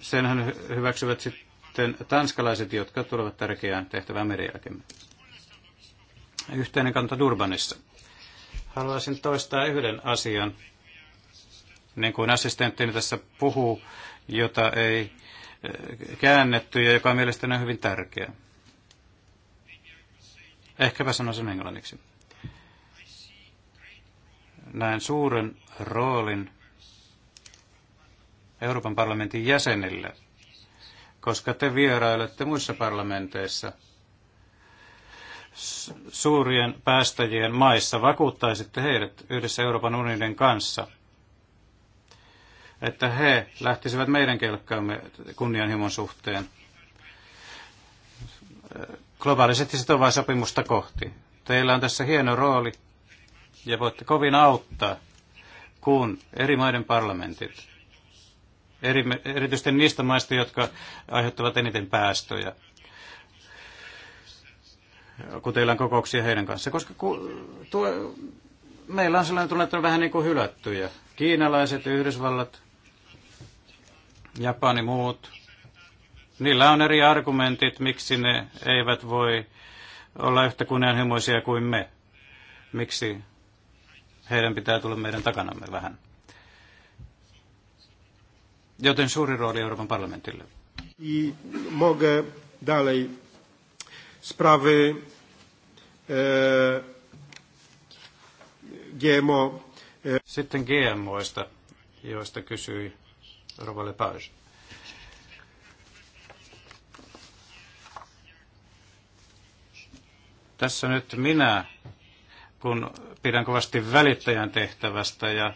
senhän hyväksyvät sitten sitten tanskalaiset, jotka tulevat tärkeään tehtävään meidän jälkeen. Yhteinen kanta Durbanissa. Haluaisin toistaa yhden asian, niin kuin assistenttini tässä puhuu, jota ei eh, käännetty ja joka mielestäni hyvin tärkeä. Ehkäpä sanon sen englanniksi. Näen suuren roolin Euroopan parlamentin jäsenille koska te vierailette muissa parlamenteissa suurien päästäjien maissa, vakuuttaisitte heidät yhdessä Euroopan unionin kanssa, että he lähtisivät meidän kelkkaamme kunnianhimon suhteen globaalisesti sitovaa sopimusta kohti. Teillä on tässä hieno rooli ja voitte kovin auttaa, kun eri maiden parlamentit eri, erityisesti niistä maista, jotka aiheuttavat eniten päästöjä kun teillä on kokouksia heidän kanssa. Koska ku, tuo, meillä on sellainen tunne, että on vähän niin kuin hylättyjä. Kiinalaiset, Yhdysvallat, Japani, muut. Niillä on eri argumentit, miksi ne eivät voi olla yhtä kunnianhimoisia kuin me. Miksi heidän pitää tulla meidän takanamme vähän. Joten suuri rooli Euroopan parlamentille. I mogę dalej sprawy e, GMO. E. Sitten GMOista, joista kysyi Rova Lepage. Tässä nyt minä, kun pidän kovasti välittäjän tehtävästä ja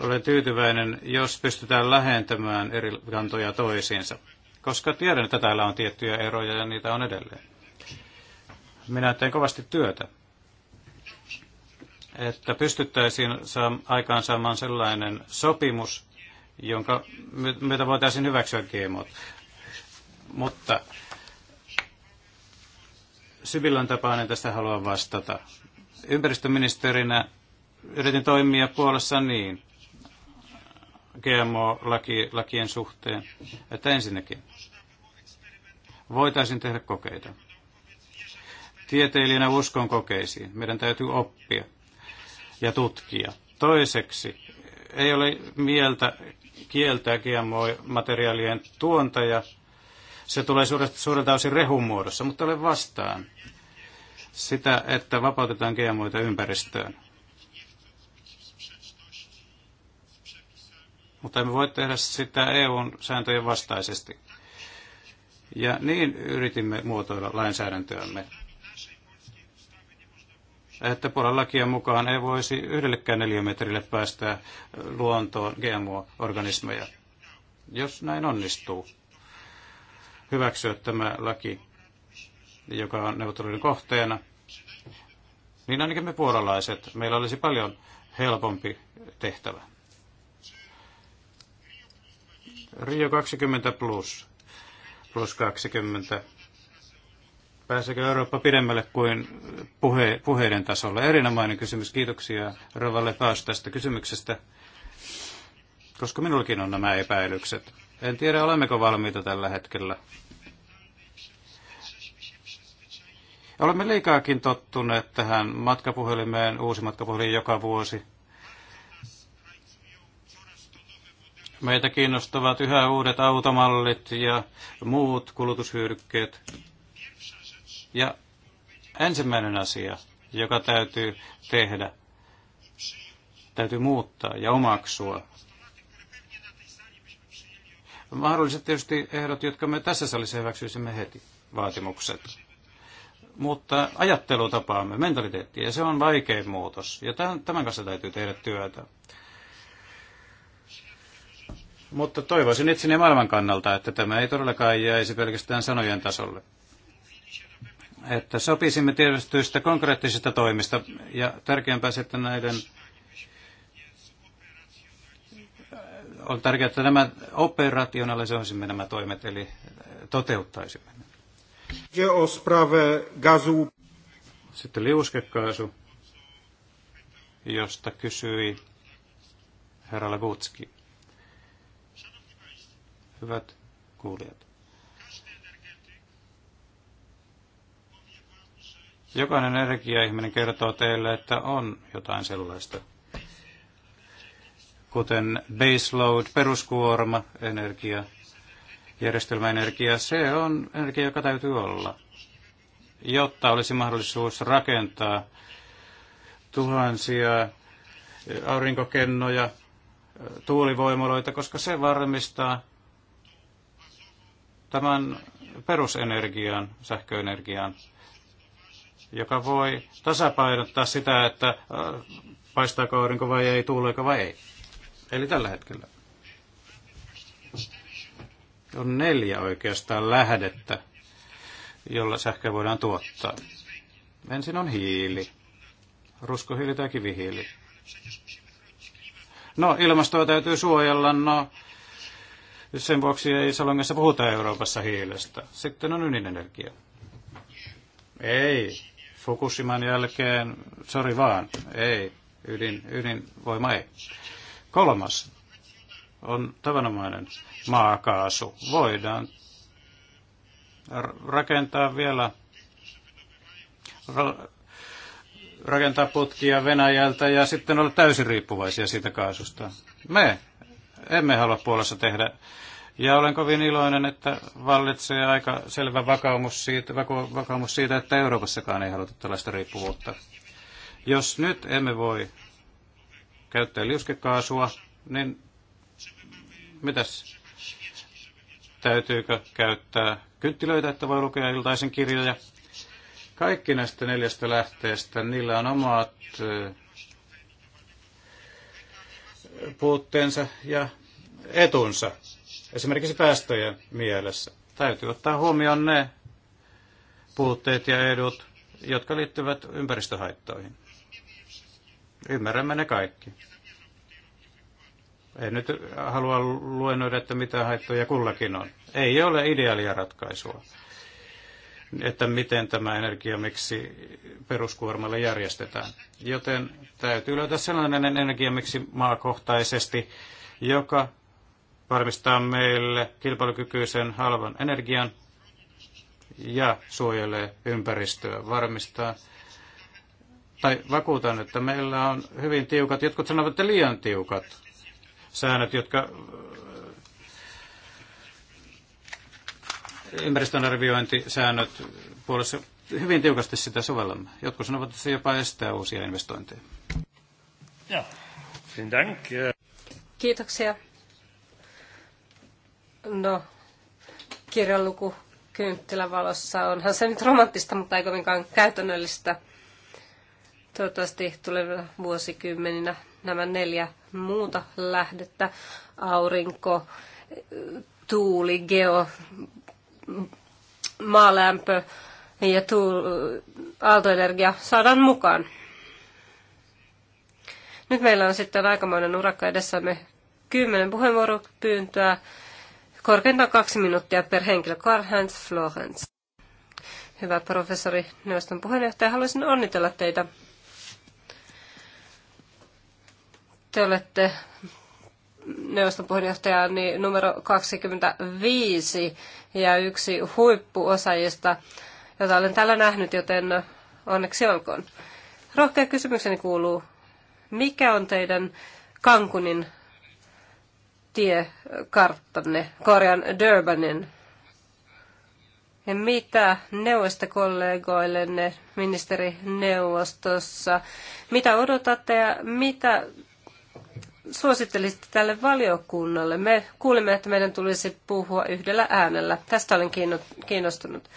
olen tyytyväinen, jos pystytään lähentämään eri kantoja toisiinsa, koska tiedän, että täällä on tiettyjä eroja ja niitä on edelleen. Minä teen kovasti työtä, että pystyttäisiin aikaan saamaan sellainen sopimus, jonka meitä voitaisiin hyväksyä GMOt. Mutta Sybillan tapainen tästä haluan vastata. Ympäristöministerinä yritin toimia puolessa niin GMO-lakien suhteen, että ensinnäkin voitaisiin tehdä kokeita. Tieteilijänä uskon kokeisiin. Meidän täytyy oppia ja tutkia. Toiseksi ei ole mieltä kieltää GMO-materiaalien tuontaja. Se tulee suurelta osin rehumuodossa, mutta olen vastaan sitä, että vapautetaan GMOita ympäristöön. mutta emme voi tehdä sitä EUn sääntöjen vastaisesti. Ja niin yritimme muotoilla lainsäädäntöämme, että Puolan lakia mukaan ei voisi yhdellekään neliömetrille päästä luontoon GMO-organismeja. Jos näin onnistuu, hyväksyä tämä laki, joka on neuvotteluiden kohteena, niin ainakin me puolalaiset, meillä olisi paljon helpompi tehtävä. Rio 20 plus, plus 20. Pääseekö Eurooppa pidemmälle kuin puhe, puheiden tasolla? Erinomainen kysymys. Kiitoksia Rovalle Paas tästä kysymyksestä, koska minullakin on nämä epäilykset. En tiedä, olemmeko valmiita tällä hetkellä. Olemme liikaakin tottuneet tähän matkapuhelimeen, uusi matkapuhelin joka vuosi. Meitä kiinnostavat yhä uudet automallit ja muut kulutushyödykkeet. Ja ensimmäinen asia, joka täytyy tehdä, täytyy muuttaa ja omaksua. Mahdolliset tietysti ehdot, jotka me tässä salissa hyväksyisimme heti, vaatimukset. Mutta ajattelutapaamme, mentaliteetti, ja se on vaikein muutos, ja tämän kanssa täytyy tehdä työtä. Mutta toivoisin itseni maailman kannalta, että tämä ei todellakaan jäisi pelkästään sanojen tasolle. Että sopisimme tietystyistä konkreettisista toimista ja tärkeämpää se, että näiden on tärkeää, että nämä operationalisoisimme nämä toimet, eli toteuttaisimme. Sitten liuskekaasu, josta kysyi herra Legutski. Hyvät kuulijat. Jokainen energiaihminen kertoo teille, että on jotain sellaista, kuten baseload, peruskuorma, energia, järjestelmäenergia. Se on energia, joka täytyy olla, jotta olisi mahdollisuus rakentaa tuhansia aurinkokennoja, tuulivoimaloita, koska se varmistaa tämän perusenergian, sähköenergian, joka voi tasapainottaa sitä, että äh, paistaako aurinko vai ei, tuuleeko vai ei. Eli tällä hetkellä on neljä oikeastaan lähdettä, jolla sähköä voidaan tuottaa. Ensin on hiili, ruskohiili tai kivihiili. No, ilmastoa täytyy suojella, no sen vuoksi ei Salongassa puhuta Euroopassa hiilestä. Sitten on ydinenergia. Ei. Fukushiman jälkeen, sori vaan, ei. Ydin, ydinvoima ei. Kolmas on tavanomainen maakaasu. Voidaan rakentaa vielä rakentaa putkia Venäjältä ja sitten olla täysin riippuvaisia siitä kaasusta. Me emme halua Puolassa tehdä. Ja olen kovin iloinen, että vallitsee aika selvä vakaumus siitä, vakaumus siitä, että Euroopassakaan ei haluta tällaista riippuvuutta. Jos nyt emme voi käyttää liuskekaasua, niin mitäs? Täytyykö käyttää kynttilöitä, että voi lukea iltaisen kirjoja? Kaikki näistä neljästä lähteestä, niillä on omat puutteensa ja etunsa, esimerkiksi päästöjen mielessä. Täytyy ottaa huomioon ne puutteet ja edut, jotka liittyvät ympäristöhaittoihin. Ymmärrämme ne kaikki. En nyt halua luennoida, että mitä haittoja kullakin on. Ei ole ideaalia ratkaisua, että miten tämä energia miksi peruskuormalle järjestetään. Joten täytyy löytää sellainen energia miksi maakohtaisesti, joka varmistaa meille kilpailukykyisen halvan energian ja suojelee ympäristöä, varmistaa tai vakuutan, että meillä on hyvin tiukat, jotkut sanovat, että liian tiukat säännöt, jotka äh, arviointisäännöt puolessa hyvin tiukasti sitä sovellamme. Jotkut sanovat, että se jopa estää uusia investointeja. Ja. Kiitoksia. No, kirjanluku kynttilävalossa onhan se nyt romanttista, mutta ei kovinkaan käytännöllistä. Toivottavasti tulevina vuosikymmeninä nämä neljä muuta lähdettä, aurinko, tuuli, geo, maalämpö ja tuul, aaltoenergia saadaan mukaan. Nyt meillä on sitten aikamoinen urakka edessämme kymmenen puheenvuoropyyntöä korkeintaan kaksi minuuttia per henkilö. Karl-Heinz Hyvä professori, neuvoston puheenjohtaja, haluaisin onnitella teitä. Te olette neuvoston puheenjohtaja niin numero 25 ja yksi huippuosaajista, jota olen täällä nähnyt, joten onneksi olkoon. Rohkea kysymykseni kuuluu, mikä on teidän Kankunin tiekarttanne, korjan Durbanin. Ja mitä neuvosta kollegoillenne ministerineuvostossa? Mitä odotatte ja mitä suosittelisitte tälle valiokunnalle? Me kuulimme, että meidän tulisi puhua yhdellä äänellä. Tästä olen kiinnostunut.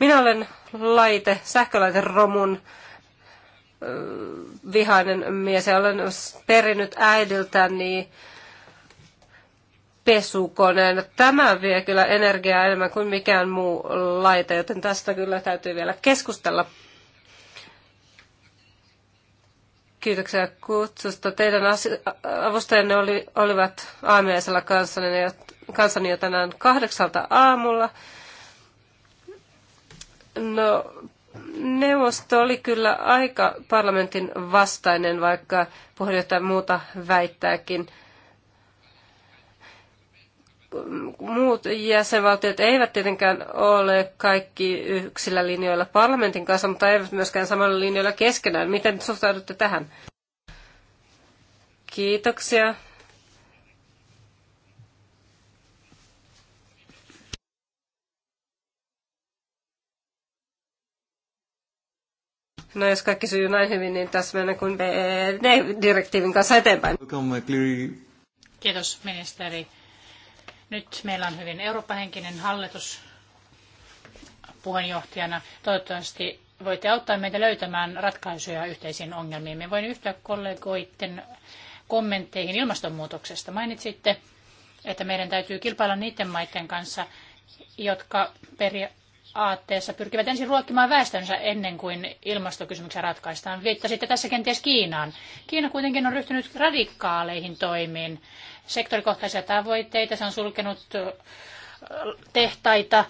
Minä olen laite, sähkölaiteromun vihainen mies ja olen perinnyt äidiltäni niin pesukoneen. Tämä vie kyllä energiaa enemmän kuin mikään muu laite, joten tästä kyllä täytyy vielä keskustella. Kiitoksia kutsusta. Teidän avustajanne oli, olivat aamiaisella kanssani kanssani jo tänään kahdeksalta aamulla. No, neuvosto oli kyllä aika parlamentin vastainen, vaikka puheenjohtaja muuta väittääkin muut jäsenvaltiot eivät tietenkään ole kaikki yksillä linjoilla parlamentin kanssa, mutta eivät myöskään samalla linjoilla keskenään. Miten suhtaudutte tähän? Kiitoksia. No jos kaikki sujuu näin hyvin, niin tässä mennään kuin BE-direktiivin e kanssa eteenpäin. Kiitos ministeri nyt meillä on hyvin eurooppahenkinen hallitus puheenjohtajana. Toivottavasti voitte auttaa meitä löytämään ratkaisuja yhteisiin ongelmiin. Me voin yhtyä kollegoiden kommentteihin ilmastonmuutoksesta. Mainitsitte, että meidän täytyy kilpailla niiden maiden kanssa, jotka periaatteessa pyrkivät ensin ruokkimaan väestönsä ennen kuin ilmastokysymyksiä ratkaistaan. Viittasitte tässä kenties Kiinaan. Kiina kuitenkin on ryhtynyt radikaaleihin toimiin sektorikohtaisia tavoitteita, se on sulkenut tehtaita,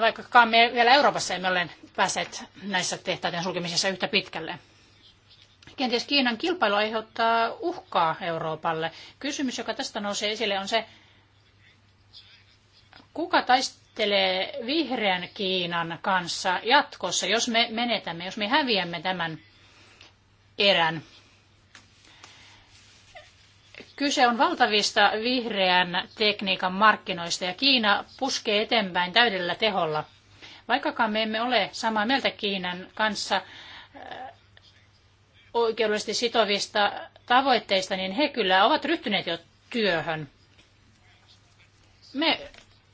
vaikkakaan me vielä Euroopassa emme ole päässeet näissä tehtaiden sulkemisissa yhtä pitkälle. Kenties Kiinan kilpailu aiheuttaa uhkaa Euroopalle. Kysymys, joka tästä nousee esille, on se, kuka taistelee vihreän Kiinan kanssa jatkossa, jos me menetämme, jos me häviämme tämän erän Kyse on valtavista vihreän tekniikan markkinoista ja Kiina puskee eteenpäin täydellä teholla. Vaikkakaan me emme ole samaa mieltä Kiinan kanssa äh, oikeudellisesti sitovista tavoitteista, niin he kyllä ovat ryhtyneet jo työhön. Me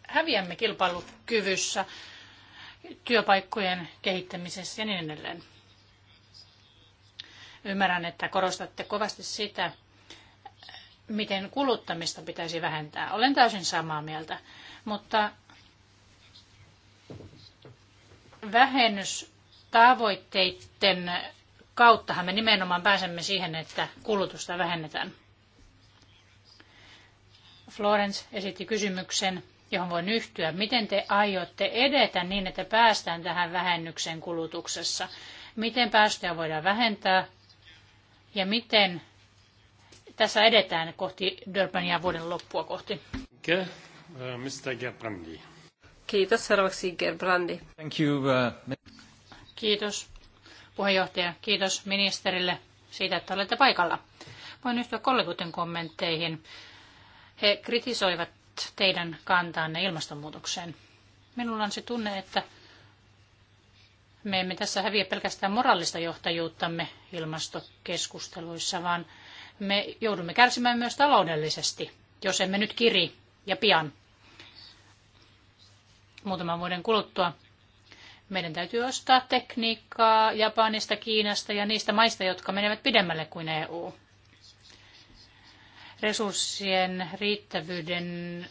häviämme kilpailukyvyssä, työpaikkojen kehittämisessä ja niin edelleen. Ymmärrän, että korostatte kovasti sitä, miten kuluttamista pitäisi vähentää. Olen täysin samaa mieltä, mutta vähennystavoitteiden kauttahan me nimenomaan pääsemme siihen, että kulutusta vähennetään. Florence esitti kysymyksen, johon voin yhtyä. Miten te aiotte edetä niin, että päästään tähän vähennykseen kulutuksessa? Miten päästöjä voidaan vähentää ja miten tässä edetään kohti Durbania vuoden loppua kohti. Okay. Uh, Mr. Gerbrandi. Kiitos. Seuraavaksi Gerbrandi. Thank you, uh... Kiitos puheenjohtaja. Kiitos ministerille siitä, että olette paikalla. Voin yhtyä kollegoiden kommentteihin. He kritisoivat teidän kantaanne ilmastonmuutokseen. Minulla on se tunne, että me emme tässä häviä pelkästään moraalista johtajuuttamme ilmastokeskusteluissa, vaan me joudumme kärsimään myös taloudellisesti, jos emme nyt kiri ja pian muutaman vuoden kuluttua. Meidän täytyy ostaa tekniikkaa Japanista, Kiinasta ja niistä maista, jotka menevät pidemmälle kuin EU. Resurssien riittävyyden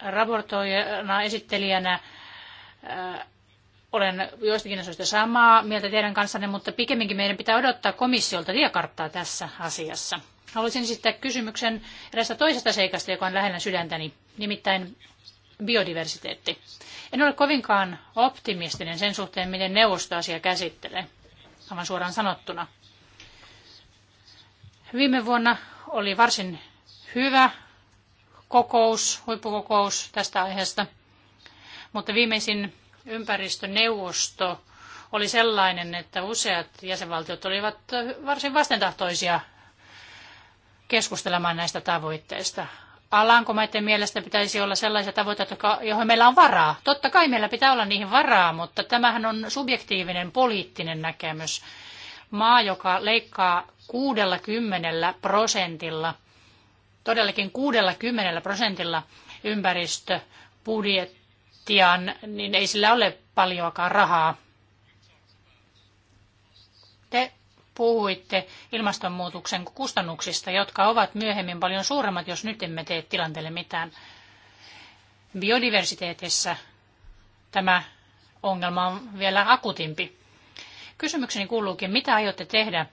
raportoijana, esittelijänä äh, olen joistakin asioista samaa mieltä teidän kanssanne, mutta pikemminkin meidän pitää odottaa komissiolta tiekarttaa tässä asiassa. Haluaisin esittää kysymyksen erästä toisesta seikasta, joka on lähellä sydäntäni, nimittäin biodiversiteetti. En ole kovinkaan optimistinen sen suhteen, miten neuvosto asia käsittelee, aivan suoraan sanottuna. Viime vuonna oli varsin hyvä kokous, huippukokous tästä aiheesta, mutta viimeisin ympäristöneuvosto oli sellainen, että useat jäsenvaltiot olivat varsin vastentahtoisia keskustelemaan näistä tavoitteista. Alankomaiden mielestä pitäisi olla sellaisia tavoitteita, joihin meillä on varaa. Totta kai meillä pitää olla niihin varaa, mutta tämähän on subjektiivinen poliittinen näkemys. Maa, joka leikkaa 60 prosentilla, todellakin 60 prosentilla ympäristöbudjettiaan, niin ei sillä ole paljoakaan rahaa. Te puhuitte ilmastonmuutoksen kustannuksista, jotka ovat myöhemmin paljon suuremmat, jos nyt emme tee tilanteelle mitään. Biodiversiteetissä tämä ongelma on vielä akutimpi. Kysymykseni kuuluukin, mitä aiotte tehdä,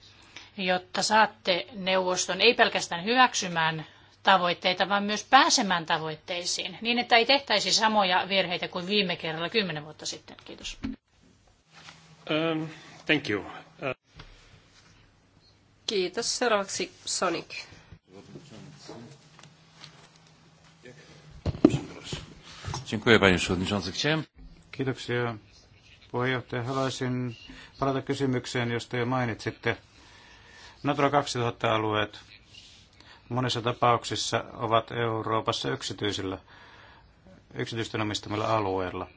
jotta saatte neuvoston ei pelkästään hyväksymään tavoitteita, vaan myös pääsemään tavoitteisiin, niin että ei tehtäisi samoja virheitä kuin viime kerralla kymmenen vuotta sitten. Kiitos. Um, thank you. Kiitos. Seuraavaksi Sonic. Kiitoksia puheenjohtaja. Haluaisin palata kysymykseen, josta jo mainitsitte. Natura 2000-alueet monissa tapauksissa ovat Euroopassa yksityisillä, yksityisten omistamilla alueilla.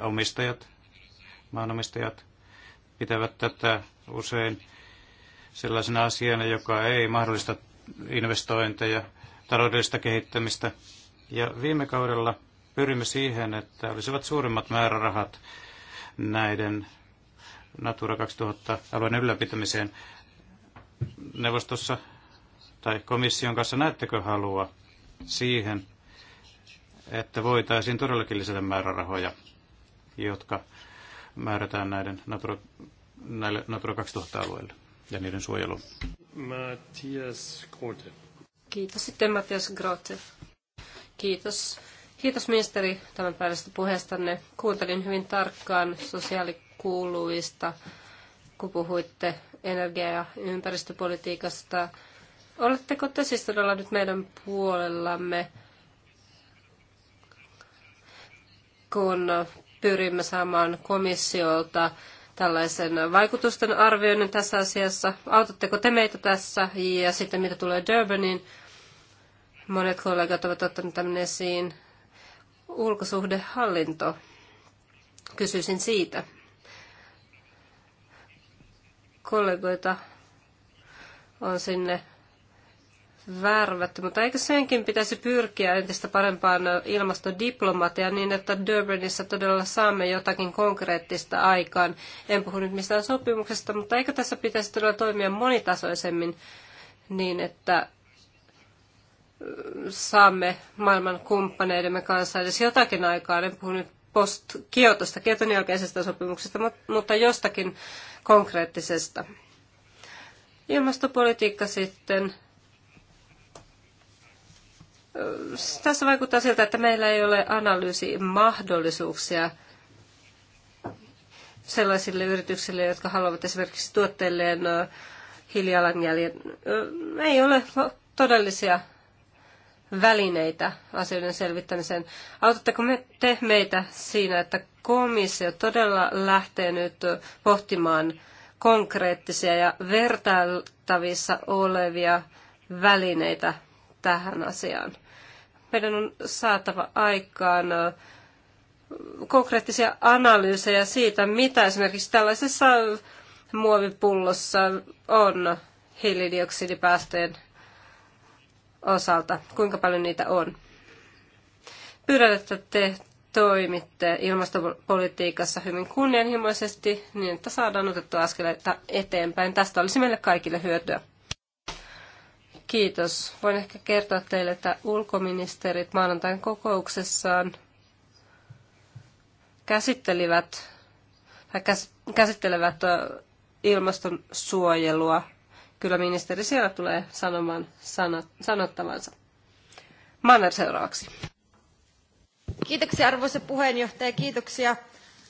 Omistajat, maanomistajat pitävät tätä usein sellaisena asiana, joka ei mahdollista investointeja, taloudellista kehittämistä. Ja viime kaudella pyrimme siihen, että olisivat suurimmat määrärahat näiden Natura 2000-alueen ylläpitämiseen neuvostossa tai komission kanssa. Näettekö halua siihen, että voitaisiin todellakin lisätä määrärahoja, jotka määrätään näiden Natura näille Natura 2000-alueille ja niiden suojeluun. Matthias Grote. Kiitos sitten Matthias Grote. Kiitos. Kiitos ministeri tämän päivästä puheestanne. Kuuntelin hyvin tarkkaan sosiaalikuuluista, kun puhuitte energia- ja ympäristöpolitiikasta. Oletteko te siis todella nyt meidän puolellamme, kun pyrimme saamaan komissiolta tällaisen vaikutusten arvioinnin tässä asiassa. Autatteko te meitä tässä? Ja sitten mitä tulee Durbaniin, monet kollegat ovat ottaneet tämän esiin. Ulkosuhdehallinto. Kysyisin siitä. Kollegoita on sinne värvätty, mutta eikö senkin pitäisi pyrkiä entistä parempaan ilmastodiplomatiaan niin, että Durbanissa todella saamme jotakin konkreettista aikaan. En puhu nyt mistään sopimuksesta, mutta eikö tässä pitäisi todella toimia monitasoisemmin niin, että saamme maailman kumppaneidemme kanssa edes jotakin aikaa. En puhu nyt post-kiotosta, kioton jälkeisestä sopimuksesta, mutta jostakin konkreettisesta. Ilmastopolitiikka sitten tässä vaikuttaa siltä, että meillä ei ole analyysimahdollisuuksia sellaisille yrityksille, jotka haluavat esimerkiksi tuotteilleen hiilijalanjäljen. Ei ole todellisia välineitä asioiden selvittämiseen. Autatteko me, te meitä siinä, että komissio todella lähtee nyt pohtimaan konkreettisia ja vertailtavissa olevia välineitä tähän asiaan? Meidän on saatava aikaan konkreettisia analyysejä siitä, mitä esimerkiksi tällaisessa muovipullossa on hiilidioksidipäästöjen osalta, kuinka paljon niitä on. Pyydän, että te toimitte ilmastopolitiikassa hyvin kunnianhimoisesti niin, että saadaan otettua askeleita eteenpäin. Tästä olisi meille kaikille hyötyä. Kiitos. Voin ehkä kertoa teille, että ulkoministerit maanantain kokouksessaan käsittelivät tai käsittelevät ilmastonsuojelua. Kyllä ministeri siellä tulee sanomaan sanat, sanottavansa. Manner seuraavaksi. Kiitoksia arvoisa puheenjohtaja, kiitoksia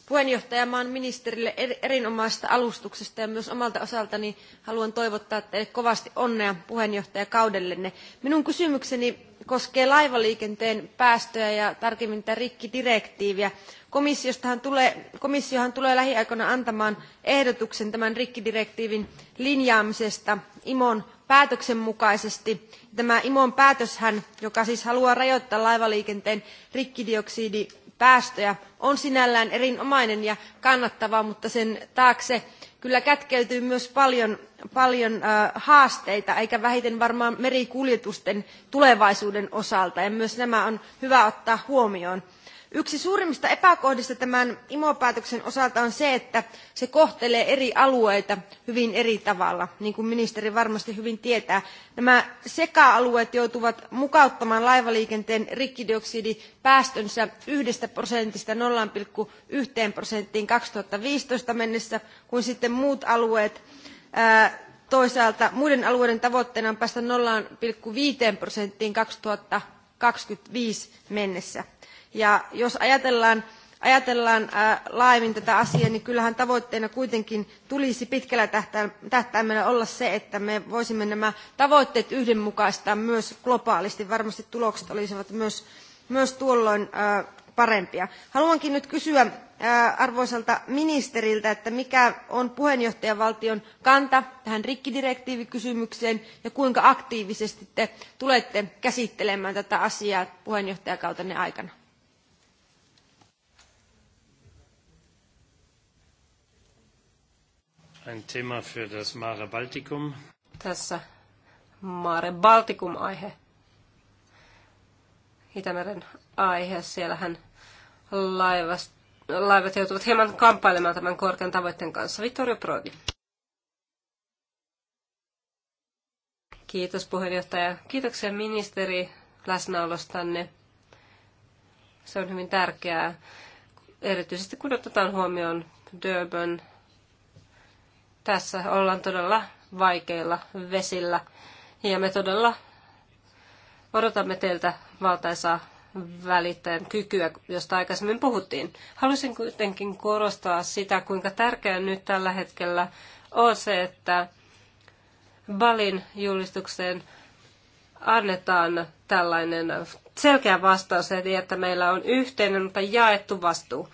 puheenjohtajamaan ministerille er-, erinomaisesta alustuksesta ja myös omalta osaltani haluan toivottaa teille kovasti onnea puheenjohtajakaudellenne. Minun kysymykseni koskee laivaliikenteen päästöjä ja tarkemmin tätä rikkidirektiiviä. Komissiostahan tulee, komissiohan tulee lähiaikoina antamaan ehdotuksen tämän rikkidirektiivin linjaamisesta IMOn päätöksen mukaisesti. Tämä IMOn päätöshän, joka siis haluaa rajoittaa laivaliikenteen rikkidioksidipäästöjä, päästöjä on sinällään erinomainen ja kannattava, mutta sen taakse kyllä kätkeytyy myös paljon, paljon haasteita, eikä vähiten varmaan merikuljetusten tulevaisuuden osalta. Ja myös nämä on hyvä ottaa huomioon. Yksi suurimmista epäkohdista tämän IMO-päätöksen osalta on se, että se kohtelee eri alueita hyvin eri tavalla. Niin kuin ministeri varmasti hyvin tietää, nämä seka-alueet joutuvat mukauttamaan laivaliikenteen rikkidioksidipäästönsä yhdestä prosentista 0,1 prosenttiin 2015 mennessä, kun sitten muut alueet toisaalta muiden alueiden tavoitteena on päästä 0,5 prosenttiin 2025 mennessä. Ja jos ajatellaan, ajatellaan laajemmin tätä asiaa, niin kyllähän tavoitteena kuitenkin tulisi pitkällä tähtäimellä olla se, että me voisimme nämä tavoitteet yhdenmukaistaa myös globaalisti. Varmasti tulokset olisivat myös, myös tuolloin parempia. Haluankin nyt kysyä arvoisalta ministeriltä, että mikä on puheenjohtajavaltion kanta tähän rikkidirektiivikysymykseen ja kuinka aktiivisesti te tulette käsittelemään tätä asiaa puheenjohtajakautenne aikana? Ein Thema für das Mare Baltikum. Tässä Mare Baltikum-aihe. Itämeren aihe. Siellähän laivast, laivat joutuvat hieman kamppailemaan tämän korkean tavoitteen kanssa. Vittorio Prodi. Kiitos puheenjohtaja. Kiitoksia ministeri läsnäolostanne. Se on hyvin tärkeää, erityisesti kun otetaan huomioon Durban tässä ollaan todella vaikeilla vesillä ja me todella odotamme teiltä valtaisaa välittäjän kykyä, josta aikaisemmin puhuttiin. Haluaisin kuitenkin korostaa sitä, kuinka tärkeää nyt tällä hetkellä on se, että Balin julistukseen annetaan tällainen selkeä vastaus, että meillä on yhteinen, mutta jaettu vastuu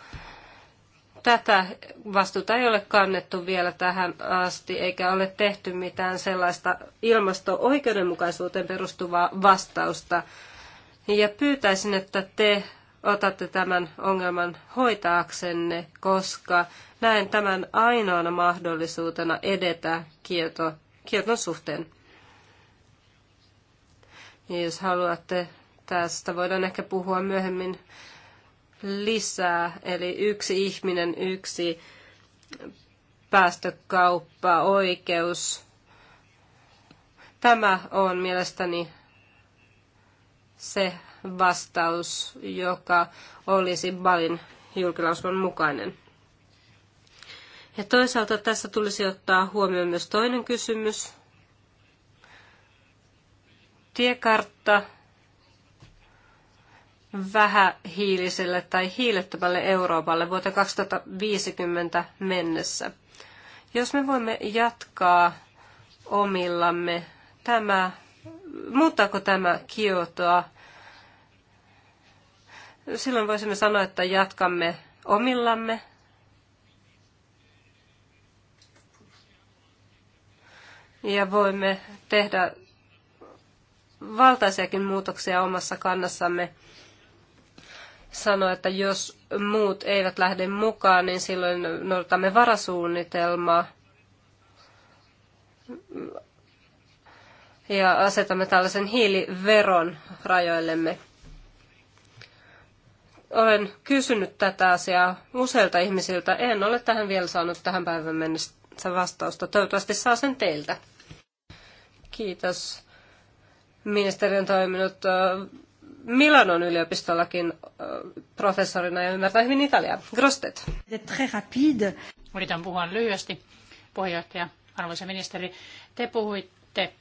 tätä vastuuta ei ole kannettu vielä tähän asti, eikä ole tehty mitään sellaista ilmasto-oikeudenmukaisuuteen perustuvaa vastausta. Ja pyytäisin, että te otatte tämän ongelman hoitaaksenne, koska näen tämän ainoana mahdollisuutena edetä kieto, kieton suhteen. Ja jos haluatte, tästä voidaan ehkä puhua myöhemmin lisää, eli yksi ihminen, yksi päästökauppa, oikeus. Tämä on mielestäni se vastaus, joka olisi Balin julkilausuman mukainen. Ja toisaalta tässä tulisi ottaa huomioon myös toinen kysymys. Tiekartta vähähiiliselle tai hiilettömälle Euroopalle vuoteen 2050 mennessä. Jos me voimme jatkaa omillamme, tämä, muuttaako tämä Kiotoa? Silloin voisimme sanoa, että jatkamme omillamme. Ja voimme tehdä valtaisiakin muutoksia omassa kannassamme sanoi, että jos muut eivät lähde mukaan, niin silloin noudatamme varasuunnitelmaa ja asetamme tällaisen hiiliveron rajoillemme. Olen kysynyt tätä asiaa useilta ihmisiltä. En ole tähän vielä saanut tähän päivän mennessä vastausta. Toivottavasti saa sen teiltä. Kiitos. Ministeri on toiminut Milanon yliopistollakin professorina ja ymmärtää hyvin Italiaa. Grostet. Yritän puhua lyhyesti, puheenjohtaja, arvoisa ministeri. Te puhuitte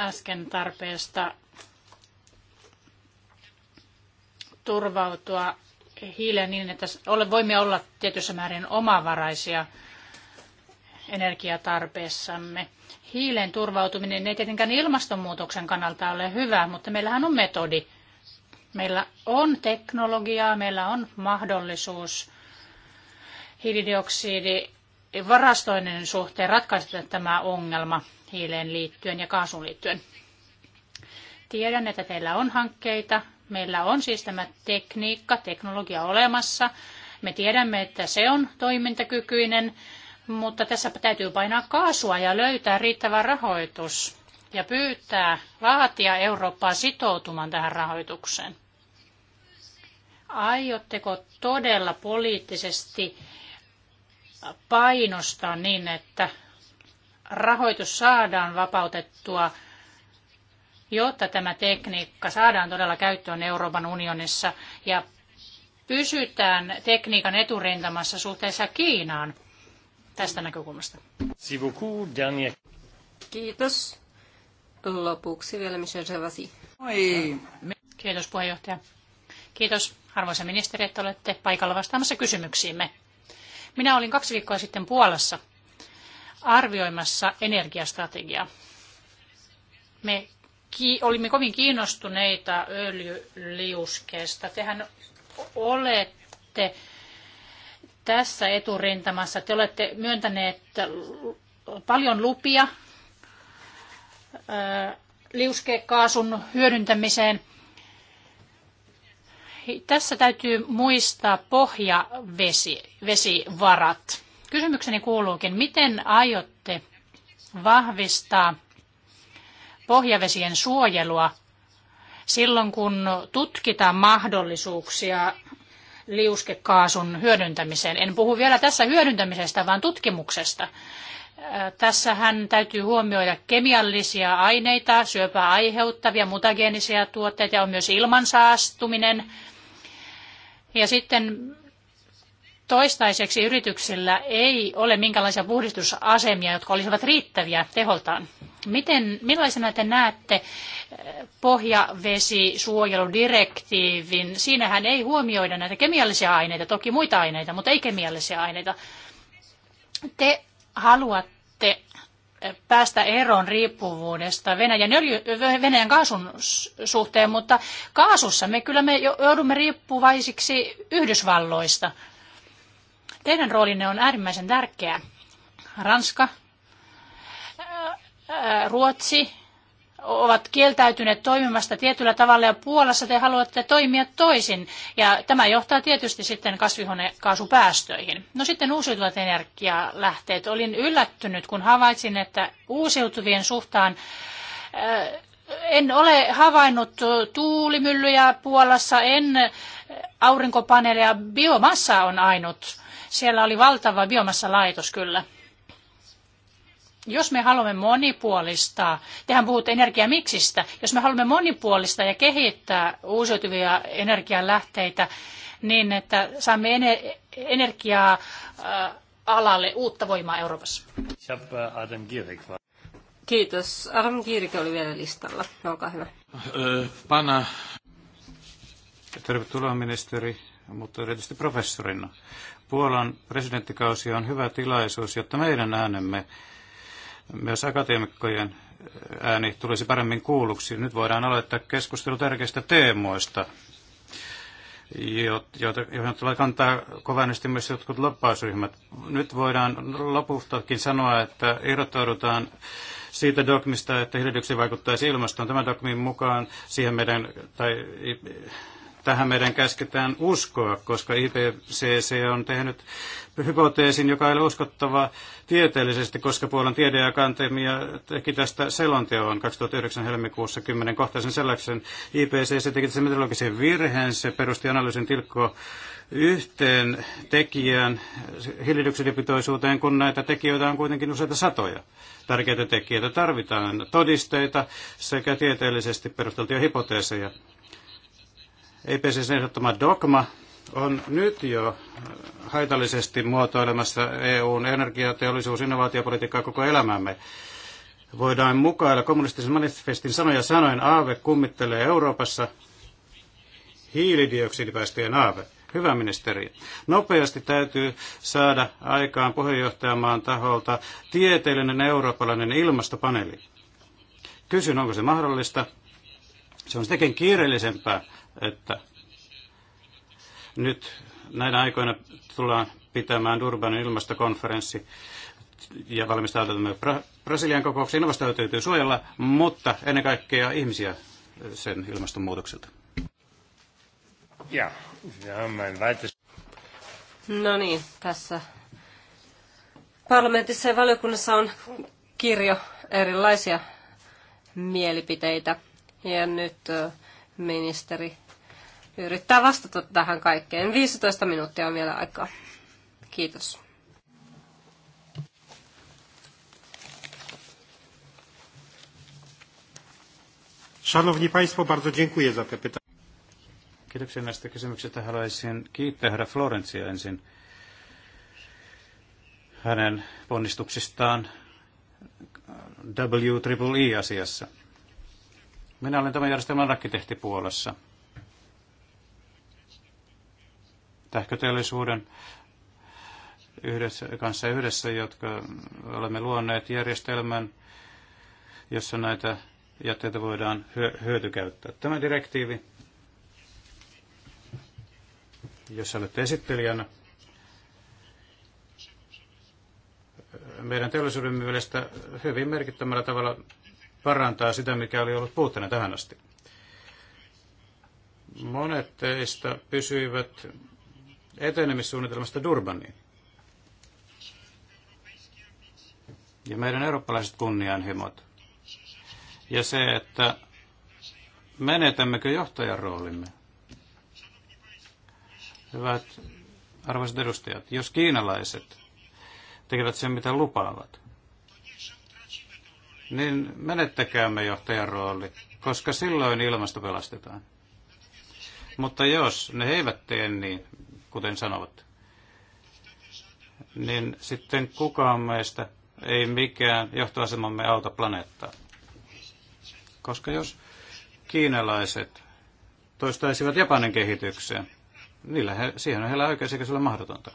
äsken tarpeesta turvautua hiileen niin, että voimme olla tietyssä määrin omavaraisia energiatarpeessamme. Hiilen turvautuminen ei tietenkään ilmastonmuutoksen kannalta ole hyvä, mutta meillähän on metodi – Meillä on teknologiaa, meillä on mahdollisuus hiilidioksidi varastoinnin suhteen ratkaista tämä ongelma hiileen liittyen ja kaasuun liittyen. Tiedän, että teillä on hankkeita. Meillä on siis tämä tekniikka, teknologia olemassa. Me tiedämme, että se on toimintakykyinen, mutta tässä täytyy painaa kaasua ja löytää riittävä rahoitus ja pyytää, vaatia Eurooppaa sitoutumaan tähän rahoitukseen. Aiotteko todella poliittisesti painostaa niin, että rahoitus saadaan vapautettua, jotta tämä tekniikka saadaan todella käyttöön Euroopan unionissa ja pysytään tekniikan eturintamassa suhteessa Kiinaan tästä näkökulmasta. Kiitos lopuksi vielä Michel Javasi. Moi. Kiitos puheenjohtaja. Kiitos arvoisa ministeri, että olette paikalla vastaamassa kysymyksiimme. Minä olin kaksi viikkoa sitten Puolassa arvioimassa energiastrategiaa. Me olimme kovin kiinnostuneita öljyliuskeesta. Tehän olette tässä eturintamassa. Te olette myöntäneet paljon lupia liuskekaasun hyödyntämiseen. Tässä täytyy muistaa pohjavesivarat. Kysymykseni kuuluukin, miten aiotte vahvistaa pohjavesien suojelua silloin, kun tutkitaan mahdollisuuksia liuskekaasun hyödyntämiseen. En puhu vielä tässä hyödyntämisestä, vaan tutkimuksesta. Tässä hän täytyy huomioida kemiallisia aineita, syöpää aiheuttavia, mutageenisia tuotteita ja on myös ilmansaastuminen. Ja sitten toistaiseksi yrityksillä ei ole minkälaisia puhdistusasemia, jotka olisivat riittäviä teholtaan. Miten, millaisena te näette eh, pohjavesisuojeludirektiivin? Siinähän ei huomioida näitä kemiallisia aineita, toki muita aineita, mutta ei kemiallisia aineita. Te haluatte päästä eroon riippuvuudesta Venäjän, öljy, Venäjän kaasun suhteen, mutta kaasussa me kyllä me joudumme riippuvaisiksi Yhdysvalloista. Teidän roolinne on äärimmäisen tärkeä. Ranska, Ruotsi, ovat kieltäytyneet toimimasta tietyllä tavalla ja Puolassa te haluatte toimia toisin. Ja tämä johtaa tietysti sitten kasvihuonekaasupäästöihin. No sitten uusiutuvat energialähteet. Olin yllättynyt, kun havaitsin, että uusiutuvien suhtaan äh, en ole havainnut tuulimyllyjä Puolassa, en aurinkopaneeleja. Biomassa on ainut. Siellä oli valtava biomassalaitos kyllä. Jos me haluamme monipuolistaa, tehän puhutte energiamiksistä, jos me haluamme monipuolistaa ja kehittää uusiutuvia energialähteitä, niin että saamme energiaa äh, alalle uutta voimaa Euroopassa. Äh, Kiitos. Adam oli vielä listalla. Olkaa hyvä. Äh, Pana. Tervetuloa ministeri, mutta erityisesti professorina. Puolan presidenttikausi on hyvä tilaisuus, jotta meidän äänemme myös akateemikkojen ääni tulisi paremmin kuulluksi. Nyt voidaan aloittaa keskustelu tärkeistä teemoista, joihin tulee kantaa kovanesti myös jotkut loppausryhmät. Nyt voidaan lopultakin sanoa, että irrottaudutaan siitä dogmista, että hiilidioksidi vaikuttaisi ilmastoon. Tämän dogmin mukaan siihen meidän, tai tähän meidän käsketään uskoa, koska IPCC on tehnyt hypoteesin, joka ei ole uskottava tieteellisesti, koska Puolan tiede- ja kantemia teki tästä selonteon 2009 helmikuussa 10 kohtaisen sellaisen. IPCC se teki sen meteorologisen virheen, se perusti analyysin tilkko yhteen tekijään hiilidioksidipitoisuuteen, kun näitä tekijöitä on kuitenkin useita satoja. Tärkeitä tekijöitä tarvitaan todisteita sekä tieteellisesti perusteltuja hypoteeseja. IPCCn ehdottama dogma on nyt jo haitallisesti muotoilemassa EUn energiateollisuus innovaatiopolitiikkaa koko elämämme. Voidaan mukailla kommunistisen manifestin sanoja sanoen aave kummittelee Euroopassa hiilidioksidipäästöjen aave. Hyvä ministeri, nopeasti täytyy saada aikaan puheenjohtajamaan taholta tieteellinen eurooppalainen ilmastopaneeli. Kysyn, onko se mahdollista. Se on sitäkin kiireellisempää, että nyt näinä aikoina tullaan pitämään Durbanin ilmastokonferenssi ja valmistaudumme Bra- Brasilian kokouksiin. Ilmastoa täytyy suojella, mutta ennen kaikkea ihmisiä sen ilmastonmuutokselta. Ja, ja No niin, tässä parlamentissa ja valiokunnassa on kirjo erilaisia mielipiteitä. Ja nyt ministeri yrittää vastata tähän kaikkeen. 15 minuuttia on vielä aikaa. Kiitos. Szanowni Państwo, bardzo dziękuję za te pytania. Kiitoksia näistä kysymyksistä. Haluaisin kiittää herra Florencia ensin hänen ponnistuksistaan w triple asiassa Minä olen tämän järjestelmän Puolassa. sähköteollisuuden yhdessä, kanssa yhdessä, jotka olemme luoneet järjestelmän, jossa näitä jätteitä voidaan hyötykäyttää. Tämä direktiivi, jos olette esittelijänä, meidän teollisuuden mielestä hyvin merkittävällä tavalla parantaa sitä, mikä oli ollut puutteena tähän asti. Monet teistä pysyivät etenemissuunnitelmasta Durbaniin. Ja meidän eurooppalaiset kunnianhimot. Ja se, että menetämmekö johtajan roolimme. Hyvät arvoisat edustajat, jos kiinalaiset tekevät sen, mitä lupaavat, niin menettäkäämme johtajan rooli, koska silloin ilmasto pelastetaan. Mutta jos ne eivät tee niin, kuten sanovat, niin sitten kukaan meistä ei mikään johtoasemamme auta planeettaa. Koska jos kiinalaiset toistaisivat Japanin kehitykseen, niillä he, siihen on heillä oikeusikäisellä mahdotonta.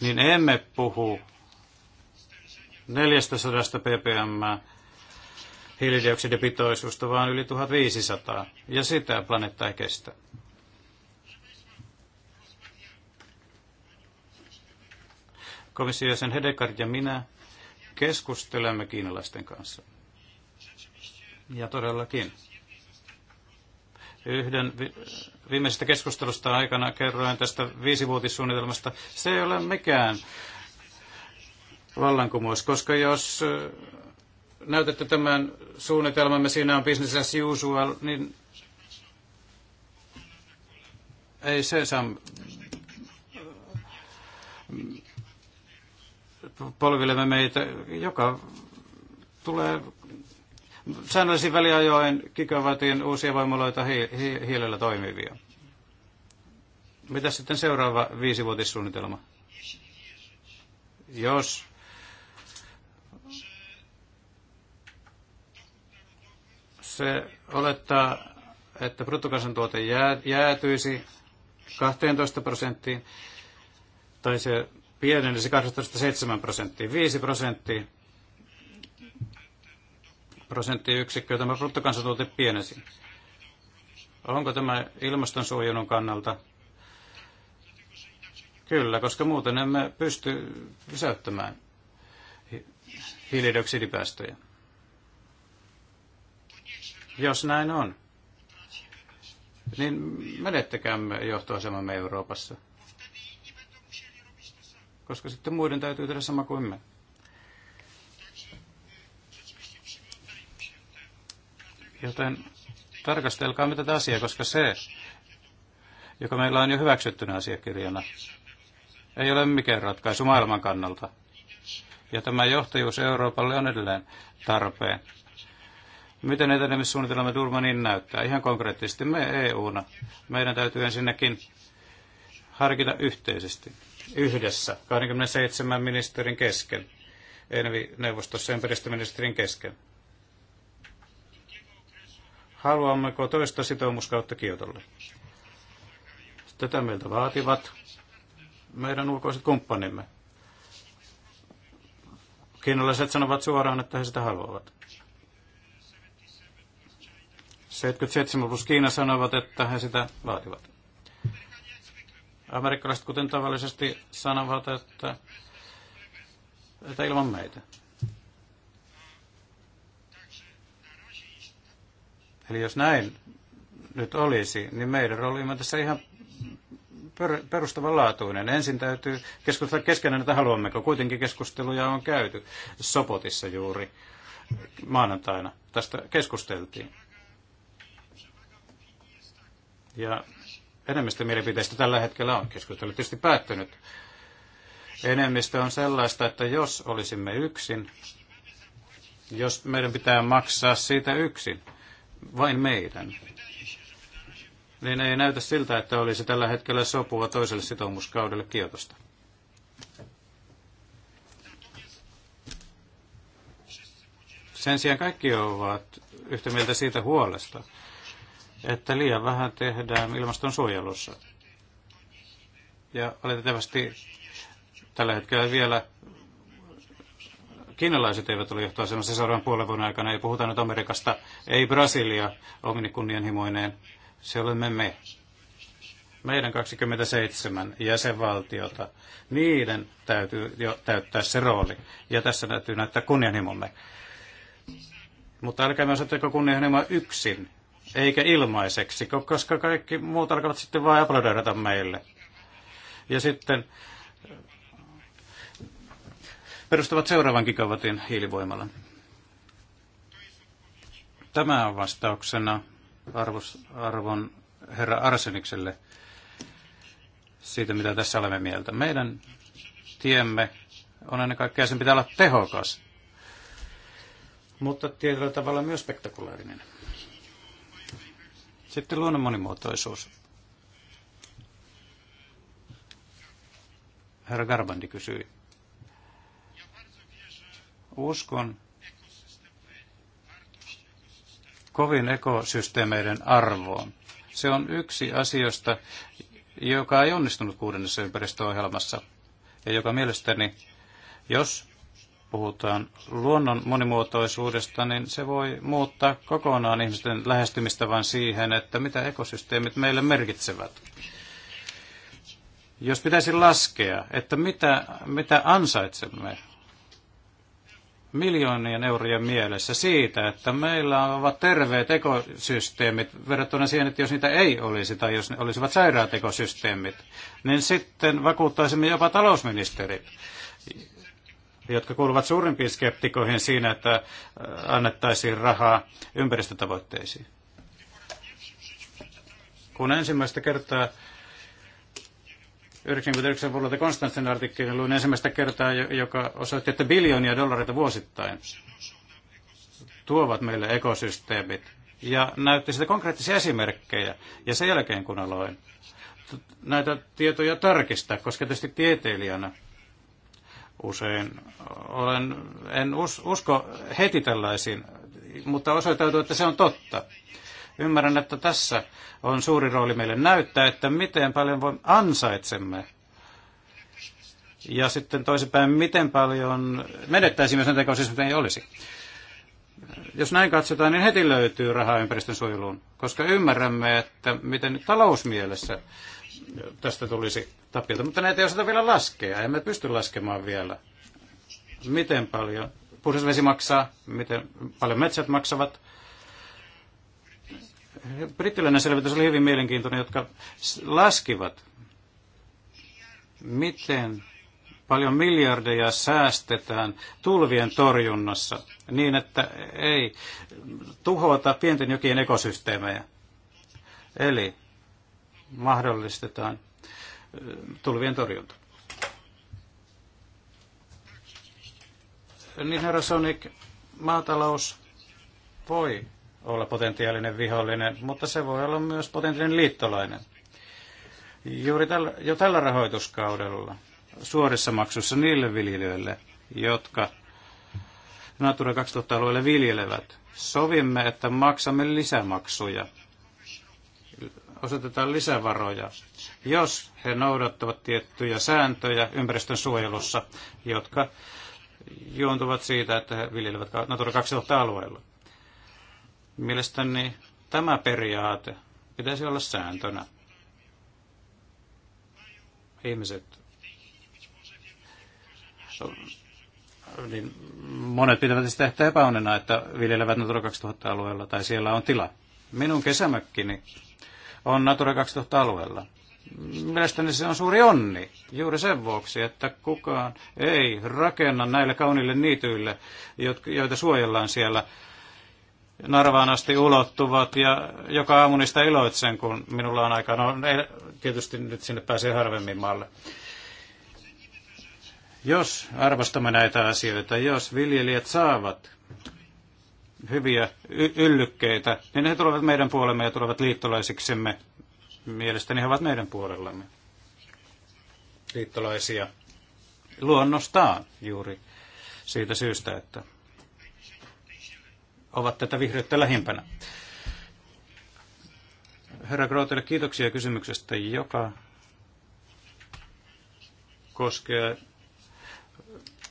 Niin emme puhu 400 ppm hiilidioksidipitoisuusta, vaan yli 1500, ja sitä planeetta ei kestä. Komission jäsen ja minä keskustelemme kiinalaisten kanssa. Ja todellakin. Yhden viimeisestä keskustelusta aikana kerroin tästä viisivuotissuunnitelmasta. Se ei ole mikään vallankumous, koska jos näytätte tämän suunnitelmamme, siinä on business as usual, niin ei se saa polvilemme meitä, joka tulee säännöllisin väliajoin gigawatin uusia voimaloita hi- hi- hiilellä toimivia. Mitä sitten seuraava viisivuotissuunnitelma? Jos se olettaa, että bruttokansantuote jää, jäätyisi 12 prosenttiin, tai se pienenisi 18,7 prosenttia, 5 prosenttia prosenttiyksikköä tämä bruttokansantuote pienesi. Onko tämä ilmastonsuojelun kannalta? Kyllä, koska muuten emme pysty pysäyttämään hiilidioksidipäästöjä. Jos näin on, niin menettäkäämme johtoasemamme Euroopassa – koska sitten muiden täytyy tehdä sama kuin me. Joten tarkastelkaamme tätä asiaa, koska se, joka meillä on jo hyväksyttynä asiakirjana, ei ole mikään ratkaisu maailman kannalta. Ja tämä johtajuus Euroopalle on edelleen tarpeen. Miten etenemissuunnitelma niin näyttää? Ihan konkreettisesti me EUna. Meidän täytyy ensinnäkin harkita yhteisesti yhdessä 27 ministerin kesken, ENVI-neuvostossa ympäristöministerin kesken. Haluammeko toista sitoumuskautta Kiotolle? Tätä meiltä vaativat meidän ulkoiset kumppanimme. Kiinalaiset sanovat suoraan, että he sitä haluavat. 77 plus Kiina sanovat, että he sitä vaativat. Amerikkalaiset kuten tavallisesti sanovat, että, että ilman meitä. Eli jos näin nyt olisi, niin meidän roolimme tässä ihan perustavanlaatuinen. Ensin täytyy keskustella keskenään, että haluammeko. Kuitenkin keskusteluja on käyty Sopotissa juuri maanantaina. Tästä keskusteltiin. Ja enemmistö mielipiteistä tällä hetkellä on. Keskustelu tietysti päättynyt. Enemmistö on sellaista, että jos olisimme yksin, jos meidän pitää maksaa siitä yksin, vain meidän, niin ei näytä siltä, että olisi tällä hetkellä sopua toiselle sitoumuskaudelle kiotosta. Sen sijaan kaikki ovat yhtä mieltä siitä huolesta, että liian vähän tehdään ilmastonsuojelussa. Ja valitettavasti tällä hetkellä vielä kiinalaiset eivät ole johtoasemassa seuraavan puolen vuoden aikana. Ei puhuta nyt Amerikasta, ei Brasilia omine kunnianhimoineen. Se olemme me. Meidän 27 jäsenvaltiota, niiden täytyy jo täyttää se rooli. Ja tässä täytyy näyttää kunnianhimomme. Mutta älkää myös otteko kunnianhimoa yksin eikä ilmaiseksi, koska kaikki muut alkavat sitten vain aplodeerata meille. Ja sitten äh, perustavat seuraavan gigawatin hiilivoimalan. Tämä on vastauksena arvos, arvon herra Arsenikselle siitä, mitä tässä olemme mieltä. Meidän tiemme on ennen kaikkea, sen pitää olla tehokas, mutta tietyllä tavalla myös spektakulaarinen. Sitten luonnon monimuotoisuus. Herra Garbandi kysyi. Uskon kovin ekosysteemeiden arvoon. Se on yksi asioista, joka ei onnistunut kuudennessa ympäristöohjelmassa ja joka mielestäni, jos puhutaan luonnon monimuotoisuudesta, niin se voi muuttaa kokonaan ihmisten lähestymistä vain siihen, että mitä ekosysteemit meille merkitsevät. Jos pitäisi laskea, että mitä, mitä ansaitsemme miljoonien eurojen mielessä siitä, että meillä ovat terveet ekosysteemit verrattuna siihen, että jos niitä ei olisi tai jos ne olisivat sairaat ekosysteemit, niin sitten vakuuttaisimme jopa talousministerit jotka kuuluvat suurimpiin skeptikoihin siinä, että äh, annettaisiin rahaa ympäristötavoitteisiin. Kun ensimmäistä kertaa 99 vuodelta Konstantin artikkelin luin ensimmäistä kertaa, joka osoitti, että biljoonia dollareita vuosittain tuovat meille ekosysteemit. Ja näytti sitä konkreettisia esimerkkejä. Ja sen jälkeen kun aloin näitä tietoja tarkistaa, koska tietysti tieteilijänä Usein olen, en us, usko heti tällaisiin, mutta osoitautuu, että se on totta. Ymmärrän, että tässä on suuri rooli meille näyttää, että miten paljon voi ansaitsemme ja sitten toisinpäin, miten paljon menettäisimme sen tekoisissa, siis mutta ei olisi. Jos näin katsotaan, niin heti löytyy rahaa ympäristön suojeluun, koska ymmärrämme, että miten talousmielessä tästä tulisi tapilta. mutta näitä ei osata vielä laskea. Emme pysty laskemaan vielä. Miten paljon vesi maksaa, miten paljon metsät maksavat. Brittiläinen selvitys oli hyvin mielenkiintoinen, jotka laskivat, miten paljon miljardeja säästetään tulvien torjunnassa niin, että ei tuhota pienten jokien ekosysteemejä. Eli mahdollistetaan tulvien torjunta. Niin herra Sonic, maatalous voi olla potentiaalinen vihollinen, mutta se voi olla myös potentiaalinen liittolainen. Juuri tällä, jo tällä rahoituskaudella suorissa maksussa niille viljelijöille, jotka Natura 2000-alueelle viljelevät, sovimme, että maksamme lisämaksuja osoitetaan lisävaroja, jos he noudattavat tiettyjä sääntöjä ympäristön suojelussa, jotka juontuvat siitä, että he viljelevät Natura 2000-alueella. Mielestäni tämä periaate pitäisi olla sääntönä. Ihmiset, niin monet pitävät sitä ehkä epäonnena, että viljelevät Natura 2000-alueella tai siellä on tila. Minun kesämökkini on Natura 2000-alueella. Mielestäni se on suuri onni juuri sen vuoksi, että kukaan ei rakenna näille kaunille niityille, joita suojellaan siellä. Narvaan asti ulottuvat ja joka aamu niistä iloitsen, kun minulla on aika, no tietysti nyt sinne pääsee harvemmin maalle. Jos arvostamme näitä asioita, jos viljelijät saavat hyviä yllykkeitä, niin he tulevat meidän puolemme ja tulevat liittolaisiksemme. Mielestäni he ovat meidän puolellamme liittolaisia luonnostaan juuri siitä syystä, että ovat tätä vihreyttä lähimpänä. Herra Grootelle, kiitoksia kysymyksestä, joka koskee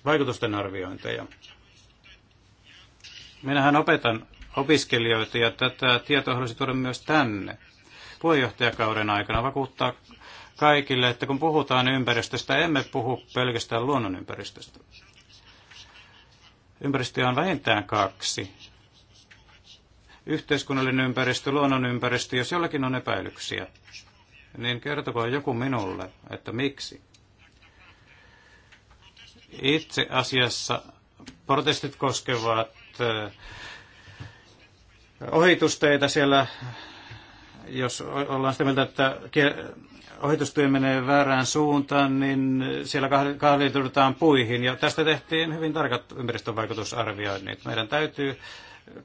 vaikutusten arviointeja. Minähän opetan opiskelijoita ja tätä tietoa haluaisin tuoda myös tänne puheenjohtajakauden aikana vakuuttaa kaikille, että kun puhutaan ympäristöstä, emme puhu pelkästään luonnonympäristöstä. Ympäristöjä on vähintään kaksi. Yhteiskunnallinen ympäristö, luonnonympäristö, jos jollakin on epäilyksiä, niin kertokoon joku minulle, että miksi. Itse asiassa protestit koskevat Äh, ohitusteita siellä, jos ollaan sitä mieltä, että ohitustyö menee väärään suuntaan, niin siellä kahliudutaan puihin. Ja tästä tehtiin hyvin tarkat ympäristövaikutusarvioinnit. Meidän täytyy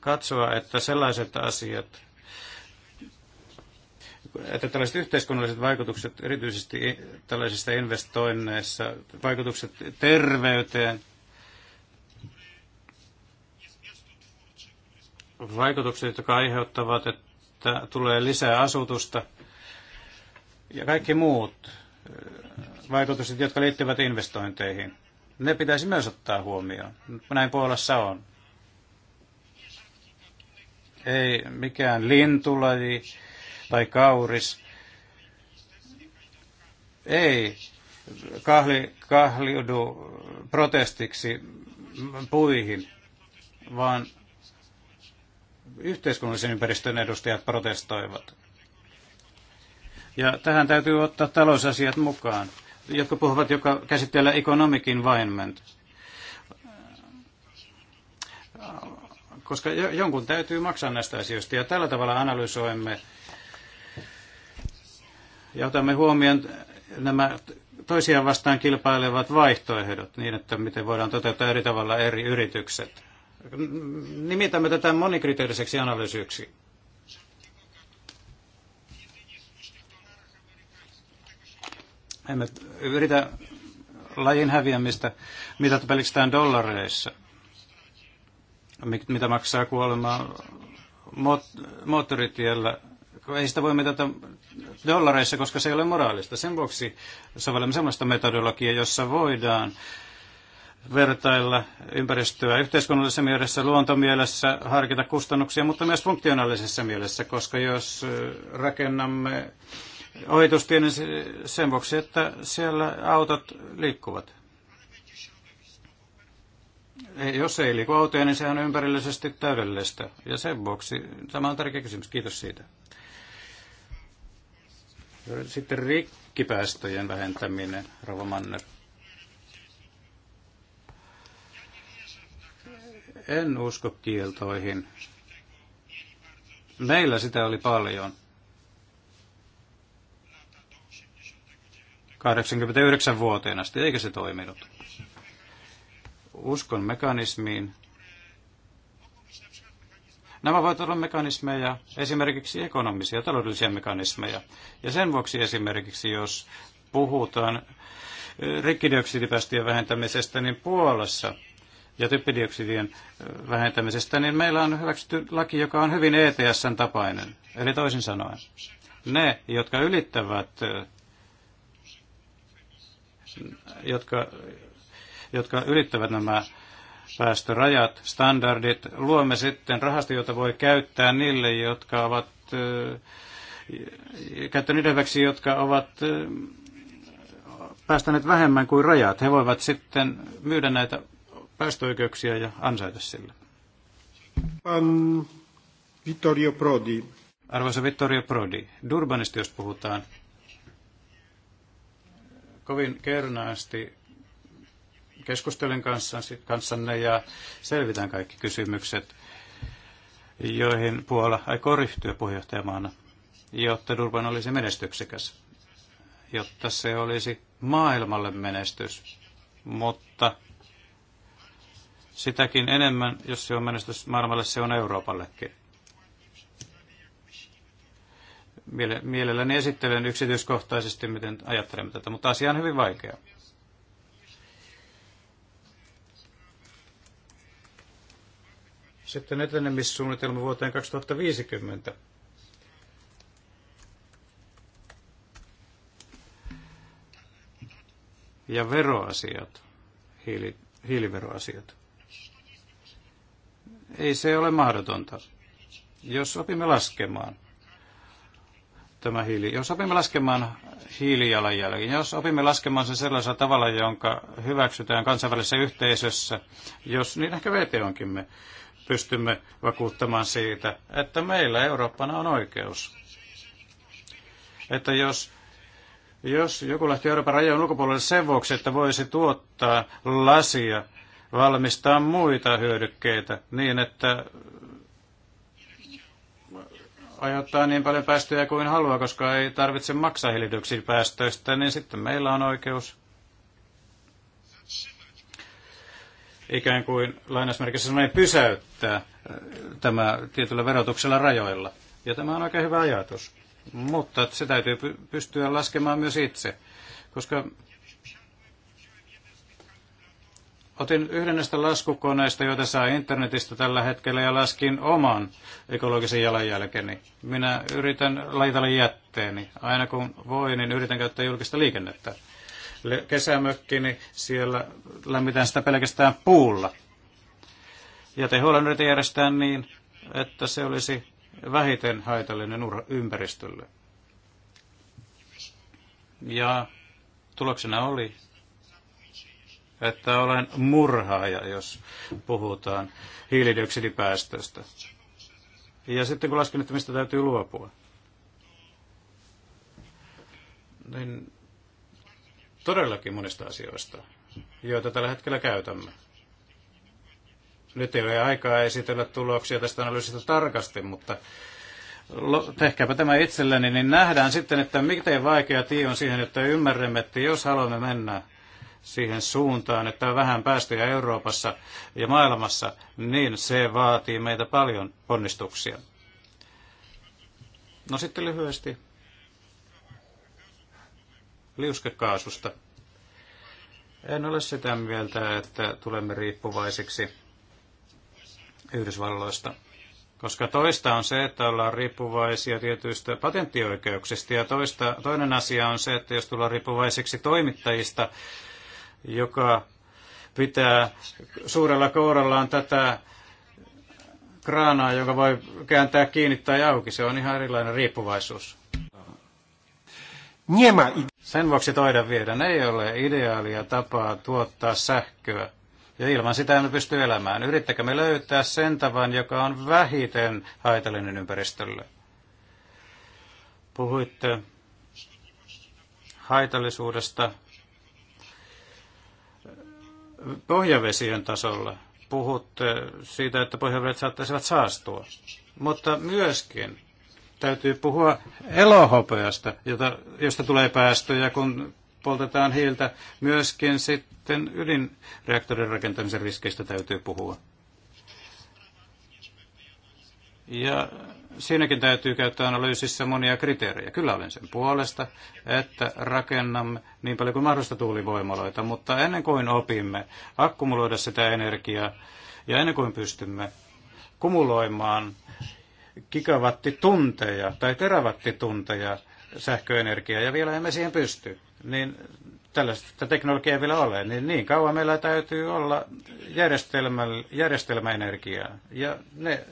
katsoa, että sellaiset asiat, että tällaiset yhteiskunnalliset vaikutukset, erityisesti tällaisissa investoinneissa, vaikutukset terveyteen, vaikutukset, jotka aiheuttavat, että tulee lisää asutusta ja kaikki muut vaikutukset, jotka liittyvät investointeihin. Ne pitäisi myös ottaa huomioon. Näin Puolassa on. Ei mikään lintulaji tai kauris. Ei kahli, kahliudu protestiksi puihin, vaan yhteiskunnallisen ympäristön edustajat protestoivat. Ja tähän täytyy ottaa talousasiat mukaan, jotka puhuvat joka käsitteellä economic environment. Koska jonkun täytyy maksaa näistä asioista ja tällä tavalla analysoimme ja otamme huomioon nämä toisiaan vastaan kilpailevat vaihtoehdot niin, että miten voidaan toteuttaa eri tavalla eri yritykset nimitämme tätä monikriteeriseksi analyysiksi. Emme yritä lajin häviämistä mitata pelkästään dollareissa, mitä maksaa kuolema moottoritiellä. Ei sitä voi mitata dollareissa, koska se ei ole moraalista. Sen vuoksi sovellamme sellaista metodologiaa, jossa voidaan vertailla ympäristöä yhteiskunnallisessa mielessä, luontomielessä, harkita kustannuksia, mutta myös funktionaalisessa mielessä, koska jos rakennamme ohitustien niin sen vuoksi, että siellä autot liikkuvat. Jos ei liiku autoja, niin sehän on ympärillisesti täydellistä. Ja sen vuoksi tämä on tärkeä kysymys. Kiitos siitä. Sitten rikkipäästöjen vähentäminen, Rova Manner. En usko kieltoihin. Meillä sitä oli paljon. 89 vuoteen asti, eikä se toiminut. Uskon mekanismiin. Nämä voivat olla mekanismeja, esimerkiksi ekonomisia, taloudellisia mekanismeja. Ja sen vuoksi esimerkiksi, jos puhutaan rikkidioksidipäästöjen vähentämisestä, niin Puolassa – ja vähentämisestä, niin meillä on hyväksytty laki, joka on hyvin ets tapainen. Eli toisin sanoen, ne, jotka ylittävät, jotka, jotka ylittävät nämä päästörajat, standardit, luomme sitten rahasta, jota voi käyttää niille, jotka ovat käyttää niiden hyväksi, jotka ovat päästäneet vähemmän kuin rajat. He voivat sitten myydä näitä päästöoikeuksia ja ansaita sille. Vittorio Prodi. Arvoisa Vittorio Prodi, Durbanista jos puhutaan, kovin kernaasti keskustelen kanssanne ja selvitän kaikki kysymykset, joihin Puola aikoo ryhtyä puheenjohtajamaana, jotta Durban olisi menestyksekäs, jotta se olisi maailmalle menestys, mutta Sitäkin enemmän, jos se on menestys maailmalle, se on Euroopallekin. Mielelläni esittelen yksityiskohtaisesti, miten ajattelemme tätä, mutta asia on hyvin vaikea. Sitten etenemissuunnitelma vuoteen 2050. Ja veroasiat, hiili, hiiliveroasiat. Ei se ole mahdotonta, jos opimme laskemaan tämä hiili. Jos opimme laskemaan hiilijalanjälki, jos opimme laskemaan sen sellaisella tavalla, jonka hyväksytään kansainvälisessä yhteisössä, jos niin ehkä VTOnkin me pystymme vakuuttamaan siitä, että meillä Eurooppana on oikeus. Että jos, jos joku lähtee Euroopan rajojen ulkopuolelle sen vuoksi, että voisi tuottaa lasia valmistaa muita hyödykkeitä niin, että aiheuttaa niin paljon päästöjä kuin haluaa, koska ei tarvitse maksaa päästöistä, niin sitten meillä on oikeus ikään kuin lainausmerkissä sanoen pysäyttää äh, tämä tietyllä verotuksella rajoilla. Ja tämä on oikein hyvä ajatus. Mutta se täytyy pystyä laskemaan myös itse, koska Otin yhden näistä laskukoneista, joita saa internetistä tällä hetkellä, ja laskin oman ekologisen jalanjälkeni. Minä yritän laitella jätteeni. Aina kun voin, niin yritän käyttää julkista liikennettä. niin siellä lämmitän sitä pelkästään puulla. Ja teholla yritän järjestää niin, että se olisi vähiten haitallinen urha ympäristölle. Ja tuloksena oli, että olen murhaaja, jos puhutaan hiilidioksidipäästöstä. Ja sitten kun lasken, että mistä täytyy luopua, niin todellakin monista asioista, joita tällä hetkellä käytämme. Nyt ei ole aikaa esitellä tuloksia tästä analyysistä tarkasti, mutta tehkääpä tämä itselleni, niin nähdään sitten, että miten vaikea tie on siihen, että ymmärrämme, että jos haluamme mennä siihen suuntaan, että on vähän päästöjä Euroopassa ja maailmassa, niin se vaatii meitä paljon ponnistuksia. No sitten lyhyesti liuskekaasusta. En ole sitä mieltä, että tulemme riippuvaisiksi Yhdysvalloista, koska toista on se, että ollaan riippuvaisia tietyistä patenttioikeuksista ja toista, toinen asia on se, että jos tullaan riippuvaisiksi toimittajista, joka pitää suurella kourallaan tätä kraanaa, jonka voi kääntää kiinni tai auki. Se on ihan erilainen riippuvaisuus. Sen vuoksi toida Ne ei ole ideaalia tapaa tuottaa sähköä. Ja ilman sitä emme pysty elämään. Yrittäkö me löytää sen tavan, joka on vähiten haitallinen ympäristölle. Puhuitte haitallisuudesta pohjavesien tasolla. Puhutte siitä, että pohjavedet saattaisivat saastua, mutta myöskin täytyy puhua elohopeasta, jota, josta tulee päästöjä, kun poltetaan hiiltä. Myöskin sitten ydinreaktorin rakentamisen riskeistä täytyy puhua. Ja siinäkin täytyy käyttää analyysissä monia kriteerejä. Kyllä olen sen puolesta, että rakennamme niin paljon kuin mahdollista tuulivoimaloita, mutta ennen kuin opimme akkumuloida sitä energiaa ja ennen kuin pystymme kumuloimaan gigawattitunteja tai terawattitunteja sähköenergiaa, ja vielä emme siihen pysty, niin tällaista teknologiaa ei vielä ole, niin niin kauan meillä täytyy olla järjestelmä, järjestelmäenergiaa. Ja ne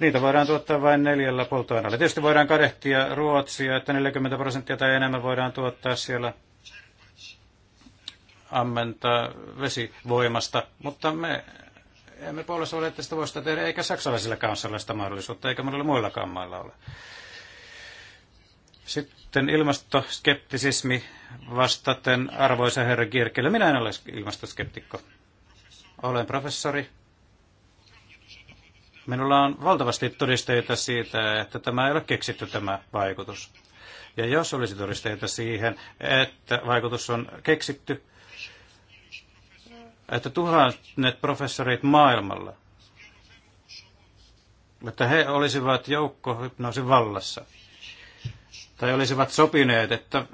Niitä voidaan tuottaa vain neljällä polttoaineella. Tietysti voidaan kadehtia Ruotsia, että 40 prosenttia tai enemmän voidaan tuottaa siellä ammentaa vesivoimasta, mutta me emme puolessa ole tästä voista tehdä, eikä saksalaisillakaan sellaista mahdollisuutta, eikä monilla muillakaan mailla ole. Sitten ilmastoskeptisismi vastaten arvoisa herra Kirkille. Minä en ole ilmastoskeptikko. Olen professori, Minulla on valtavasti todisteita siitä, että tämä ei ole keksitty tämä vaikutus. Ja jos olisi todisteita siihen, että vaikutus on keksitty, että tuhannet professorit maailmalla, että he olisivat joukkohypnoosin vallassa, tai olisivat sopineet, että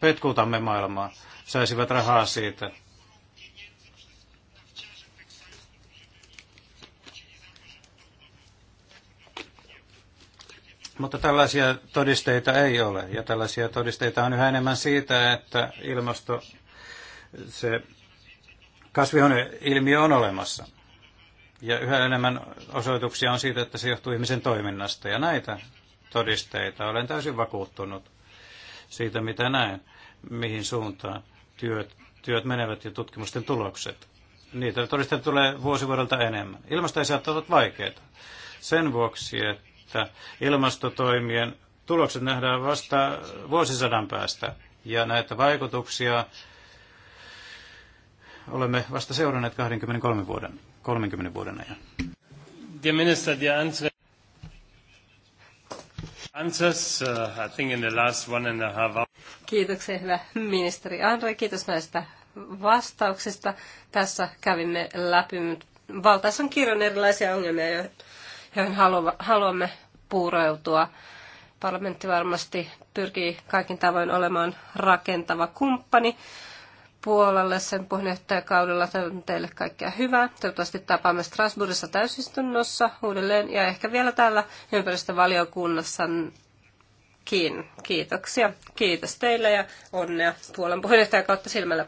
petkutamme maailmaa, saisivat rahaa siitä, Mutta tällaisia todisteita ei ole, ja tällaisia todisteita on yhä enemmän siitä, että ilmasto, se kasvihuoneilmiö on olemassa. Ja yhä enemmän osoituksia on siitä, että se johtuu ihmisen toiminnasta. Ja näitä todisteita olen täysin vakuuttunut siitä, mitä näen, mihin suuntaan työt, työt menevät ja tutkimusten tulokset. Niitä todisteita tulee vuosivuodelta enemmän. saattaa olla vaikeita sen vuoksi, että että ilmastotoimien tulokset nähdään vasta vuosisadan päästä. Ja näitä vaikutuksia olemme vasta seuranneet 23 vuoden, 30 vuoden ajan. Dear minister, dear answer. Answers, uh, I think in the last one and a half hour. Kiitoksia, hyvä ministeri Andre. Kiitos näistä vastauksista. Tässä kävimme läpi valtaisen kirjon erilaisia ongelmia, joihin haluamme puureutua. Parlamentti varmasti pyrkii kaikin tavoin olemaan rakentava kumppani puolelle sen puheenjohtajakaudella. Toivon teille kaikkea hyvää. Toivottavasti tapaamme Strasbourgissa täysistunnossa uudelleen ja ehkä vielä täällä ympäristövaliokunnassakin. Kiitoksia. Kiitos teille ja onnea Puolan puheenjohtajakautta silmällä